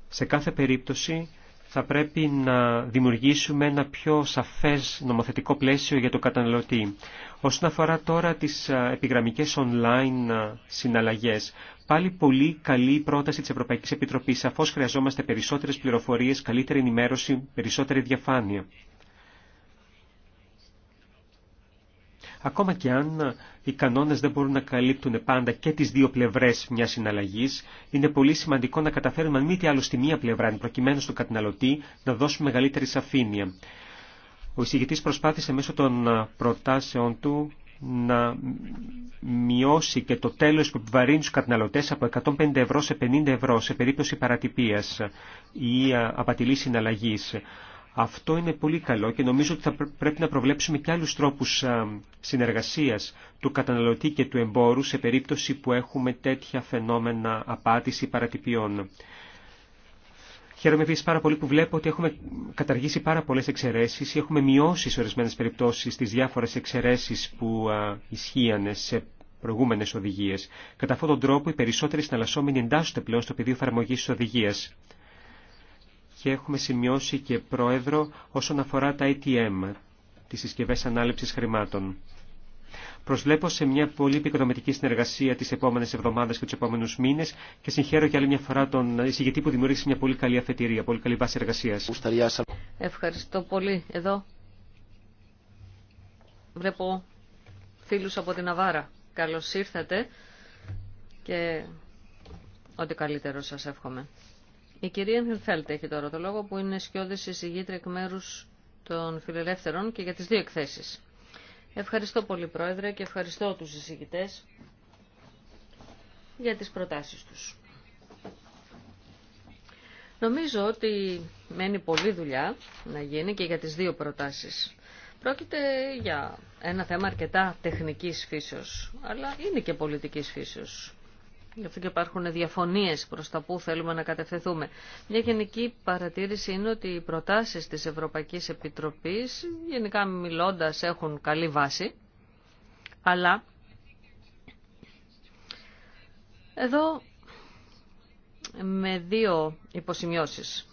Σε κάθε περίπτωση θα πρέπει να δημιουργήσουμε ένα πιο σαφές νομοθετικό πλαίσιο για το καταναλωτή. Όσον αφορά τώρα τις επιγραμμικές online συναλλαγές, πάλι πολύ καλή πρόταση της Ευρωπαϊκής Επιτροπής. Σαφώς χρειαζόμαστε περισσότερες πληροφορίες, καλύτερη ενημέρωση, περισσότερη διαφάνεια. ακόμα και αν οι κανόνες δεν μπορούν να καλύπτουν πάντα και τις δύο πλευρές μιας συναλλαγής, είναι πολύ σημαντικό να καταφέρουμε αν μη τι άλλο στη μία πλευρά, προκειμένου στον καταναλωτή, να δώσουμε μεγαλύτερη σαφήνεια. Ο εισηγητής προσπάθησε μέσω των ε, προτάσεών του να μειώσει και το τέλος που επιβαρύνει τους καταναλωτές από 150 ευρώ σε 50 ευρώ σε περίπτωση παρατυπίας ή ε, απατηλής συναλλαγής. Αυτό είναι πολύ καλό και νομίζω ότι θα πρέπει να προβλέψουμε και άλλους τρόπους συνεργασίας του καταναλωτή και του εμπόρου σε περίπτωση που έχουμε τέτοια φαινόμενα απάτηση παρατυπιών. Χαίρομαι επίση πάρα πολύ που βλέπω ότι έχουμε καταργήσει πάρα πολλέ εξαιρέσει ή έχουμε μειώσει σε ορισμένε περιπτώσει τις διάφορε εξαιρέσει που ισχύανε σε προηγούμενες οδηγίες. Κατά αυτόν τον τρόπο, οι περισσότεροι συναλλασσόμενοι εντάσσονται πλέον στο πεδίο εφαρμογή τη οδηγία και έχουμε σημειώσει και πρόεδρο όσον αφορά τα ATM, τις συσκευές ανάληψης χρημάτων. Προσβλέπω σε μια πολύ επικοδομητική συνεργασία τις επόμενες εβδομάδες και τους επόμενους μήνες και συγχαίρω για άλλη μια φορά τον εισηγητή που δημιούργησε μια πολύ καλή αφετηρία, πολύ καλή βάση εργασίας. Ευχαριστώ πολύ. Εδώ βλέπω φίλους από την Αβάρα. Καλώς ήρθατε και ό,τι καλύτερο σας εύχομαι. Η κυρία Χιλφέλτ έχει τώρα το λόγο που είναι σκιώδης εισηγήτρια εκ μέρου των φιλελεύθερων και για τις δύο εκθέσει. Ευχαριστώ πολύ Πρόεδρε και ευχαριστώ τους εισηγητές για τις προτάσεις τους. Νομίζω ότι μένει πολλή δουλειά να γίνει και για τις δύο προτάσεις. Πρόκειται για ένα θέμα αρκετά τεχνικής φύσεως, αλλά είναι και πολιτικής φύσεως. Γι' αυτό και υπάρχουν διαφωνίες προς τα που θέλουμε να κατευθεθούμε. Μια γενική παρατήρηση είναι ότι οι προτάσεις της Ευρωπαϊκής Επιτροπής, γενικά μιλώντας, έχουν καλή βάση, αλλά εδώ με δύο υποσημειώσεις.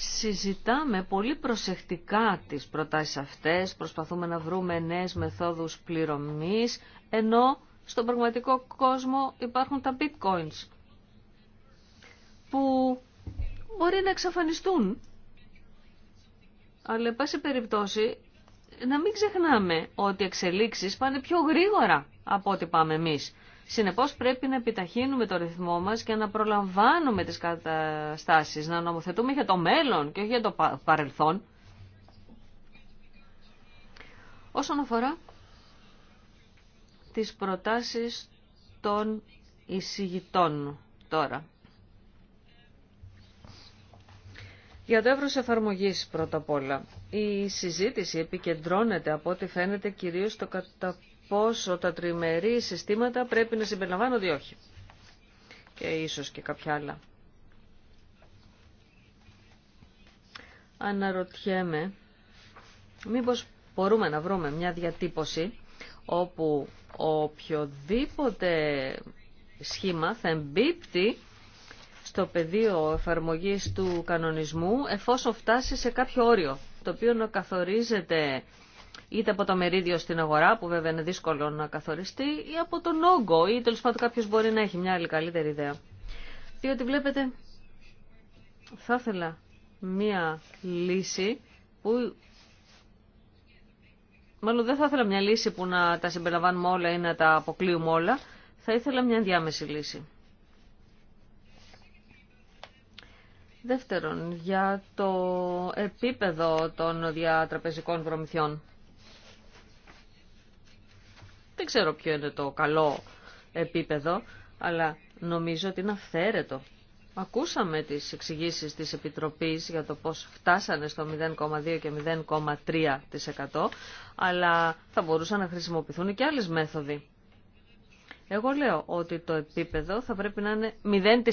συζητάμε πολύ προσεκτικά τις προτάσεις αυτές, προσπαθούμε να βρούμε νέες μεθόδους πληρωμής, ενώ στον πραγματικό κόσμο υπάρχουν τα bitcoins που μπορεί να εξαφανιστούν. Αλλά, πάση περιπτώσει, να μην ξεχνάμε ότι οι εξελίξεις πάνε πιο γρήγορα από ό,τι πάμε εμείς. Συνεπώς πρέπει να επιταχύνουμε το ρυθμό μας και να προλαμβάνουμε τις καταστάσεις, να νομοθετούμε για το μέλλον και όχι για το παρελθόν. Όσον αφορά τις προτάσεις των εισηγητών τώρα. Για το εύρος εφαρμογής πρώτα απ' όλα. Η συζήτηση επικεντρώνεται από ό,τι φαίνεται κυρίως στο κατά πόσο τα τριμερή συστήματα πρέπει να συμπεριλαμβάνονται ή όχι. Και ίσως και κάποια άλλα. Αναρωτιέμαι, μήπως μπορούμε να βρούμε μια διατύπωση όπου οποιοδήποτε σχήμα θα εμπίπτει στο πεδίο εφαρμογής του κανονισμού εφόσον φτάσει σε κάποιο όριο, το οποίο να καθορίζεται είτε από το μερίδιο στην αγορά, που βέβαια είναι δύσκολο να καθοριστεί, ή από τον όγκο, ή τέλο πάντων κάποιο μπορεί να έχει μια άλλη καλύτερη ιδέα. Διότι βλέπετε, θα ήθελα μια λύση που. Μάλλον δεν θα ήθελα μια λύση που να τα συμπεριλαμβάνουμε όλα ή να τα αποκλείουμε όλα. Θα ήθελα μια διάμεση λύση. Δεύτερον, για το επίπεδο των διατραπεζικών προμηθειών. Δεν ξέρω ποιο είναι το καλό επίπεδο, αλλά νομίζω ότι είναι αυθαίρετο. Ακούσαμε τις εξηγήσεις της Επιτροπής για το πώς φτάσανε στο 0,2 και 0,3%, αλλά θα μπορούσαν να χρησιμοποιηθούν και άλλες μέθοδοι. Εγώ λέω ότι το επίπεδο θα πρέπει να είναι 0%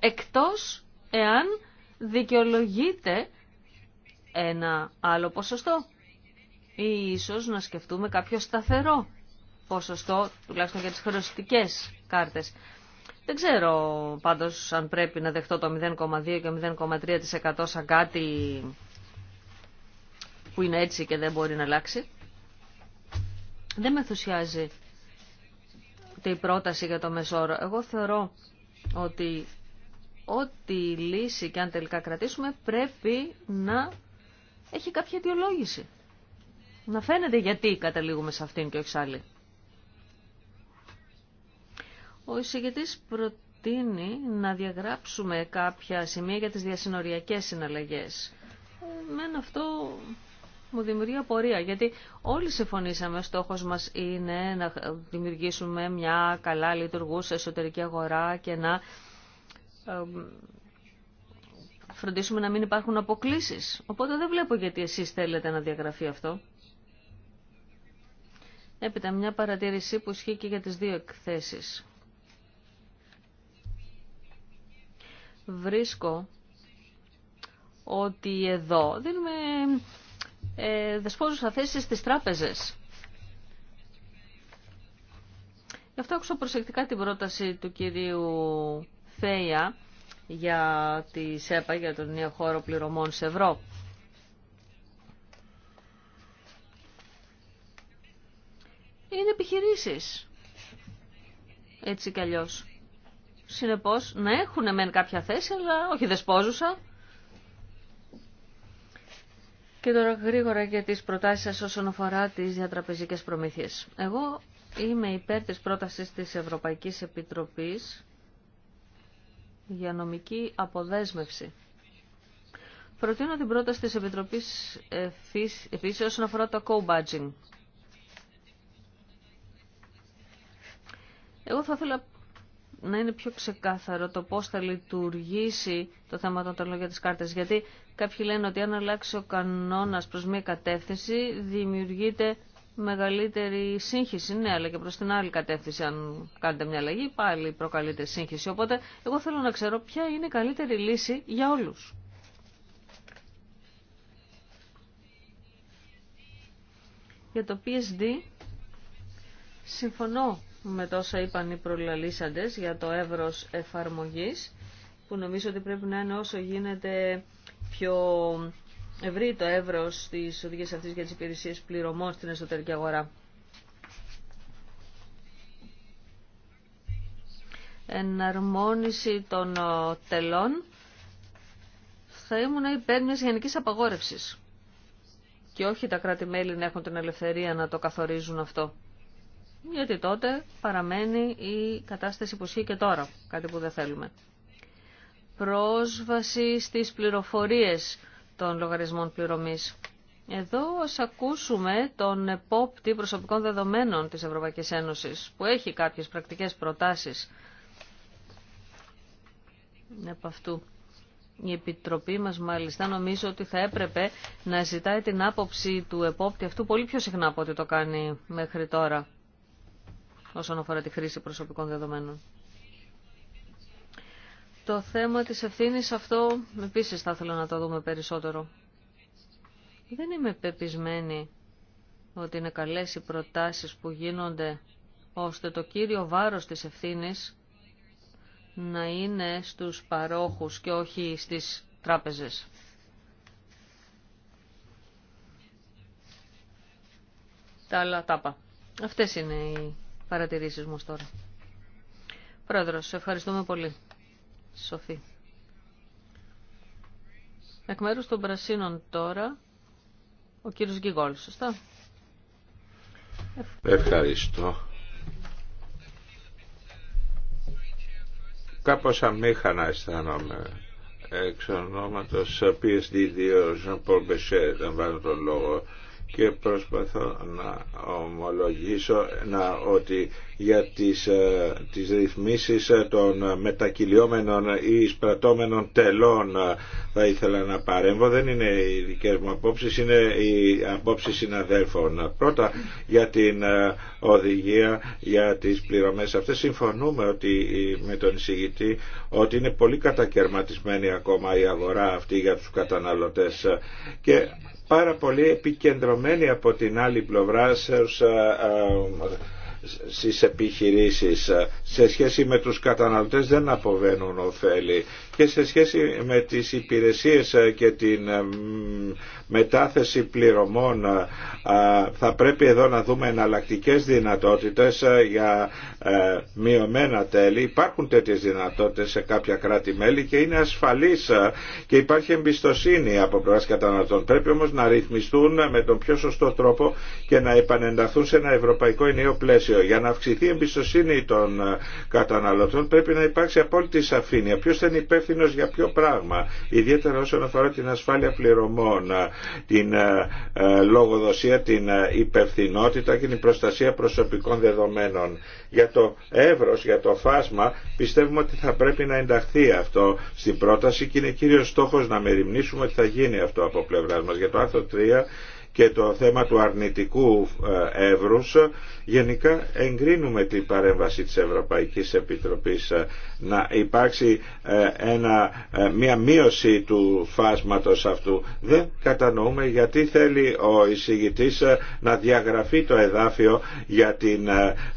εκτός εάν δικαιολογείται ένα άλλο ποσοστό. Ή ίσως να σκεφτούμε κάποιο σταθερό ποσοστό, τουλάχιστον για τις χρεωστικές κάρτες. Δεν ξέρω πάντως αν πρέπει να δεχτώ το 0,2 και 0,3% σαν κάτι που είναι έτσι και δεν μπορεί να αλλάξει. Δεν με ενθουσιάζει η πρόταση για το μεσόρο. Εγώ θεωρώ ότι ό,τι λύση και αν τελικά κρατήσουμε πρέπει να έχει κάποια αιτιολόγηση. Να φαίνεται γιατί καταλήγουμε σε αυτήν και όχι σε άλλη. Ο εισηγητής προτείνει να διαγράψουμε κάποια σημεία για τις διασυνοριακές συναλλαγές. Εμένα αυτό μου δημιουργεί απορία, γιατί όλοι συμφωνήσαμε, ο στόχος μας είναι να δημιουργήσουμε μια καλά λειτουργούσα εσωτερική αγορά και να φροντίσουμε να μην υπάρχουν αποκλήσεις. Οπότε δεν βλέπω γιατί εσείς θέλετε να διαγραφεί αυτό. Έπειτα μια παρατήρηση που ισχύει και για τις δύο εκθέσεις. βρίσκω ότι εδώ δίνουμε ε, δεσπόζουσα θέση στις τράπεζες. Γι' αυτό άκουσα προσεκτικά την πρόταση του κυρίου Φέια για τη ΣΕΠΑ, για τον νέο χώρο πληρωμών σε ευρώ. Είναι επιχειρήσεις. Έτσι κι αλλιώς. Συνεπώ, να έχουν μεν κάποια θέση, αλλά όχι δεσπόζουσα. Και τώρα γρήγορα για τις προτάσεις σας όσον αφορά τις διατραπεζικές προμήθειες. Εγώ είμαι υπέρ της πρότασης της Ευρωπαϊκής Επιτροπής για νομική αποδέσμευση. Προτείνω την πρόταση της Επιτροπής επίσης όσον αφορά το co-badging. Εγώ θα ήθελα να είναι πιο ξεκάθαρο το πώς θα λειτουργήσει το θέμα τελών για τις κάρτες. Γιατί κάποιοι λένε ότι αν αλλάξει ο κανόνας προς μία κατεύθυνση δημιουργείται μεγαλύτερη σύγχυση. Ναι, αλλά και προς την άλλη κατεύθυνση αν κάνετε μια αλλαγή πάλι προκαλείται σύγχυση. Οπότε εγώ θέλω να ξέρω ποια είναι η καλύτερη λύση για όλους. Για το PSD συμφωνώ με τόσα είπαν οι προλαλήσαντες για το εύρος εφαρμογής που νομίζω ότι πρέπει να είναι όσο γίνεται πιο ευρύ το εύρος της οδηγίας αυτής για τις υπηρεσίες πληρωμών στην εσωτερική αγορά. Εναρμόνιση των ε, τελών θα ήμουν υπέρ μιας γενικής απαγόρευσης και όχι τα κράτη-μέλη να έχουν την ελευθερία να το καθορίζουν αυτό γιατί τότε παραμένει η κατάσταση που ισχύει και τώρα, κάτι που δεν θέλουμε. Πρόσβαση στις πληροφορίες των λογαριασμών πληρωμής. Εδώ ας ακούσουμε τον επόπτη προσωπικών δεδομένων της Ευρωπαϊκής Ένωσης, που έχει κάποιες πρακτικές προτάσεις Η Επιτροπή μας μάλιστα νομίζω ότι θα έπρεπε να ζητάει την άποψη του επόπτη αυτού πολύ πιο συχνά από ό,τι το κάνει μέχρι τώρα όσον αφορά τη χρήση προσωπικών δεδομένων. Το θέμα της ευθύνης αυτό επίσης θα ήθελα να το δούμε περισσότερο. Δεν είμαι πεπισμένη ότι είναι καλές οι προτάσεις που γίνονται ώστε το κύριο βάρος της ευθύνης να είναι στους παρόχους και όχι στις τράπεζες. Τα άλλα τάπα. Αυτές είναι οι παρατηρήσεις μου τώρα. Πρόεδρος, ευχαριστούμε πολύ. Σοφή. Εκ μέρους των Πρασίνων τώρα, ο κύριος Γκυγόλ, σωστά. Ευχαριστώ. Κάπως αμήχανα αισθάνομαι εξ ονόματος PSD2 Jean Paul Bechet, δεν βάζω τον λόγο και προσπαθώ να ομολογήσω ότι για τις, ε, τις ρυθμίσεις ε, των μετακυλιόμενων ή εισπρατώμενων τελών ε, θα ήθελα να παρέμβω. Δεν είναι οι δικές μου απόψεις, είναι οι απόψεις συναδέλφων. Πρώτα για την οδηγία για τις πληρωμές αυτές συμφωνούμε ότι με τον εισηγητή ότι είναι πολύ κατακαιρματισμένη ακόμα η αγορά αυτή για τους καταναλωτές και πάρα πολύ επικεντρωμένη από την άλλη πλευρά ε, ε, στις επιχειρήσεις σε σχέση με τους καταναλωτές δεν αποβαίνουν ωφέλη και σε σχέση με τις υπηρεσίες ε, και την ε, μετάθεση πληρωμών ε, θα πρέπει εδώ να δούμε εναλλακτικέ δυνατότητες για μειωμένα τέλη. Υπάρχουν τέτοιες δυνατότητες σε κάποια κράτη-μέλη και είναι ασφαλής και υπάρχει εμπιστοσύνη από πλευράς καταναλωτών. Πρέπει όμως να ρυθμιστούν με τον πιο σωστό τρόπο και να επανενταθούν σε ένα ευρωπαϊκό ενιαίο πλαίσιο. Για να αυξηθεί η εμπιστοσύνη των καταναλωτών πρέπει να υπάρξει απόλυτη σαφήνεια. Ποιος θα υπεύθυνο για ποιο πράγμα. Ιδιαίτερα όσον αφορά την ασφάλεια πληρωμών, την ε, ε, λογοδοσία, την ε, υπευθυνότητα και την προστασία προσωπικών δεδομένων. Για το εύρο, για το φάσμα, πιστεύουμε ότι θα πρέπει να ενταχθεί αυτό στην πρόταση και είναι κύριος στόχος να μεριμνήσουμε ότι θα γίνει αυτό από πλευρά μα Για το άρθρο 3 και το θέμα του αρνητικού ε, εύρους, γενικά εγκρίνουμε την παρέμβαση της Ευρωπαϊκής Επιτροπής ε, να υπάρξει ε, ένα, μια μείωση του φάσματος αυτού. Δεν κατανοούμε γιατί θέλει ο εισηγητής να διαγραφεί το εδάφιο για την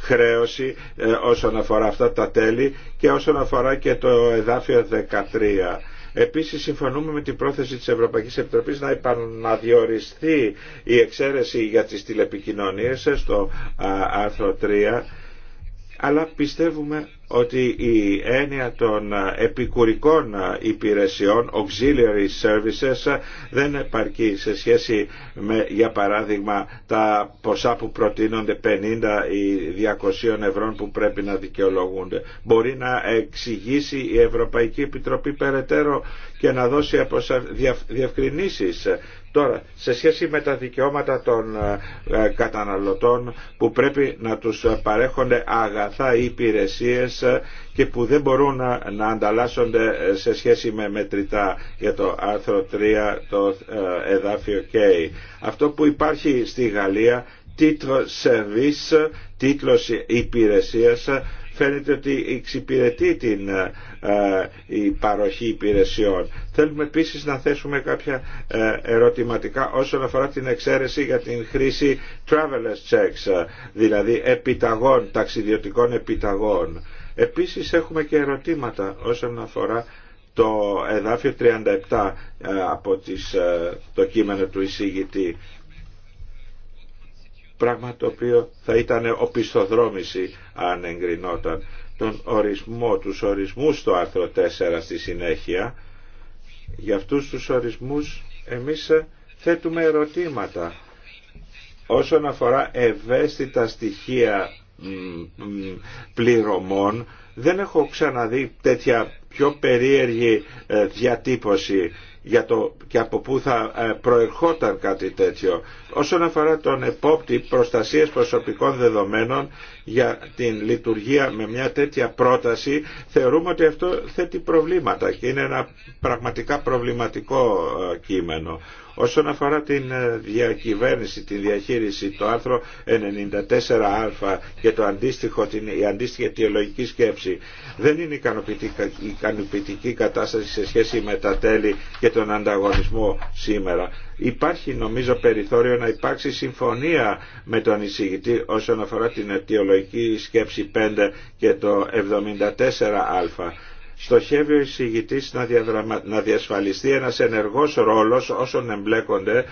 χρέωση όσον αφορά αυτά τα τέλη και όσον αφορά και το εδάφιο 13 Επίσης συμφωνούμε με την πρόθεση της Ευρωπαϊκής Επιτροπής να επαναδιοριστεί η εξαίρεση για τις τηλεπικοινωνίες στο άρθρο 3 αλλά πιστεύουμε ότι η έννοια των επικουρικών υπηρεσιών, auxiliary services, δεν επαρκεί σε σχέση με, για παράδειγμα, τα ποσά που προτείνονται 50 ή 200 ευρώ που πρέπει να δικαιολογούνται. Μπορεί να εξηγήσει η Ευρωπαϊκή Επιτροπή περαιτέρω και να δώσει διευκρινήσεις Τώρα, σε σχέση με τα δικαιώματα των ε, ε, καταναλωτών που πρέπει να τους ε, παρέχονται αγαθά ή υπηρεσίες και που δεν μπορούν να, να ανταλλάσσονται σε σχέση με μετρητά για το άρθρο 3, το εδάφιο K. Αυτό που υπάρχει στη Γαλλία, τίτλο service, τίτλος υπηρεσίας, φαίνεται ότι εξυπηρετεί την ε, ε, η παροχή υπηρεσιών. Θέλουμε επίσης να θέσουμε κάποια ε, ερωτηματικά όσον αφορά την εξαίρεση για την χρήση travelers checks, δηλαδή επιταγών, ταξιδιωτικών επιταγών. Επίσης έχουμε και ερωτήματα όσον αφορά το εδάφιο 37 από τις, το κείμενο του εισηγητή πράγμα το οποίο θα ήταν οπισθοδρόμηση αν εγκρινόταν. Τον ορισμό, τους ορισμούς στο άρθρο 4 στη συνέχεια, για αυτούς τους ορισμούς εμείς θέτουμε ερωτήματα όσον αφορά ευαίσθητα στοιχεία πληρωμών δεν έχω ξαναδεί τέτοια πιο περίεργη ε, διατύπωση για το και από πού θα ε, προερχόταν κάτι τέτοιο. Όσον αφορά τον επόπτη προστασίας προσωπικών δεδομένων για την λειτουργία με μια τέτοια πρόταση, θεωρούμε ότι αυτό θέτει προβλήματα και είναι ένα πραγματικά προβληματικό ε, κείμενο. Όσον αφορά την ε, διακυβέρνηση, τη διαχείριση, το άρθρο 94α και το αντίστοιχο, την, η αντίστοιχη αιτιολογική σκέψη δεν είναι ικανοποιητική κατάσταση σε σχέση με τα τέλη και τον ανταγωνισμό σήμερα. Υπάρχει νομίζω περιθώριο να υπάρξει συμφωνία με τον εισηγητή όσον αφορά την αιτιολογική σκέψη 5 και το 74α στοχεύει ο εισηγητής να, να διασφαλιστεί ένας ενεργός ρόλος όσων εμπλέκονται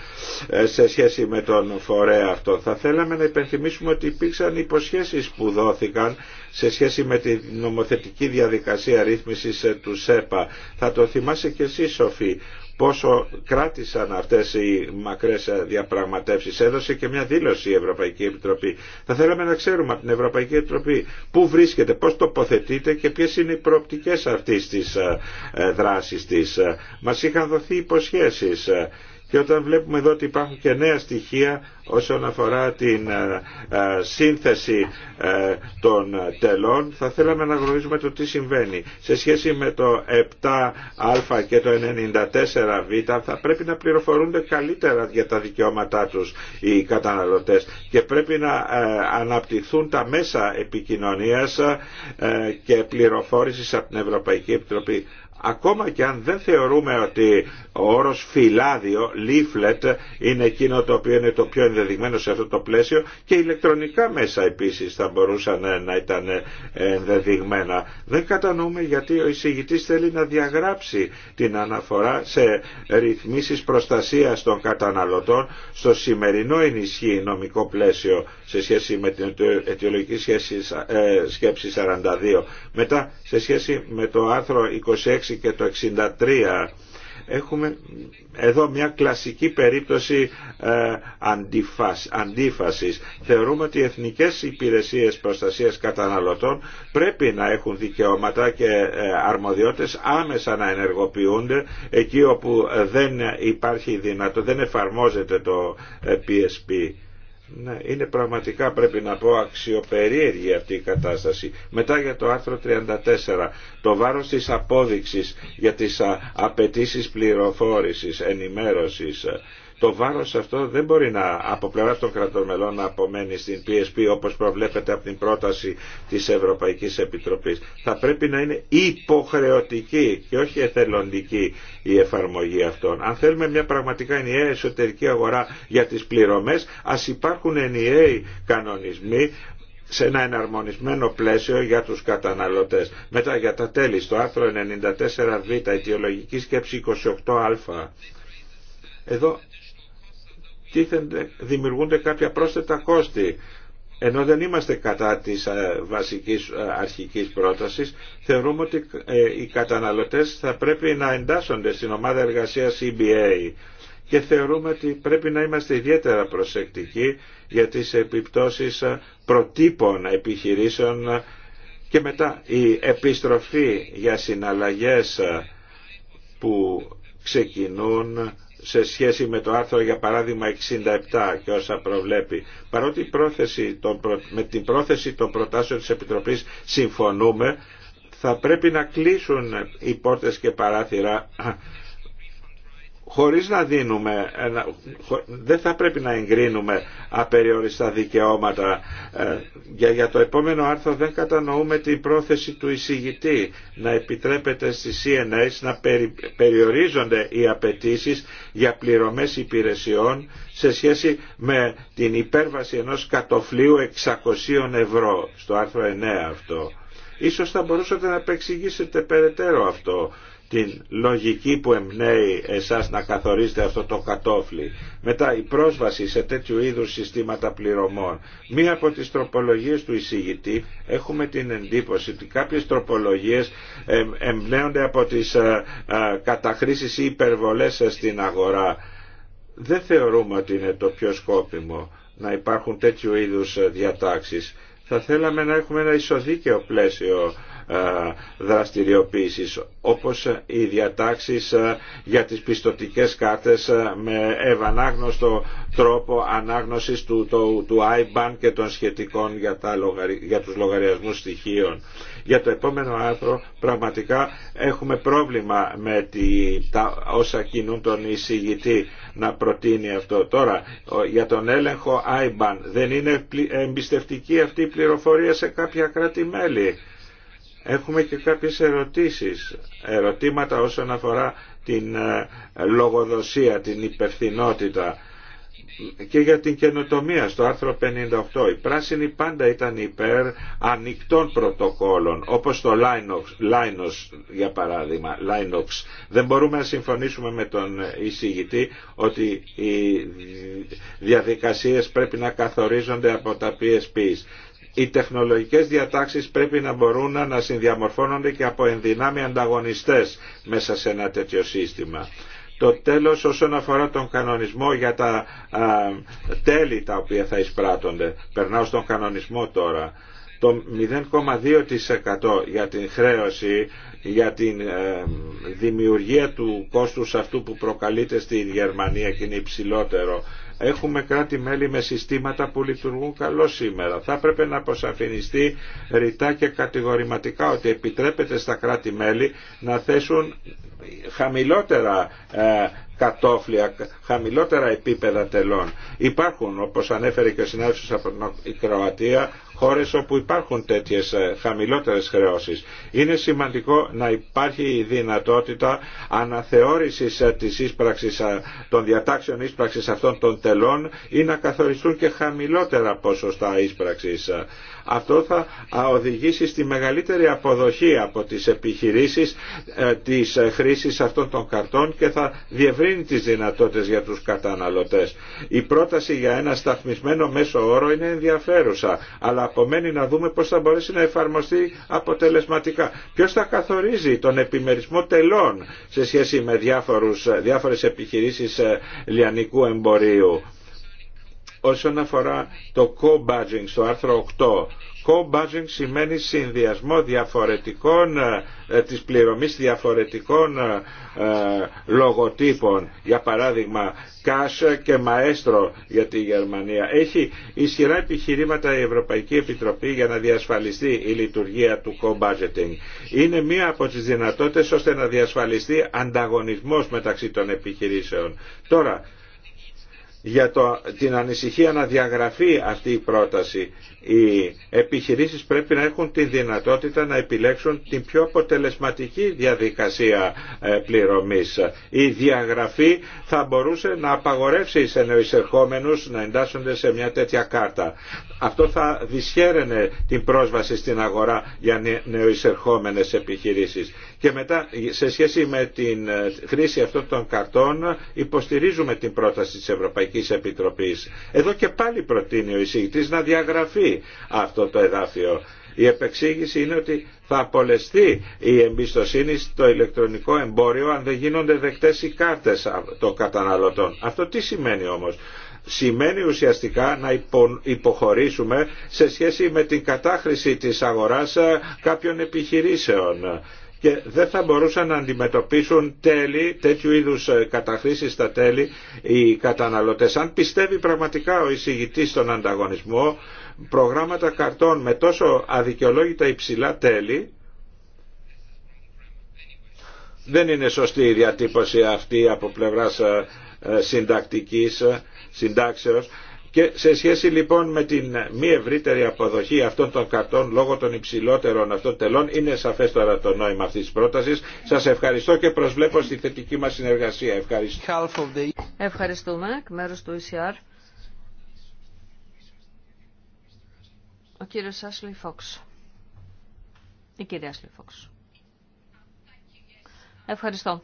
ε, σε σχέση με τον φορέα αυτό. Θα θέλαμε να υπενθυμίσουμε ότι υπήρξαν υποσχέσεις που δόθηκαν σε σχέση με την νομοθετική διαδικασία ρύθμισης ε, του ΣΕΠΑ. Θα το θυμάσαι και εσύ Σοφή πόσο κράτησαν αυτές οι μακρές διαπραγματεύσεις. Έδωσε και μια δήλωση η Ευρωπαϊκή Επιτροπή. Θα θέλαμε να ξέρουμε από την Ευρωπαϊκή Επιτροπή πού βρίσκεται, πώς τοποθετείται και ποιες είναι οι προοπτικές αυτής της ε, δράσης της. Ε, μας είχαν δοθεί υποσχέσεις ε, και όταν βλέπουμε εδώ ότι υπάρχουν και νέα στοιχεία όσον αφορά την ε, ε, σύνθεση ε, των τελών, θα θέλαμε να γνωρίζουμε το τι συμβαίνει. Σε σχέση με το 7α και το 94β θα πρέπει να πληροφορούνται καλύτερα για τα δικαιώματά τους οι καταναλωτές και πρέπει να αναπτυχθούν τα μέσα επικοινωνίας και πληροφόρησης από την Ευρωπαϊκή Επιτροπή ακόμα και αν δεν θεωρούμε ότι ο όρος φυλάδιο, leaflet, είναι εκείνο το οποίο είναι το πιο ενδεδειγμένο σε αυτό το πλαίσιο και ηλεκτρονικά μέσα επίσης θα μπορούσαν ε, να ήταν ε, ενδεδειγμένα. Δεν κατανοούμε γιατί ο εισηγητής θέλει να διαγράψει την αναφορά σε ρυθμίσεις προστασίας των καταναλωτών στο σημερινό ενισχύ νομικό πλαίσιο σε σχέση με την αιτιολογική σχέση, ε, σκέψη 42. Μετά σε σχέση με το άρθρο 26 και το 63 έχουμε εδώ μια κλασική περίπτωση ε, αντίφαση, αντίφασης. Θεωρούμε ότι οι εθνικές υπηρεσίες προστασίας καταναλωτών πρέπει να έχουν δικαιώματα και ε, αρμοδιότητες άμεσα να ενεργοποιούνται εκεί όπου δεν υπάρχει δυνατό, δεν εφαρμόζεται το PSP. Ε, ναι, είναι πραγματικά πρέπει να πω αξιοπερίεργη αυτή η κατάσταση. Μετά για το άρθρο 34, το βάρος της απόδειξης για τις απαιτήσει πληροφόρησης, ενημέρωσης το βάρος αυτό δεν μπορεί να από πλευρά των κρατών μελών να απομένει στην PSP όπως προβλέπεται από την πρόταση της Ευρωπαϊκής Επιτροπής. Θα πρέπει να είναι υποχρεωτική και όχι εθελοντική η εφαρμογή αυτών. Αν θέλουμε μια πραγματικά ενιαία εσωτερική αγορά για τις πληρωμές, ας υπάρχουν ενιαίοι κανονισμοί σε ένα εναρμονισμένο πλαίσιο για τους καταναλωτές. Μετά για τα τέλη στο άρθρο 94β, αιτιολογική σκέψη 28α. Εδώ τίθενται, δημιουργούνται κάποια πρόσθετα κόστη. Ενώ δεν είμαστε κατά της ε, βασικής ε, αρχικής πρότασης, θεωρούμε ότι ε, οι καταναλωτές θα πρέπει να εντάσσονται στην ομάδα εργασίας EBA και θεωρούμε ότι πρέπει να είμαστε ιδιαίτερα προσεκτικοί για τις επιπτώσεις προτύπων επιχειρήσεων και μετά η επιστροφή για συναλλαγές που ξεκινούν σε σχέση με το άρθρο για παράδειγμα 67 και όσα προβλέπει. Παρότι με την πρόθεση των προτάσεων της Επιτροπής συμφωνούμε, θα πρέπει να κλείσουν οι πόρτες και παράθυρα χωρίς να δίνουμε, δεν θα πρέπει να εγκρίνουμε απεριοριστά δικαιώματα. Ε, για, το επόμενο άρθρο δεν κατανοούμε την πρόθεση του εισηγητή να επιτρέπεται στις CNAs να περιορίζονται οι απαιτήσει για πληρωμές υπηρεσιών σε σχέση με την υπέρβαση ενός κατοφλίου 600 ευρώ στο άρθρο 9 αυτό. Ίσως θα μπορούσατε να επεξηγήσετε περαιτέρω αυτό την λογική που εμπνέει εσάς να καθορίσετε αυτό το κατόφλι. Μετά η πρόσβαση σε τέτοιου είδους συστήματα πληρωμών. Μία από τις τροπολογίες του εισηγητή έχουμε την εντύπωση ότι κάποιες τροπολογίες ε, εμπνέονται από τις ε, ε, καταχρήσεις ή υπερβολές στην αγορά. Δεν θεωρούμε ότι είναι το πιο σκόπιμο να υπάρχουν τέτοιου είδους διατάξεις. Θα θέλαμε να έχουμε ένα ισοδίκαιο πλαίσιο ε, δραστηριοποίησης όπως οι διατάξεις ε, για τις πιστοτικές κάρτες ε, με ευανάγνωστο τρόπο ανάγνωσης του, του, IBAN και των σχετικών για, τα, για τους λογαριασμούς στοιχείων. Για το επόμενο άρθρο πραγματικά έχουμε πρόβλημα με τη, όσα κινούν τον εισηγητή να προτείνει αυτό. Τώρα για τον έλεγχο IBAN δεν είναι εμπιστευτική αυτή η πληροφορία σε κάποια κράτη-μέλη. Έχουμε και κάποιες ερωτήσεις, ερωτήματα όσον αφορά την ε, λογοδοσία, την υπευθυνότητα και για την καινοτομία στο άρθρο 58. Η πράσινοι πάντα ήταν υπέρ ανοιχτών πρωτοκόλων, όπως το Linux, Linux για παράδειγμα. Linux. Δεν μπορούμε να συμφωνήσουμε με τον εισηγητή ότι οι διαδικασίες πρέπει να καθορίζονται από τα PSPs οι τεχνολογικές διατάξεις πρέπει να μπορούν να συνδιαμορφώνονται και από ενδυνάμει ανταγωνιστές μέσα σε ένα τέτοιο σύστημα. Το τέλος όσον αφορά τον κανονισμό για τα τέλη τα οποία θα εισπράττονται. Περνάω στον κανονισμό τώρα. Το 0,2% για την χρέωση, για την ε, δημιουργία του κόστους αυτού που προκαλείται στη Γερμανία και είναι υψηλότερο Έχουμε κράτη-μέλη με συστήματα που λειτουργούν καλό σήμερα. Θα έπρεπε να αποσαφινιστεί ρητά και κατηγορηματικά ότι επιτρέπεται στα κράτη-μέλη να θέσουν χαμηλότερα ε, κατόφλια, χαμηλότερα επίπεδα τελών. Υπάρχουν, όπως ανέφερε και ο συνάδελφος από την Κροατία, χώρες όπου υπάρχουν τέτοιες ε, χαμηλότερες χρεώσεις. Είναι σημαντικό να υπάρχει η δυνατότητα αναθεώρησης ε, της ίσπραξης, ε, των διατάξεων ίσπραξης αυτών των τελών ή να καθοριστούν και χαμηλότερα ποσοστά ίσπραξης. Αυτό θα οδηγήσει στη μεγαλύτερη αποδοχή από τις επιχειρήσεις ε, της ε, χρήσης αυτών των καρτών και θα διευρύνει τις δυνατότητες για τους καταναλωτές. Η πρόταση για ένα σταθμισμένο μέσο όρο είναι ενδιαφέρουσα, αλλά απομένει να δούμε πώς θα μπορέσει να εφαρμοστεί αποτελεσματικά. Ποιος θα καθορίζει τον επιμερισμό τελών σε σχέση με ε, διάφορες επιχειρήσεις λιανικού εμπορίου όσον αφορά το co budgeting στο άρθρο 8. co budgeting σημαίνει συνδυασμό διαφορετικών, ε, ε της πληρωμής διαφορετικών ε, ε, λογοτύπων. Για παράδειγμα, Cash και Maestro για τη Γερμανία. Έχει ισχυρά επιχειρήματα η Ευρωπαϊκή Επιτροπή για να διασφαλιστεί η λειτουργία του co-budgeting. Είναι μία από τις δυνατότητες ώστε να διασφαλιστεί ανταγωνισμός μεταξύ των επιχειρήσεων. Τώρα, για το, την ανησυχία να διαγραφεί αυτή η πρόταση. Οι επιχειρήσεις πρέπει να έχουν τη δυνατότητα να επιλέξουν την πιο αποτελεσματική διαδικασία ε, πληρωμής. Η διαγραφή θα μπορούσε να απαγορεύσει σε νεοεισερχόμενους να εντάσσονται σε μια τέτοια κάρτα. Αυτό θα δυσχέρενε την πρόσβαση στην αγορά για νεοεισερχόμενες επιχειρήσεις. Και μετά σε σχέση με την ε, χρήση αυτών των καρτών υποστηρίζουμε την πρόταση της Ευρωπαϊκής Επιτροπής. Εδώ και πάλι προτείνει ο εισηγητής να διαγραφεί αυτό το εδάφιο. Η επεξήγηση είναι ότι θα απολεστεί η εμπιστοσύνη στο ηλεκτρονικό εμπόριο αν δεν γίνονται δεκτές οι κάρτες των καταναλωτών. Αυτό τι σημαίνει όμως σημαίνει ουσιαστικά να υποχωρήσουμε σε σχέση με την κατάχρηση της αγοράς ε, κάποιων επιχειρήσεων και δεν θα μπορούσαν να αντιμετωπίσουν τέλη, τέτοιου είδους ε, καταχρήσεις στα τέλη οι καταναλωτές. Αν πιστεύει πραγματικά ο εισηγητής στον ανταγωνισμό, προγράμματα καρτών με τόσο αδικαιολόγητα υψηλά τέλη, δεν είναι σωστή η διατύπωση αυτή από πλευράς ε, ε, συντακτικής, συντάξεως και σε σχέση λοιπόν με την μη ευρύτερη αποδοχή αυτών των καρτών λόγω των υψηλότερων αυτών τελών είναι σαφές τώρα το νόημα αυτής της πρότασης. Σας ευχαριστώ και προσβλέπω στη θετική μας συνεργασία. Ευχαριστώ. Ευχαριστούμε εκ μέρου του ECR. Ο κύριος Άσλι Φόξ. Η κυρία Άσλι Φόξ. Ευχαριστώ.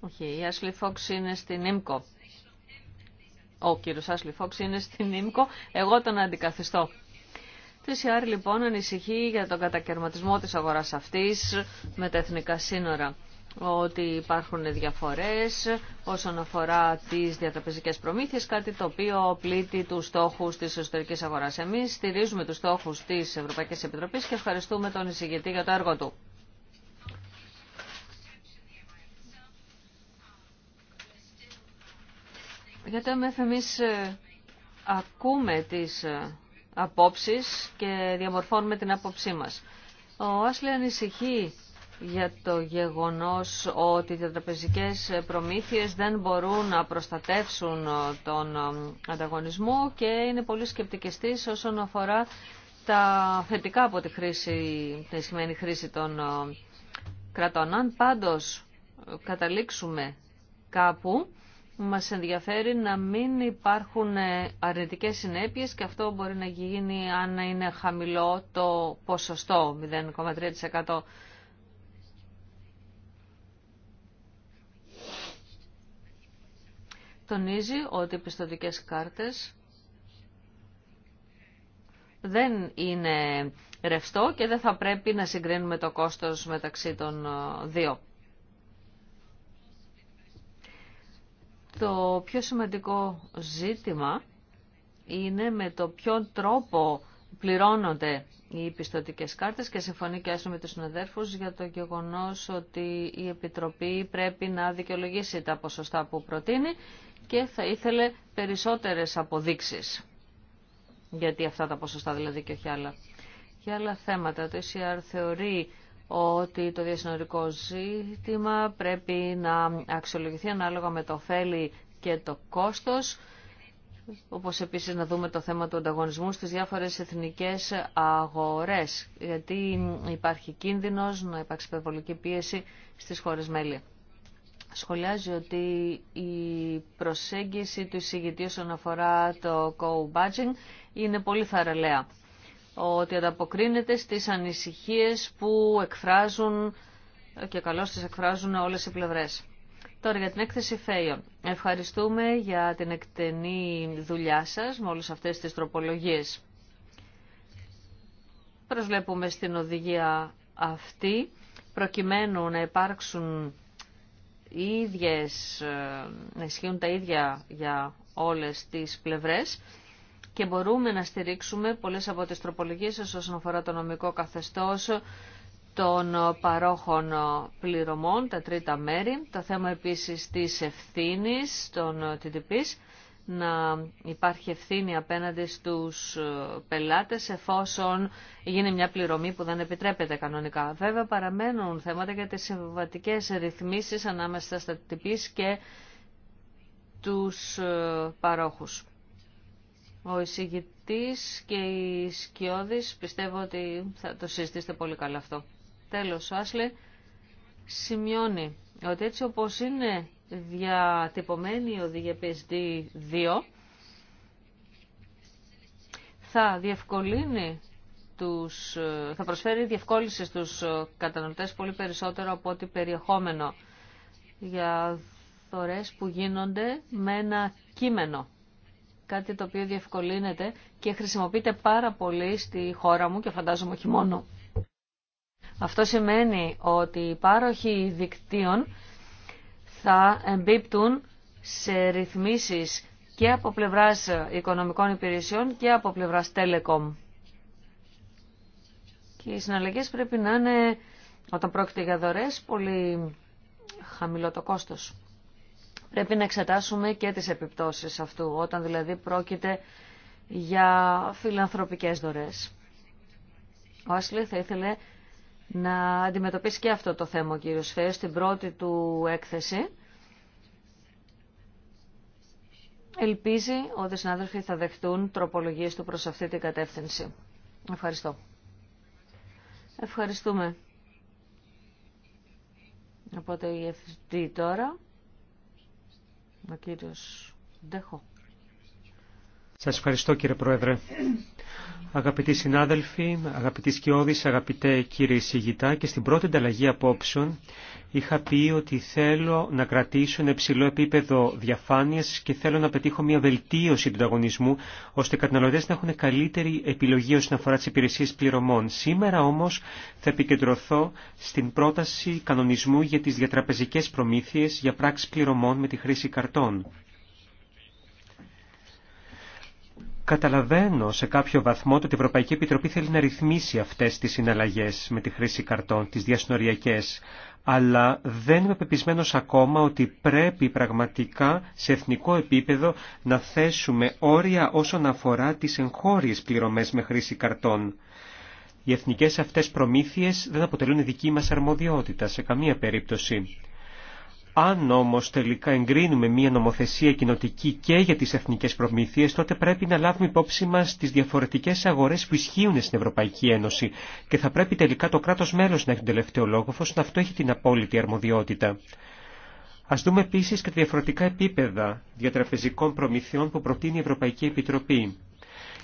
Όχι, η Άσλι Φόξ είναι στην ΕΜΚΟΠ. Ο κύριο Άσλι Φόξ είναι στην ΙΜΚΟ, εγώ τον αντικαθιστώ. Το ΕΣΥΑΡ λοιπόν ανησυχεί για τον κατακαιρματισμό της αγοράς αυτής με τα εθνικά σύνορα ότι υπάρχουν διαφορές όσον αφορά τις διατραπεζικές προμήθειες, κάτι το οποίο πλήττει τους στόχους της εσωτερικής αγοράς. Εμείς στηρίζουμε τους στόχους της Ευρωπαϊκής Επιτροπής και ευχαριστούμε τον εισηγητή για το έργο του. Γιατί εμεί ακούμε τις ε, απόψεις και διαμορφώνουμε την άποψή μας. Ο Άσλε ανησυχεί για το γεγονός ότι οι τραπεζικές προμήθειες δεν μπορούν να προστατεύσουν ε, τον ε, ανταγωνισμό και είναι πολύ σκεπτικιστής όσον αφορά τα θετικά από τη χρήση, την χρήση των κρατών. Αν πάντως καταλήξουμε κάπου, μας ενδιαφέρει να μην υπάρχουν ε, αρνητικές συνέπειες και αυτό μπορεί να γίνει αν είναι χαμηλό το ποσοστό 0,3%. Τονίζει ότι οι πιστοτικές κάρτες δεν είναι ρευστό και δεν θα πρέπει να συγκρίνουμε το κόστος μεταξύ των ε, δύο. Το πιο σημαντικό ζήτημα είναι με το ποιον τρόπο πληρώνονται οι πιστοτικές κάρτες και συμφωνεί και με τους συναδέρφους για το γεγονός ότι η Επιτροπή πρέπει να δικαιολογήσει τα ποσοστά που προτείνει και θα ήθελε περισσότερες αποδείξεις. Γιατί αυτά τα ποσοστά δηλαδή και όχι άλλα. άλλα θέματα, το ECR θεωρεί ότι το διασυνορικό ζήτημα πρέπει να αξιολογηθεί ανάλογα με το ωφέλη και το κόστος, όπως επίσης να δούμε το θέμα του ανταγωνισμού στις διάφορες εθνικές αγορές, γιατί υπάρχει κίνδυνος να υπάρξει υπερβολική πίεση στις χώρες μέλη. Σχολιάζει ότι η προσέγγιση του εισηγητή όσον αφορά το co-badging είναι πολύ θαραλέα ότι ανταποκρίνεται στις ανησυχίες που εκφράζουν και καλώ τις εκφράζουν όλες οι πλευρές. Τώρα για την έκθεση ΦΕΙΟ. Ευχαριστούμε για την εκτενή δουλειά σας με όλες αυτές τις τροπολογίες. Προσβλέπουμε στην οδηγία αυτή προκειμένου να υπάρξουν οι ίδιες, ε, να ισχύουν τα ίδια για όλες τις πλευρές και μπορούμε να στηρίξουμε πολλές από τις τροπολογίες όσον αφορά το νομικό καθεστώς των παρόχων πληρωμών, τα τρίτα μέρη, το θέμα επίσης της ευθύνης των TTP, να υπάρχει ευθύνη απέναντι στους πελάτες εφόσον γίνει μια πληρωμή που δεν επιτρέπεται κανονικά. Βέβαια παραμένουν θέματα για τις συμβατικές ρυθμίσεις ανάμεσα στα TTP και τους παρόχους. Ο εισηγητής και οι σκιώδης πιστεύω ότι θα το συζητήσετε πολύ καλά αυτό. Τέλος, ο Άσλε σημειώνει ότι έτσι όπως είναι διατυπωμένη η οδηγία PSD 2 θα διευκολύνει τους, θα προσφέρει διευκόλυνση στους κατανοητέ πολύ περισσότερο από ό,τι περιεχόμενο για δωρές που γίνονται με ένα κείμενο κάτι το οποίο διευκολύνεται και χρησιμοποιείται πάρα πολύ στη χώρα μου και φαντάζομαι όχι μόνο. Αυτό σημαίνει ότι οι πάροχοι δικτύων θα εμπίπτουν σε ρυθμίσεις και από πλευράς οικονομικών υπηρεσιών και από πλευράς Telecom. Και οι συναλλαγές πρέπει να είναι, όταν πρόκειται για δωρές, πολύ χαμηλό το κόστος πρέπει να εξετάσουμε και τις επιπτώσεις αυτού, όταν δηλαδή πρόκειται για φιλανθρωπικές δωρές. Ο Άσλη θα ήθελε να αντιμετωπίσει και αυτό το θέμα ο κύριος στην πρώτη του έκθεση. Ελπίζει ότι οι συνάδελφοι θα δεχτούν τροπολογίες του προς αυτή την κατεύθυνση. Ευχαριστώ. Ευχαριστούμε. Οπότε η FD τώρα. Ο κύριος Ντέχο. Σας ευχαριστώ κύριε Πρόεδρε. Αγαπητοί συνάδελφοι, αγαπητοί σκιώδεις, αγαπητέ κύριε Σιγητά και στην πρώτη ανταλλαγή απόψεων είχα πει ότι θέλω να κρατήσω ένα υψηλό επίπεδο διαφάνειας και θέλω να πετύχω μια βελτίωση του ανταγωνισμού ώστε οι καταναλωτές να έχουν καλύτερη επιλογή όσον αφορά τις υπηρεσίες πληρωμών. Σήμερα όμως θα επικεντρωθώ στην πρόταση κανονισμού για τις διατραπεζικές προμήθειες για πράξεις πληρωμών με τη χρήση καρτών. Καταλαβαίνω σε κάποιο βαθμό ότι η Ευρωπαϊκή Επιτροπή θέλει να ρυθμίσει αυτές τις συναλλαγές με τη χρήση καρτών, τις διασνοριακές, αλλά δεν είμαι πεπισμένος ακόμα ότι πρέπει πραγματικά σε εθνικό επίπεδο να θέσουμε όρια όσον αφορά τις εγχώριες πληρωμές με χρήση καρτών. Οι εθνικές αυτές προμήθειες δεν αποτελούν δική μας αρμοδιότητα σε καμία περίπτωση. Αν όμως τελικά εγκρίνουμε μία νομοθεσία κοινοτική και για τις εθνικές προμήθειες, τότε πρέπει να λάβουμε υπόψη μας τις διαφορετικές αγορές που ισχύουν στην Ευρωπαϊκή Ένωση και θα πρέπει τελικά το κράτος μέλος να έχει τον τελευταίο λόγο, εφόσον αυτό έχει την απόλυτη αρμοδιότητα. Ας δούμε επίσης και τα διαφορετικά επίπεδα διατραπεζικών προμηθειών που προτείνει η Ευρωπαϊκή Επιτροπή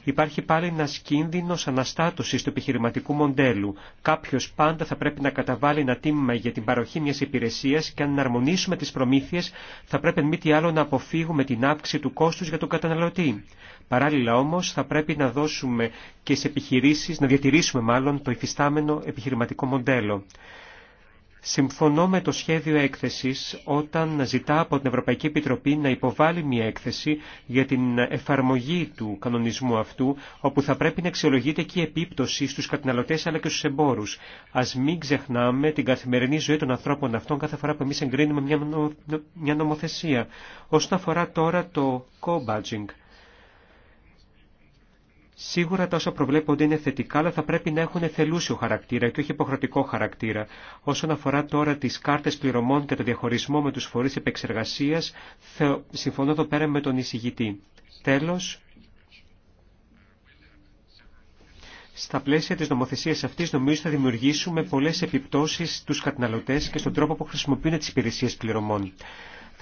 υπάρχει πάλι ένα κίνδυνο αναστάτωση του επιχειρηματικού μοντέλου. Κάποιο πάντα θα πρέπει να καταβάλει ένα τίμημα για την παροχή μια υπηρεσία και αν αρμονίσουμε τι προμήθειε θα πρέπει μη τι άλλο να αποφύγουμε την αύξηση του κόστου για τον καταναλωτή. Παράλληλα όμω θα πρέπει να δώσουμε και σε επιχειρήσει, να διατηρήσουμε μάλλον το υφιστάμενο επιχειρηματικό μοντέλο. Συμφωνώ με το σχέδιο έκθεσης όταν ζητά από την Ευρωπαϊκή Επιτροπή να υποβάλει μια έκθεση για την εφαρμογή του κανονισμού αυτού, όπου θα πρέπει να αξιολογείται και η επίπτωση στους καταναλωτές αλλά και στους εμπόρους. Ας μην ξεχνάμε την καθημερινή ζωή των ανθρώπων αυτών κάθε φορά που εμείς εγκρίνουμε μια νομοθεσία. Όσον αφορά τώρα το co-badging, Σίγουρα τα όσα προβλέπονται είναι θετικά, αλλά θα πρέπει να έχουν θελούσιο χαρακτήρα και όχι υποχρεωτικό χαρακτήρα. Όσον αφορά τώρα τι κάρτε πληρωμών και το διαχωρισμό με του φορεί επεξεργασία, συμφωνώ εδώ πέρα με τον εισηγητή. Τέλο, στα πλαίσια τη νομοθεσία αυτή νομίζω θα δημιουργήσουμε πολλέ επιπτώσει στου καταναλωτέ και στον τρόπο που χρησιμοποιούν τι υπηρεσίε πληρωμών.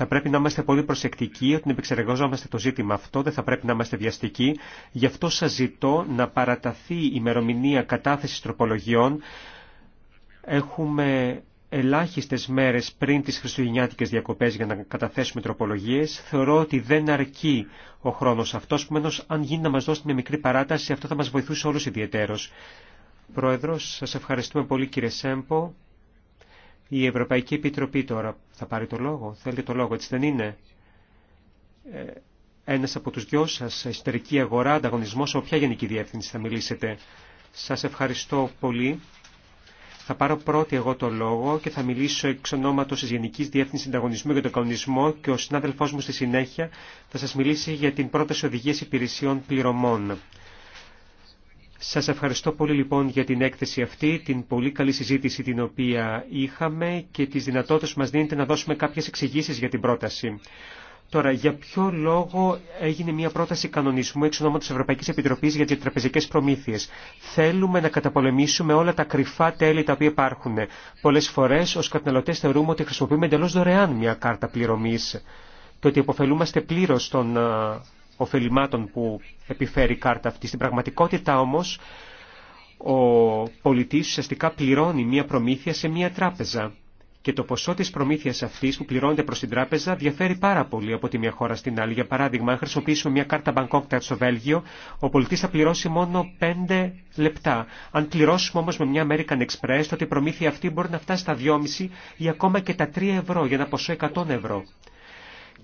Θα πρέπει να είμαστε πολύ προσεκτικοί όταν επεξεργαζόμαστε το ζήτημα αυτό, δεν θα πρέπει να είμαστε βιαστικοί. Γι' αυτό σα ζητώ να παραταθεί η ημερομηνία κατάθεση τροπολογιών. Έχουμε ελάχιστε μέρε πριν τι χριστουγεννιάτικες διακοπέ για να καταθέσουμε τροπολογίε. Θεωρώ ότι δεν αρκεί ο χρόνος αυτός, επομένως αν γίνει να μα δώσει μια μικρή παράταση αυτό θα μα βοηθούσε όλου ιδιαίτερω. Πρόεδρος, σας ευχαριστούμε πολύ κύριε Σέμπο. Η Ευρωπαϊκή Επιτροπή τώρα θα πάρει το λόγο. Θέλετε το λόγο, έτσι δεν είναι. Ε, ένας από τους δυο σας, εσωτερική αγορά, ανταγωνισμός, όποια γενική διεύθυνση θα μιλήσετε. Σας ευχαριστώ πολύ. Θα πάρω πρώτη εγώ το λόγο και θα μιλήσω εξ ονόματο τη Γενική Διεύθυνση Ανταγωνισμού για τον Κανονισμό και ο συνάδελφό μου στη συνέχεια θα σα μιλήσει για την πρόταση οδηγία υπηρεσιών πληρωμών. Σας ευχαριστώ πολύ λοιπόν για την έκθεση αυτή, την πολύ καλή συζήτηση την οποία είχαμε και τις δυνατότητες που μας δίνετε να δώσουμε κάποιες εξηγήσεις για την πρόταση. Τώρα, για ποιο λόγο έγινε μια πρόταση κανονισμού εξ ονόματο Ευρωπαϊκή Επιτροπή για τι τραπεζικέ προμήθειε. Θέλουμε να καταπολεμήσουμε όλα τα κρυφά τέλη τα οποία υπάρχουν. Πολλέ φορέ, ω καταναλωτέ, θεωρούμε ότι χρησιμοποιούμε εντελώ δωρεάν μια κάρτα πληρωμή και ότι αποφελούμαστε πλήρω των ωφελημάτων που επιφέρει η κάρτα αυτή. Στην πραγματικότητα όμως ο πολιτής ουσιαστικά πληρώνει μία προμήθεια σε μία τράπεζα και το ποσό της προμήθειας αυτής που πληρώνεται προς την τράπεζα διαφέρει πάρα πολύ από τη μία χώρα στην άλλη. Για παράδειγμα, αν χρησιμοποιήσουμε μια κάρτα Bangkok στο Βέλγιο, ο πολιτής θα πληρώσει μόνο 5 λεπτά. Αν πληρώσουμε όμως με μια American Express, τότε η προμήθεια αυτή μπορεί να φτάσει στα 2,5 ή ακόμα και τα 3 ευρώ για ένα ποσό 100 ευρώ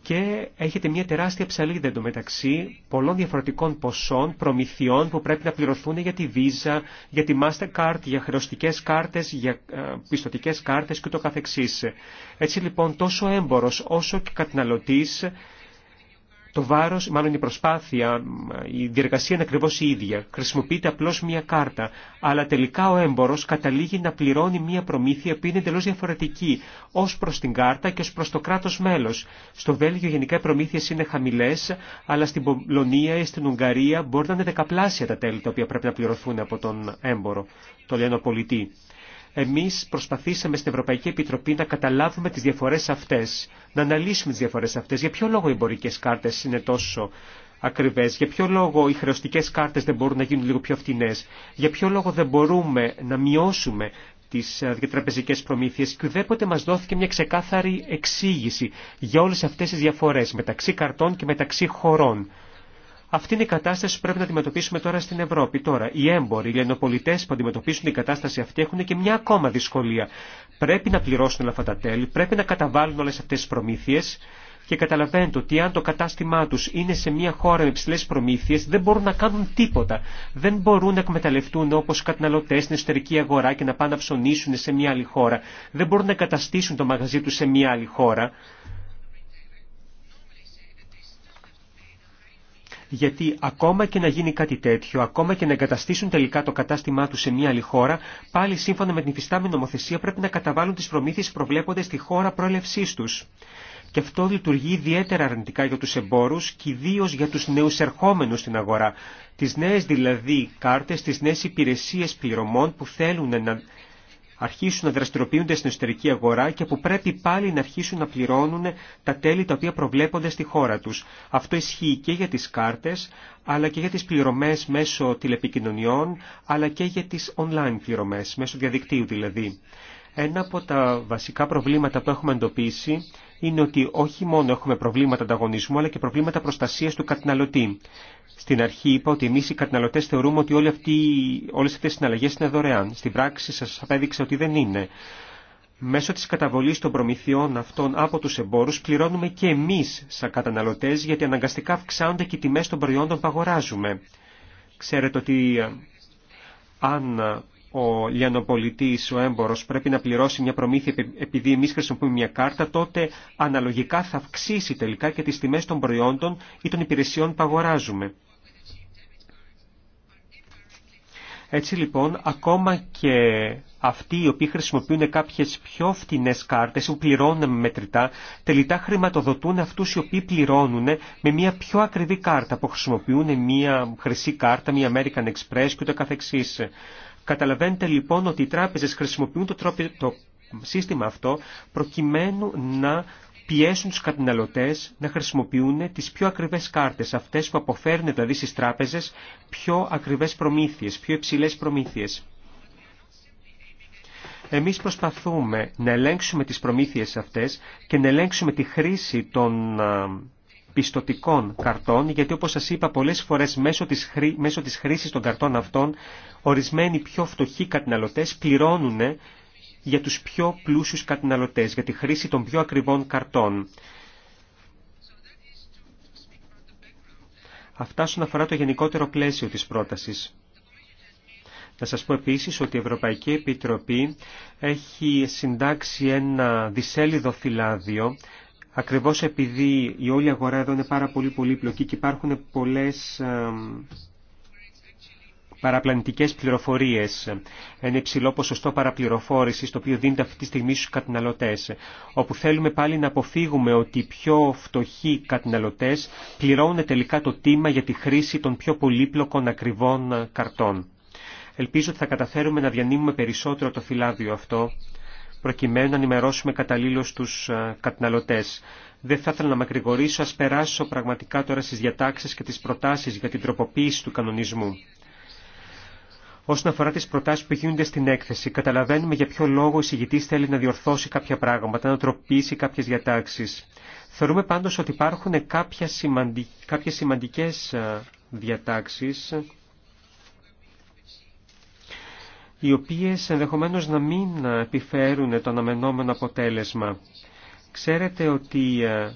και έχετε μια τεράστια ψαλίδα εντωμεταξύ πολλών διαφορετικών ποσών, προμηθειών που πρέπει να πληρωθούν για τη Visa, για τη Mastercard, για χρεωστικέ κάρτε, για ε, πιστοτικές κάρτε και το καθεξής. Έτσι λοιπόν τόσο εμπόρο, όσο και καταναλωτή το βάρος, μάλλον η προσπάθεια, η διεργασία είναι ακριβώς η ίδια. Χρησιμοποιείται απλώς μία κάρτα, αλλά τελικά ο έμπορος καταλήγει να πληρώνει μία προμήθεια που είναι εντελώς διαφορετική ως προς την κάρτα και ως προς το κράτος μέλος. Στο Βέλγιο γενικά οι προμήθειες είναι χαμηλές, αλλά στην Πολωνία ή στην Ουγγαρία μπορεί να είναι δεκαπλάσια τα τέλη τα οποία πρέπει να πληρωθούν από τον έμπορο, το λένε πολιτή εμείς προσπαθήσαμε στην Ευρωπαϊκή Επιτροπή να καταλάβουμε τις διαφορές αυτές, να αναλύσουμε τις διαφορές αυτές. Για ποιο λόγο οι εμπορικές κάρτες είναι τόσο ακριβές, για ποιο λόγο οι χρεωστικές κάρτες δεν μπορούν να γίνουν λίγο πιο φτηνές, για ποιο λόγο δεν μπορούμε να μειώσουμε τις ε, διατραπεζικές προμήθειες και ουδέποτε μας δόθηκε μια ξεκάθαρη εξήγηση για όλες αυτές τις διαφορές μεταξύ καρτών και μεταξύ χωρών. Αυτή είναι η κατάσταση που πρέπει να αντιμετωπίσουμε τώρα στην Ευρώπη. Τώρα, οι έμποροι, οι ελληνοπολιτέ που αντιμετωπίσουν την κατάσταση αυτή έχουν και μια ακόμα δυσκολία. Πρέπει να πληρώσουν όλα αυτά τα τέλη, πρέπει να καταβάλουν όλε αυτέ τι προμήθειε και καταλαβαίνετε ότι αν το κατάστημά του είναι σε μια χώρα με ψηλέ προμήθειε, δεν μπορούν να κάνουν τίποτα. Δεν μπορούν να εκμεταλλευτούν όπω καταναλωτέ στην εσωτερική αγορά και να πάνε να ψωνίσουν σε μια άλλη χώρα. Δεν μπορούν να εγκαταστήσουν το μαγαζί του σε μια άλλη χώρα. γιατί ακόμα και να γίνει κάτι τέτοιο, ακόμα και να εγκαταστήσουν τελικά το κατάστημά του σε μια άλλη χώρα, πάλι σύμφωνα με την υφιστάμενη νομοθεσία πρέπει να καταβάλουν τις προμήθειε προβλέποντα στη χώρα προελευσής τους. Και αυτό λειτουργεί ιδιαίτερα αρνητικά για τους εμπόρους και ιδίω για τους νέου ερχόμενου στην αγορά. τι νέε δηλαδή κάρτε, τι νέε υπηρεσίε πληρωμών που θέλουν να αρχίσουν να δραστηριοποιούνται στην εσωτερική αγορά και που πρέπει πάλι να αρχίσουν να πληρώνουν τα τέλη τα οποία προβλέπονται στη χώρα τους. Αυτό ισχύει και για τις κάρτες, αλλά και για τις πληρωμές μέσω τηλεπικοινωνιών, αλλά και για τις online πληρωμές, μέσω διαδικτύου δηλαδή. Ένα από τα βασικά προβλήματα που έχουμε εντοπίσει είναι ότι όχι μόνο έχουμε προβλήματα ανταγωνισμού, αλλά και προβλήματα προστασίας του καταναλωτή. Στην αρχή είπα ότι εμείς οι καταναλωτές θεωρούμε ότι όλες αυτές οι συναλλαγές είναι δωρεάν. Στην πράξη σας απέδειξα ότι δεν είναι. Μέσω της καταβολής των προμηθειών αυτών από τους εμπόρους πληρώνουμε και εμείς σαν καταναλωτές γιατί αναγκαστικά αυξάνονται και οι τιμές των προϊόντων που αγοράζουμε. Ξέρετε ότι ε, αν ο λιανοπολιτής, ο έμπορος πρέπει να πληρώσει μια προμήθεια επειδή εμείς χρησιμοποιούμε μια κάρτα, τότε αναλογικά θα αυξήσει τελικά και τις τιμές των προϊόντων ή των υπηρεσιών που αγοράζουμε. Έτσι λοιπόν, ακόμα και αυτοί οι οποίοι χρησιμοποιούν κάποιες πιο φτηνές κάρτες που πληρώνουν με μετρητά, τελικά χρηματοδοτούν αυτούς οι οποίοι πληρώνουν με μια πιο ακριβή κάρτα που χρησιμοποιούν μια χρυσή κάρτα, μια American Express και ούτε καθεξής. Καταλαβαίνετε λοιπόν ότι οι τράπεζες χρησιμοποιούν το, το σύστημα αυτό προκειμένου να πιέσουν τους καταναλωτές να χρησιμοποιούν τις πιο ακριβές κάρτες, αυτές που αποφέρουν δηλαδή στις τράπεζες πιο ακριβές προμήθειες, πιο υψηλές προμήθειες. Εμείς προσπαθούμε να ελέγξουμε τις προμήθειες αυτές και να ελέγξουμε τη χρήση των πιστοτικών καρτών, γιατί όπως σας είπα πολλές φορές μέσω της, χρή... χρήσης των καρτών αυτών, ορισμένοι πιο φτωχοί καταναλωτές πληρώνουν για τους πιο πλούσιους καταναλωτές, για τη χρήση των πιο ακριβών καρτών. Αυτά όσον αφορά το γενικότερο πλαίσιο της πρότασης. Να σας πω επίσης ότι η Ευρωπαϊκή Επιτροπή έχει συντάξει ένα δυσέλιδο φυλάδιο ακριβώς επειδή η όλη αγορά εδώ είναι πάρα πολύ πολύπλοκη και υπάρχουν πολλές παραπλανητικές πληροφορίες, ένα υψηλό ποσοστό παραπληροφόρησης το οποίο δίνεται αυτή τη στιγμή στους καταναλωτές, όπου θέλουμε πάλι να αποφύγουμε ότι οι πιο φτωχοί καταναλωτές πληρώνουν τελικά το τίμα για τη χρήση των πιο πολύπλοκων ακριβών καρτών. Ελπίζω ότι θα καταφέρουμε να διανύμουμε περισσότερο το φυλάδιο αυτό προκειμένου να ενημερώσουμε καταλήλω τους ε, καταναλωτές. Δεν θα ήθελα να μακρηγορήσω, ας περάσω πραγματικά τώρα στι διατάξει και τις προτάσεις για την τροποποίηση του κανονισμού. Όσον αφορά τι προτάσει που γίνονται στην έκθεση, καταλαβαίνουμε για ποιο λόγο ο εισηγητή θέλει να διορθώσει κάποια πράγματα, να τροποποιήσει κάποιε διατάξει. Θεωρούμε πάντω ότι υπάρχουν κάποιε σημαντικέ ε, διατάξει οι οποίες ενδεχομένως να μην ε, επιφέρουν το αναμενόμενο αποτέλεσμα. Ξέρετε ότι ε,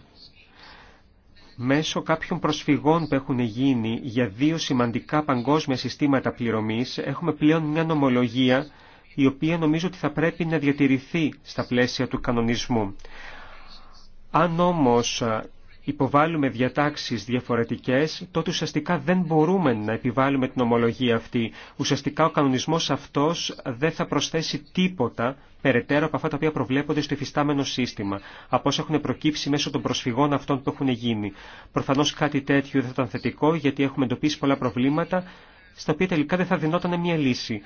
μέσω κάποιων προσφυγών που έχουν γίνει για δύο σημαντικά παγκόσμια συστήματα πληρωμής έχουμε πλέον μια νομολογία η οποία νομίζω ότι θα πρέπει να διατηρηθεί στα πλαίσια του κανονισμού. Αν όμως ε, υποβάλλουμε διατάξεις διαφορετικές, τότε ουσιαστικά δεν μπορούμε να επιβάλλουμε την ομολογία αυτή. Ουσιαστικά ο κανονισμός αυτός δεν θα προσθέσει τίποτα περαιτέρω από αυτά τα οποία προβλέπονται στο υφιστάμενο σύστημα, από όσα έχουν προκύψει μέσω των προσφυγών αυτών που έχουν γίνει. Προφανώς κάτι τέτοιο δεν θα ήταν θετικό, γιατί έχουμε εντοπίσει πολλά προβλήματα, στα οποία τελικά δεν θα δινόταν μια λύση.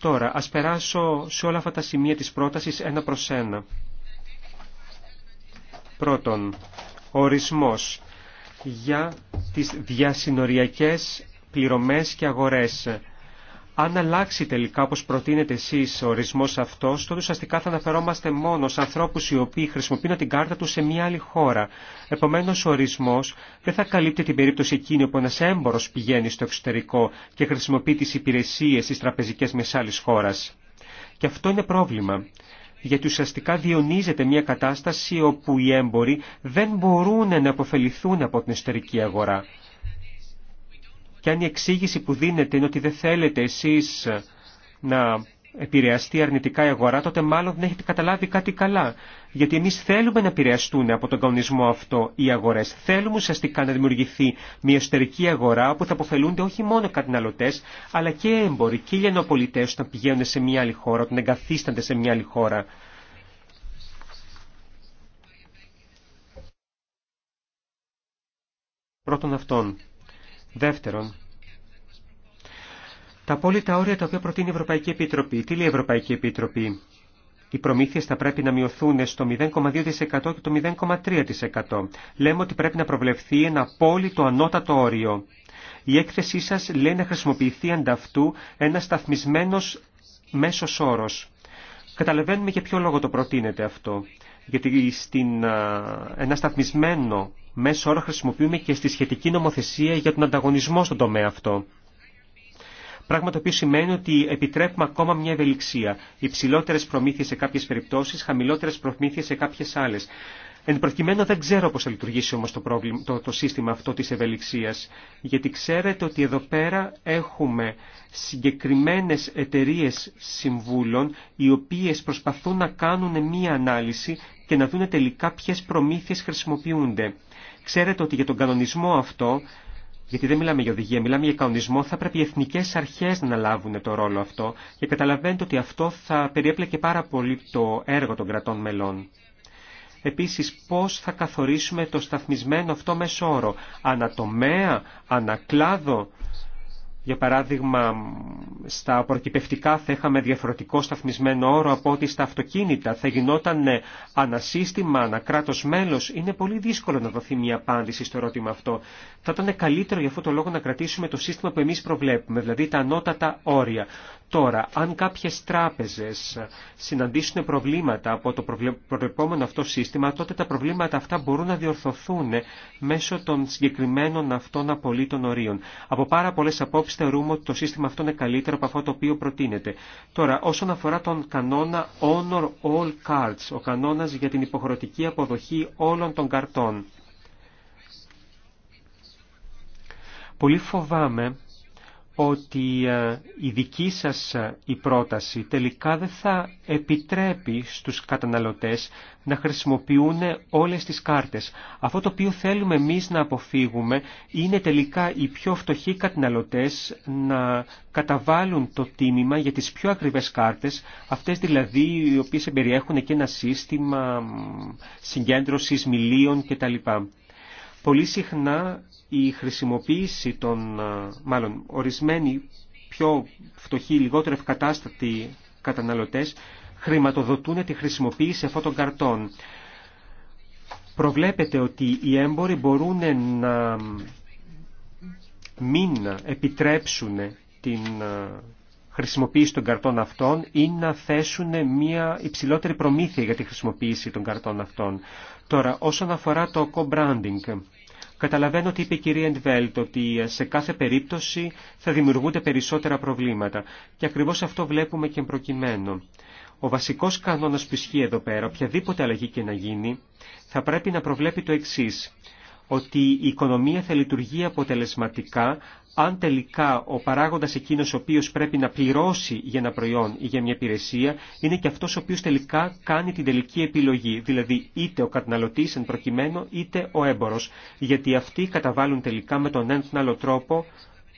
Τώρα, ας περάσω σε όλα αυτά τα σημεία της πρότασης ένα προς ένα. Πρώτον, ορισμός για τις διασυνοριακές πληρωμές και αγορές. Αν αλλάξει τελικά όπως προτείνετε εσείς ο ορισμός αυτός, τότε ουσιαστικά θα αναφερόμαστε μόνο σε ανθρώπους οι οποίοι χρησιμοποιούν την κάρτα τους σε μια άλλη χώρα. Επομένως ο ορισμός δεν θα καλύπτει την περίπτωση εκείνη όπου ένας έμπορος πηγαίνει στο εξωτερικό και χρησιμοποιεί τις υπηρεσίες της τραπεζικές μεσάλης χώρας. Και αυτό είναι πρόβλημα γιατί ουσιαστικά διονύζεται μια κατάσταση όπου οι έμποροι δεν μπορούν να αποφεληθούν από την εσωτερική αγορά. Και αν η εξήγηση που δίνεται είναι ότι δεν θέλετε εσείς να επηρεαστεί αρνητικά η αγορά, τότε μάλλον δεν έχετε καταλάβει κάτι καλά. Γιατί εμείς θέλουμε να επηρεαστούν από τον κανονισμό αυτό οι αγορές. Θέλουμε ουσιαστικά να δημιουργηθεί μια εσωτερική αγορά όπου θα αποφελούνται όχι μόνο καταναλωτές, αλλά και έμποροι και λιανοπολιτές όταν πηγαίνουν σε μια άλλη χώρα, όταν εγκαθίστανται σε μια άλλη χώρα. Πρώτον αυτόν. Δεύτερον, τα απόλυτα όρια τα οποία προτείνει η Ευρωπαϊκή Επιτροπή. Τι λέει η Ευρωπαϊκή Επιτροπή. Οι προμήθειες θα πρέπει να μειωθούν στο 0,2% και το 0,3%. Λέμε ότι πρέπει να προβλεφθεί ένα απόλυτο ανώτατο όριο. Η έκθεσή σας λέει να χρησιμοποιηθεί ανταυτού ένα σταθμισμένος μέσος όρος. Καταλαβαίνουμε για ποιο λόγο το προτείνεται αυτό. Γιατί στην, ένα σταθμισμένο μέσο όρο χρησιμοποιούμε και στη σχετική νομοθεσία για τον ανταγωνισμό στον τομέα αυτό. Πράγμα το οποίο σημαίνει ότι επιτρέπουμε ακόμα μια ευελιξία. Υψηλότερε προμήθειε σε κάποιε περιπτώσει, χαμηλότερε προμήθειε σε κάποιε άλλε. Εν προκειμένου δεν ξέρω πώ θα λειτουργήσει όμω το, το, το σύστημα αυτό τη ευελιξία. γιατί ξέρετε ότι εδώ πέρα έχουμε συγκεκριμένε εταιρείε συμβούλων, οι οποίε προσπαθούν να κάνουν μία ανάλυση και να δουν τελικά ποιε προμήθειες χρησιμοποιούνται. Ξέρετε ότι για τον κανονισμό αυτό γιατί δεν μιλάμε για οδηγία, μιλάμε για καονισμό. θα πρέπει οι εθνικέ αρχές να λάβουν το ρόλο αυτό και καταλαβαίνετε ότι αυτό θα περιέπλεκε πάρα πολύ το έργο των κρατών μελών. Επίσης, πώς θα καθορίσουμε το σταθμισμένο αυτό μέσο όρο, ανατομέα, ανακλάδο, για παράδειγμα, στα προκυπευτικά θα είχαμε διαφορετικό σταθμισμένο όρο από ότι στα αυτοκίνητα θα γινόταν ανασύστημα, ανακράτο μέλο. Είναι πολύ δύσκολο να δοθεί μια απάντηση στο ερώτημα αυτό. Θα ήταν καλύτερο για αυτό το λόγο να κρατήσουμε το σύστημα που εμεί προβλέπουμε, δηλαδή τα ανώτατα όρια. Τώρα, αν κάποιες τράπεζες συναντήσουν προβλήματα από το προβλεπόμενο αυτό σύστημα, τότε τα προβλήματα αυτά μπορούν να διορθωθούν μέσω των συγκεκριμένων αυτών απολύτων ορίων. Από πάρα πολλές απόψεις θεωρούμε ότι το σύστημα αυτό είναι καλύτερο από αυτό το οποίο προτείνεται. Τώρα, όσον αφορά τον κανόνα Honor All Cards, ο κανόνας για την υποχρεωτική αποδοχή όλων των καρτών. Πολύ φοβάμαι ότι ε, η δική σας ε, η πρόταση τελικά δεν θα επιτρέπει στους καταναλωτές να χρησιμοποιούν όλες τις κάρτες. Αυτό το οποίο θέλουμε εμείς να αποφύγουμε είναι τελικά οι πιο φτωχοί καταναλωτές να καταβάλουν το τίμημα για τις πιο ακριβές κάρτες, αυτές δηλαδή οι οποίες περιέχουν και ένα σύστημα συγκέντρωσης μιλίων κτλ. Πολύ συχνά η χρησιμοποίηση των, μάλλον ορισμένοι πιο φτωχοί, λιγότερο ευκατάστατοι καταναλωτές χρηματοδοτούν τη χρησιμοποίηση αυτών των καρτών. Προβλέπετε ότι οι έμποροι μπορούν να μην επιτρέψουν την χρησιμοποίηση των καρτών αυτών ή να θέσουν μια υψηλότερη προμήθεια για τη χρησιμοποίηση των καρτών αυτών. Τώρα, όσον αφορά το co-branding, Καταλαβαίνω ότι είπε η κυρία Εντβέλτ ότι σε κάθε περίπτωση θα δημιουργούνται περισσότερα προβλήματα. Και ακριβώς αυτό βλέπουμε και προκειμένου. Ο βασικός κανόνας που ισχύει εδώ πέρα, οποιαδήποτε αλλαγή και να γίνει, θα πρέπει να προβλέπει το εξής ότι η οικονομία θα λειτουργεί αποτελεσματικά αν τελικά ο παράγοντας εκείνος ο οποίος πρέπει να πληρώσει για ένα προϊόν ή για μια υπηρεσία είναι και αυτός ο οποίος τελικά κάνει την τελική επιλογή, δηλαδή είτε ο καταναλωτής εν προκειμένου είτε ο έμπορος, γιατί αυτοί καταβάλουν τελικά με τον έναν άλλο τρόπο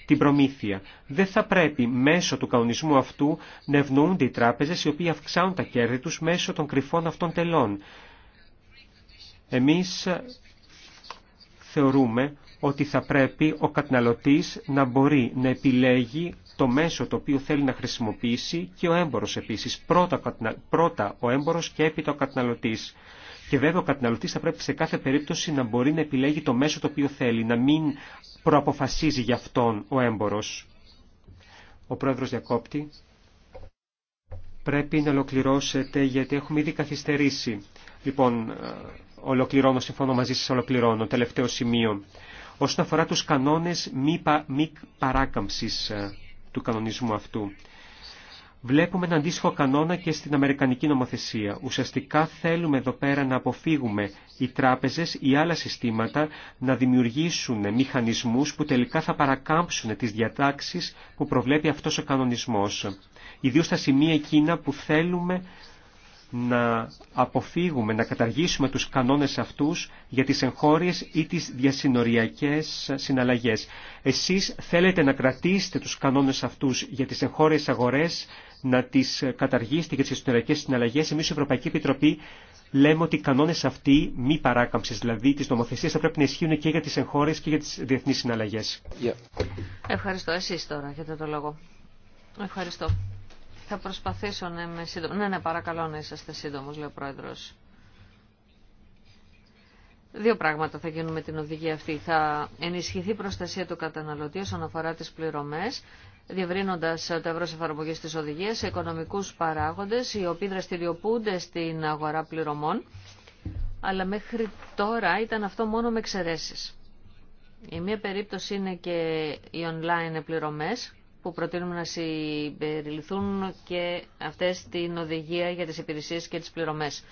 την προμήθεια. Δεν θα πρέπει μέσω του καονισμού αυτού να ευνοούνται οι τράπεζες οι οποίοι αυξάνουν τα κέρδη τους μέσω των κρυφών αυτών τελών. Εμείς θεωρούμε ότι θα πρέπει ο καταναλωτής να μπορεί να επιλέγει το μέσο το οποίο θέλει να χρησιμοποιήσει και ο έμπορος επίσης. Πρώτα, πρώτα ο έμπορος και έπειτα ο καταναλωτής. Και βέβαια ο καταναλωτή θα πρέπει σε κάθε περίπτωση να μπορεί να επιλέγει το μέσο το οποίο θέλει, να μην προαποφασίζει για αυτόν ο έμπορο. Ο πρόεδρο διακόπτη. Πρέπει να ολοκληρώσετε γιατί έχουμε ήδη καθυστερήσει. Λοιπόν, ε, ολοκληρώνω, συμφωνώ μαζί σας, ολοκληρώνω. Τελευταίο σημείο όσον αφορά τους κανόνες μη, πα, μη παράκαμψης ε, του κανονισμού αυτού. Βλέπουμε ένα αντίστοιχο κανόνα και στην Αμερικανική νομοθεσία. Ουσιαστικά θέλουμε εδώ πέρα να αποφύγουμε οι τράπεζες ή άλλα συστήματα να δημιουργήσουν μηχανισμούς που τελικά θα παρακάμψουν τις διατάξεις που προβλέπει αυτός ο κανονισμός. Ιδίως στα σημεία εκείνα που θέλουμε να αποφύγουμε, να καταργήσουμε τους κανόνες αυτούς για τις εγχώριες ή τις διασυνοριακές συναλλαγές. Εσείς θέλετε να κρατήσετε τους κανόνες αυτούς για τις εγχώριες αγορές, να τις καταργήσετε για τις διασυνοριακές συναλλαγές. Εμείς η Ευρωπαϊκή Επιτροπή λέμε ότι οι κανόνες αυτοί μη παράκαμψης, δηλαδή τις νομοθεσίες θα πρέπει να ισχύουν και για τις εγχώριες και για τις διεθνείς συναλλαγές. Yeah. Ευχαριστώ εσείς τώρα, για το λόγο. Ευχαριστώ. Θα προσπαθήσω να είμαι σύντομο. Ναι, ναι, παρακαλώ να είσαστε σύντομο, λέει ο πρόεδρο. Δύο πράγματα θα γίνουν με την οδηγία αυτή. Θα ενισχυθεί η προστασία του καταναλωτή όσον αφορά τι πληρωμέ, διευρύνοντα το ευρώ εφαρμογή τη οδηγία σε οικονομικού παράγοντε, οι οποίοι δραστηριοποιούνται στην αγορά πληρωμών. Αλλά μέχρι τώρα ήταν αυτό μόνο με εξαιρέσει. Η μία περίπτωση είναι και οι online πληρωμές που προτείνουμε να συμπεριληφθούν και αυτές την οδηγία για τις υπηρεσίες και τις πληρωμές.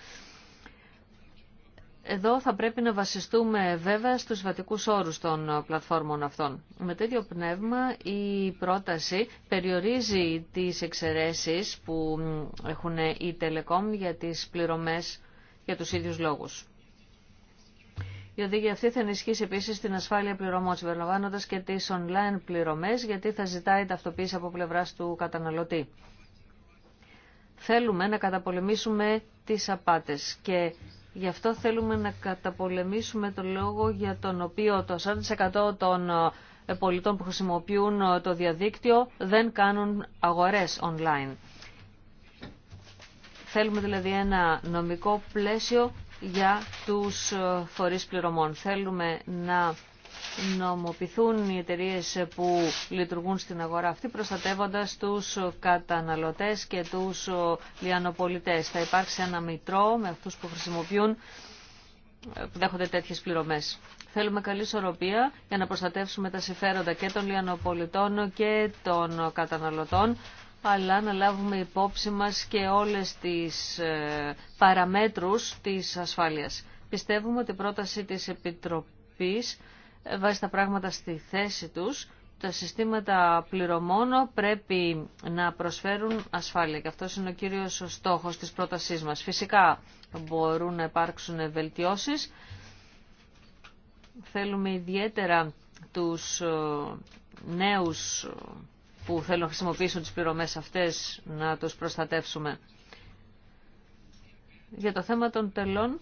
Εδώ θα πρέπει να βασιστούμε βέβαια στους βατικούς όρους των πλατφόρμων αυτών. Με τέτοιο πνεύμα η πρόταση περιορίζει τις εξαιρέσεις που έχουν οι Telecom για τις πληρωμές για τους ίδιους λόγους. Η οδηγία αυτή θα ενισχύσει επίση την ασφάλεια πληρωμών, συμπεριλαμβάνοντα και τι online πληρωμέ, γιατί θα ζητάει ταυτοποίηση από πλευρά του καταναλωτή. Θέλουμε να καταπολεμήσουμε τι απάτε και γι' αυτό θέλουμε να καταπολεμήσουμε το λόγο για τον οποίο το 40% των ε, πολιτών που χρησιμοποιούν ε, το διαδίκτυο δεν κάνουν αγορές online. Θέλουμε δηλαδή ένα νομικό πλαίσιο για τους ε, φορείς πληρωμών. Θέλουμε να νομοποιηθούν οι εταιρείε που λειτουργούν στην αγορά αυτή προστατεύοντας τους καταναλωτές και τους ε, λιανοπολιτές. Θα υπάρξει ένα μητρό με αυτούς που χρησιμοποιούν ε, που δέχονται τέτοιες πληρωμές. Θέλουμε καλή ισορροπία για να προστατεύσουμε τα συμφέροντα και των λιανοπολιτών και των καταναλωτών αλλά να λάβουμε υπόψη μας και όλες τις ε, παραμέτρους της ασφάλειας. Πιστεύουμε ότι η πρόταση της Επιτροπής ε, βάζει τα πράγματα στη θέση τους. Τα συστήματα πληρωμόνο πρέπει να προσφέρουν ασφάλεια και αυτός είναι ο κύριος στόχος της πρότασής μας. Φυσικά μπορούν να υπάρξουν βελτιώσεις. Θέλουμε ιδιαίτερα τους ε, νέους που θέλουν να χρησιμοποιήσουν τις πληρωμές αυτές να τους προστατεύσουμε. Για το θέμα των τελών,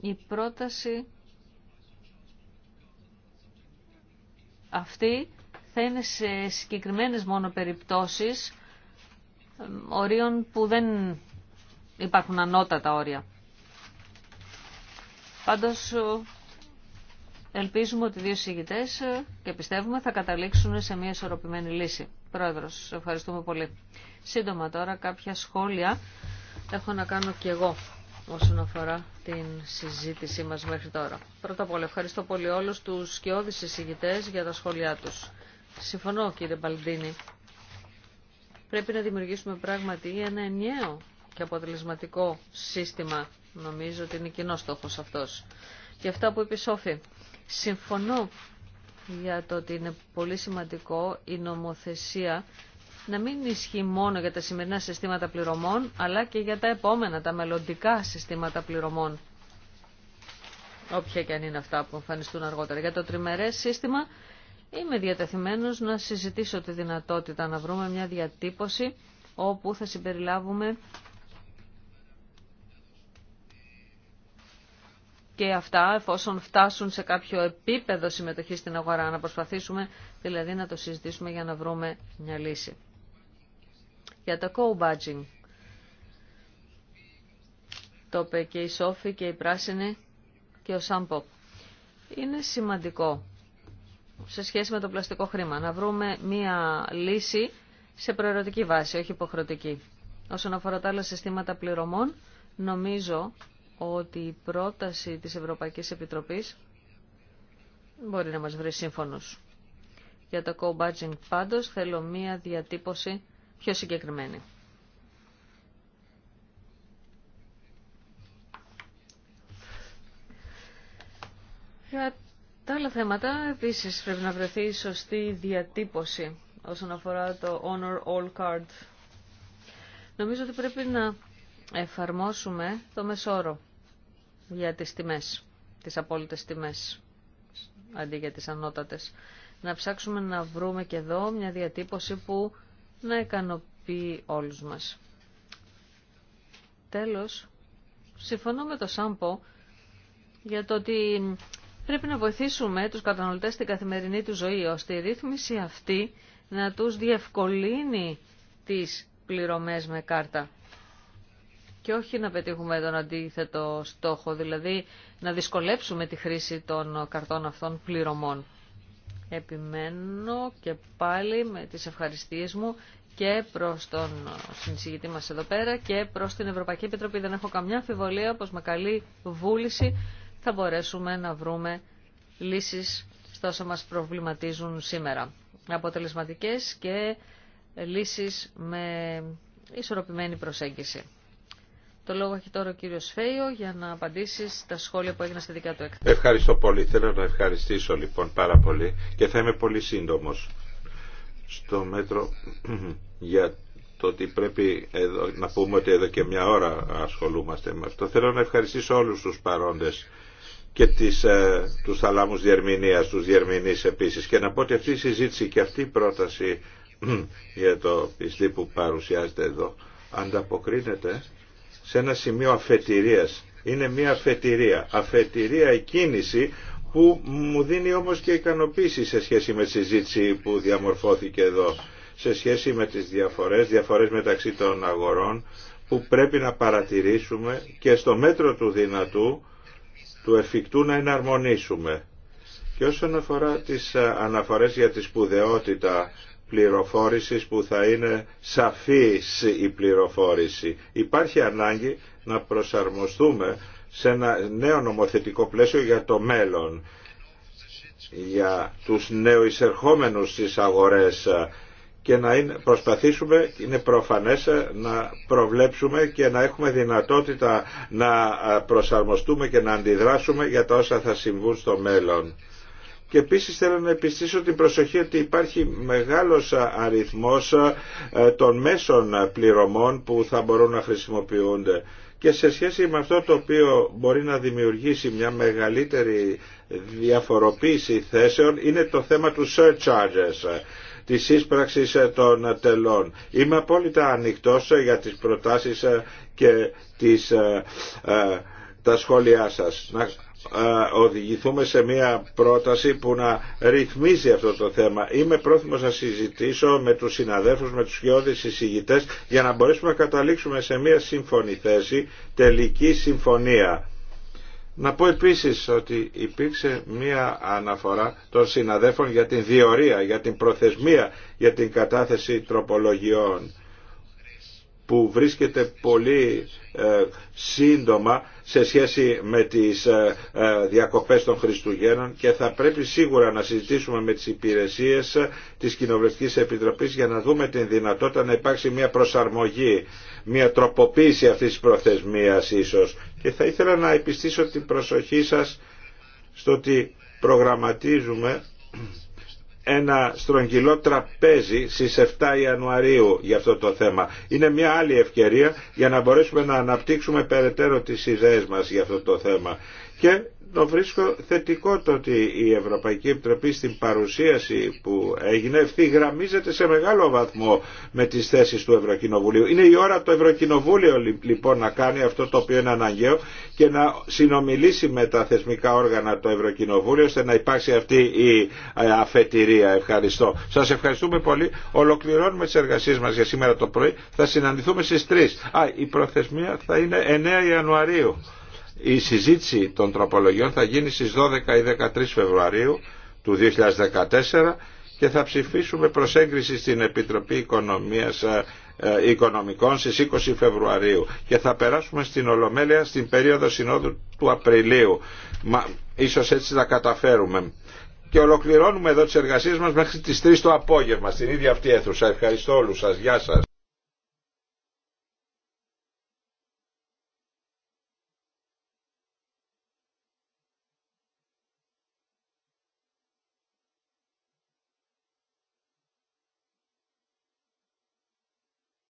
η πρόταση αυτή θα είναι σε συγκεκριμένες μόνο περιπτώσεις ορίων που δεν υπάρχουν ανώτατα όρια. Πάντως Ελπίζουμε ότι οι δύο συγητές ε, και πιστεύουμε θα καταλήξουν σε μια ισορροπημένη λύση. Πρόεδρος, ευχαριστούμε πολύ. Σύντομα τώρα κάποια σχόλια έχω να κάνω και εγώ όσον αφορά την συζήτησή μας μέχρι τώρα. Πρώτα απ' όλα ευχαριστώ πολύ όλους τους σκιώδεις εισηγητές για τα σχόλιά τους. Συμφωνώ κύριε Μπαλντίνη. Πρέπει να δημιουργήσουμε πράγματι ένα ενιαίο και αποτελεσματικό σύστημα. Νομίζω ότι είναι κοινό στόχος αυτός. Και αυτά που είπε Σόφη Συμφωνώ για το ότι είναι πολύ σημαντικό η νομοθεσία να μην ισχύει μόνο για τα σημερινά συστήματα πληρωμών, αλλά και για τα επόμενα, τα μελλοντικά συστήματα πληρωμών. Όποια και αν είναι αυτά που εμφανιστούν αργότερα. Για το τριμερές σύστημα είμαι διατεθειμένος να συζητήσω τη δυνατότητα να βρούμε μια διατύπωση όπου θα συμπεριλάβουμε και αυτά εφόσον φτάσουν σε κάποιο επίπεδο συμμετοχή στην αγορά. Να προσπαθήσουμε δηλαδή να το συζητήσουμε για να βρούμε μια λύση. Για το co-badging. Το είπε και η Σόφη και η Πράσινη και ο Σάμπο. Είναι σημαντικό σε σχέση με το πλαστικό χρήμα να βρούμε μια λύση σε προαιρετική βάση, όχι υποχρεωτική. Όσον αφορά τα άλλα συστήματα πληρωμών, νομίζω ότι η πρόταση της Ευρωπαϊκής Επιτροπής μπορεί να μας βρει σύμφωνος. Για το co-badging πάντως θέλω μία διατύπωση πιο συγκεκριμένη. Για τα άλλα θέματα επίσης πρέπει να βρεθεί η σωστή διατύπωση όσον αφορά το Honor All Card. Νομίζω ότι πρέπει να εφαρμόσουμε το μεσόρο για τις τιμές, τις απόλυτες τιμές, αντί για τις ανώτατες. Να ψάξουμε να βρούμε και εδώ μια διατύπωση που να ικανοποιεί όλους μας. Τέλος, συμφωνώ με το Σάμπο για το ότι πρέπει να βοηθήσουμε τους καταναλωτές στην καθημερινή του ζωή, ώστε η ρύθμιση αυτή να τους διευκολύνει τις πληρωμές με κάρτα και όχι να πετύχουμε τον αντίθετο στόχο, δηλαδή να δυσκολέψουμε τη χρήση των καρτών αυτών πληρωμών. Επιμένω και πάλι με τις ευχαριστίες μου και προς τον συνεισηγητή μας εδώ πέρα και προς την Ευρωπαϊκή Επιτροπή. Δεν έχω καμιά αμφιβολία πως με καλή βούληση θα μπορέσουμε να βρούμε λύσεις στα όσα μας προβληματίζουν σήμερα. Αποτελεσματικές και λύσεις με ισορροπημένη προσέγγιση. Το λόγο έχει τώρα ο κύριο Φέιο για να απαντήσει στα σχόλια που έγιναν στη δικιά του έκθεση. Ευχαριστώ πολύ. Θέλω να ευχαριστήσω λοιπόν πάρα πολύ και θα είμαι πολύ σύντομο στο μέτρο *clears throat* για το ότι πρέπει να πούμε ότι εδώ και μια ώρα ασχολούμαστε με αυτό. Θέλω να ευχαριστήσω όλους τους παρόντες και τις, ε, τους θαλάμους διερμηνίας, τους διερμηνείς επίσης και να πω ότι αυτή η συζήτηση και αυτή η πρόταση *clears throat* για το πιστή που παρουσιάζεται εδώ ανταποκρίνεται σε ένα σημείο αφετηρίας. Είναι μια αφετηρία. Αφετηρία η κίνηση που μου δίνει όμως και ικανοποίηση σε σχέση με τη συζήτηση που διαμορφώθηκε εδώ, σε σχέση με τις διαφορές, διαφορές μεταξύ των αγορών που πρέπει να παρατηρήσουμε και στο μέτρο του δυνατού του εφικτού να εναρμονίσουμε. Και όσον αφορά τις ε, αναφορές για τη σπουδαιότητα πληροφόρησης που θα είναι σαφής η πληροφόρηση. Υπάρχει ανάγκη να προσαρμοστούμε σε ένα νέο νομοθετικό πλαίσιο για το μέλλον, για τους νεοεισερχόμενους στις αγορές και να είναι, προσπαθήσουμε, είναι προφανές, να προβλέψουμε και να έχουμε δυνατότητα να προσαρμοστούμε και να αντιδράσουμε για τα όσα θα συμβούν στο μέλλον. Και επίσης θέλω να επιστήσω την προσοχή ότι υπάρχει μεγάλος αριθμός ε, των μέσων πληρωμών που θα μπορούν να χρησιμοποιούνται. Και σε σχέση με αυτό το οποίο μπορεί να δημιουργήσει μια μεγαλύτερη διαφοροποίηση θέσεων είναι το θέμα του surcharges τη σύσπραξης των τελών. Είμαι απόλυτα ανοιχτός για τις προτάσεις και τις, ε, ε, τα σχόλιά σας οδηγηθούμε σε μια πρόταση που να ρυθμίζει αυτό το θέμα. Είμαι πρόθυμος να συζητήσω με τους συναδέλφους, με τους γιώδεις συζητητές για να μπορέσουμε να καταλήξουμε σε μια σύμφωνη θέση, τελική συμφωνία. Να πω επίσης ότι υπήρξε μία αναφορά των συναδέφων για την διορία, για την προθεσμία, για την κατάθεση τροπολογιών που βρίσκεται πολύ ε, σύντομα σε σχέση με τις ε, ε, διακοπές των Χριστουγέννων και θα πρέπει σίγουρα να συζητήσουμε με τις υπηρεσίες της Κοινοβουλευτικής Επιτροπής για να δούμε την δυνατότητα να υπάρξει μια προσαρμογή, μια τροποποίηση αυτής της προθεσμίας ίσως. Και θα ήθελα να επιστήσω την προσοχή σας στο ότι προγραμματίζουμε ένα στρογγυλό τραπέζι στις 7 Ιανουαρίου για αυτό το θέμα. Είναι μια άλλη ευκαιρία για να μπορέσουμε να αναπτύξουμε περαιτέρω τις ιδέες μας για αυτό το θέμα. Και το βρίσκω θετικό το ότι η Ευρωπαϊκή Επιτροπή στην παρουσίαση που έγινε ευθυγραμμίζεται σε μεγάλο βαθμό με τις θέσεις του Ευρωκοινοβουλίου. Είναι η ώρα το Ευρωκοινοβούλιο λοιπόν να κάνει αυτό το οποίο είναι αναγκαίο και να συνομιλήσει με τα θεσμικά όργανα το Ευρωκοινοβούλιο ώστε να υπάρξει αυτή η ε, αφετηρία. Ευχαριστώ. Σας ευχαριστούμε πολύ. Ολοκληρώνουμε τις εργασίες μας για σήμερα το πρωί. Θα συναντηθούμε στι 3. Α, η προθεσμία θα είναι 9 Ιανουαρίου. Η συζήτηση των τροπολογιών θα γίνει στις 12 ή 13 Φεβρουαρίου του 2014 και θα ψηφίσουμε προσέγγιση στην Επιτροπή Οικονομίας ε, ε, Οικονομικών στις 20 Φεβρουαρίου και θα περάσουμε στην Ολομέλεια στην περίοδο συνόδου του Απριλίου. Μα, ίσως έτσι θα καταφέρουμε. Και ολοκληρώνουμε εδώ τις εργασίες μας μέχρι τις 3 το απόγευμα στην ίδια αυτή αίθουσα. Ευχαριστώ όλους σας. Γεια σας.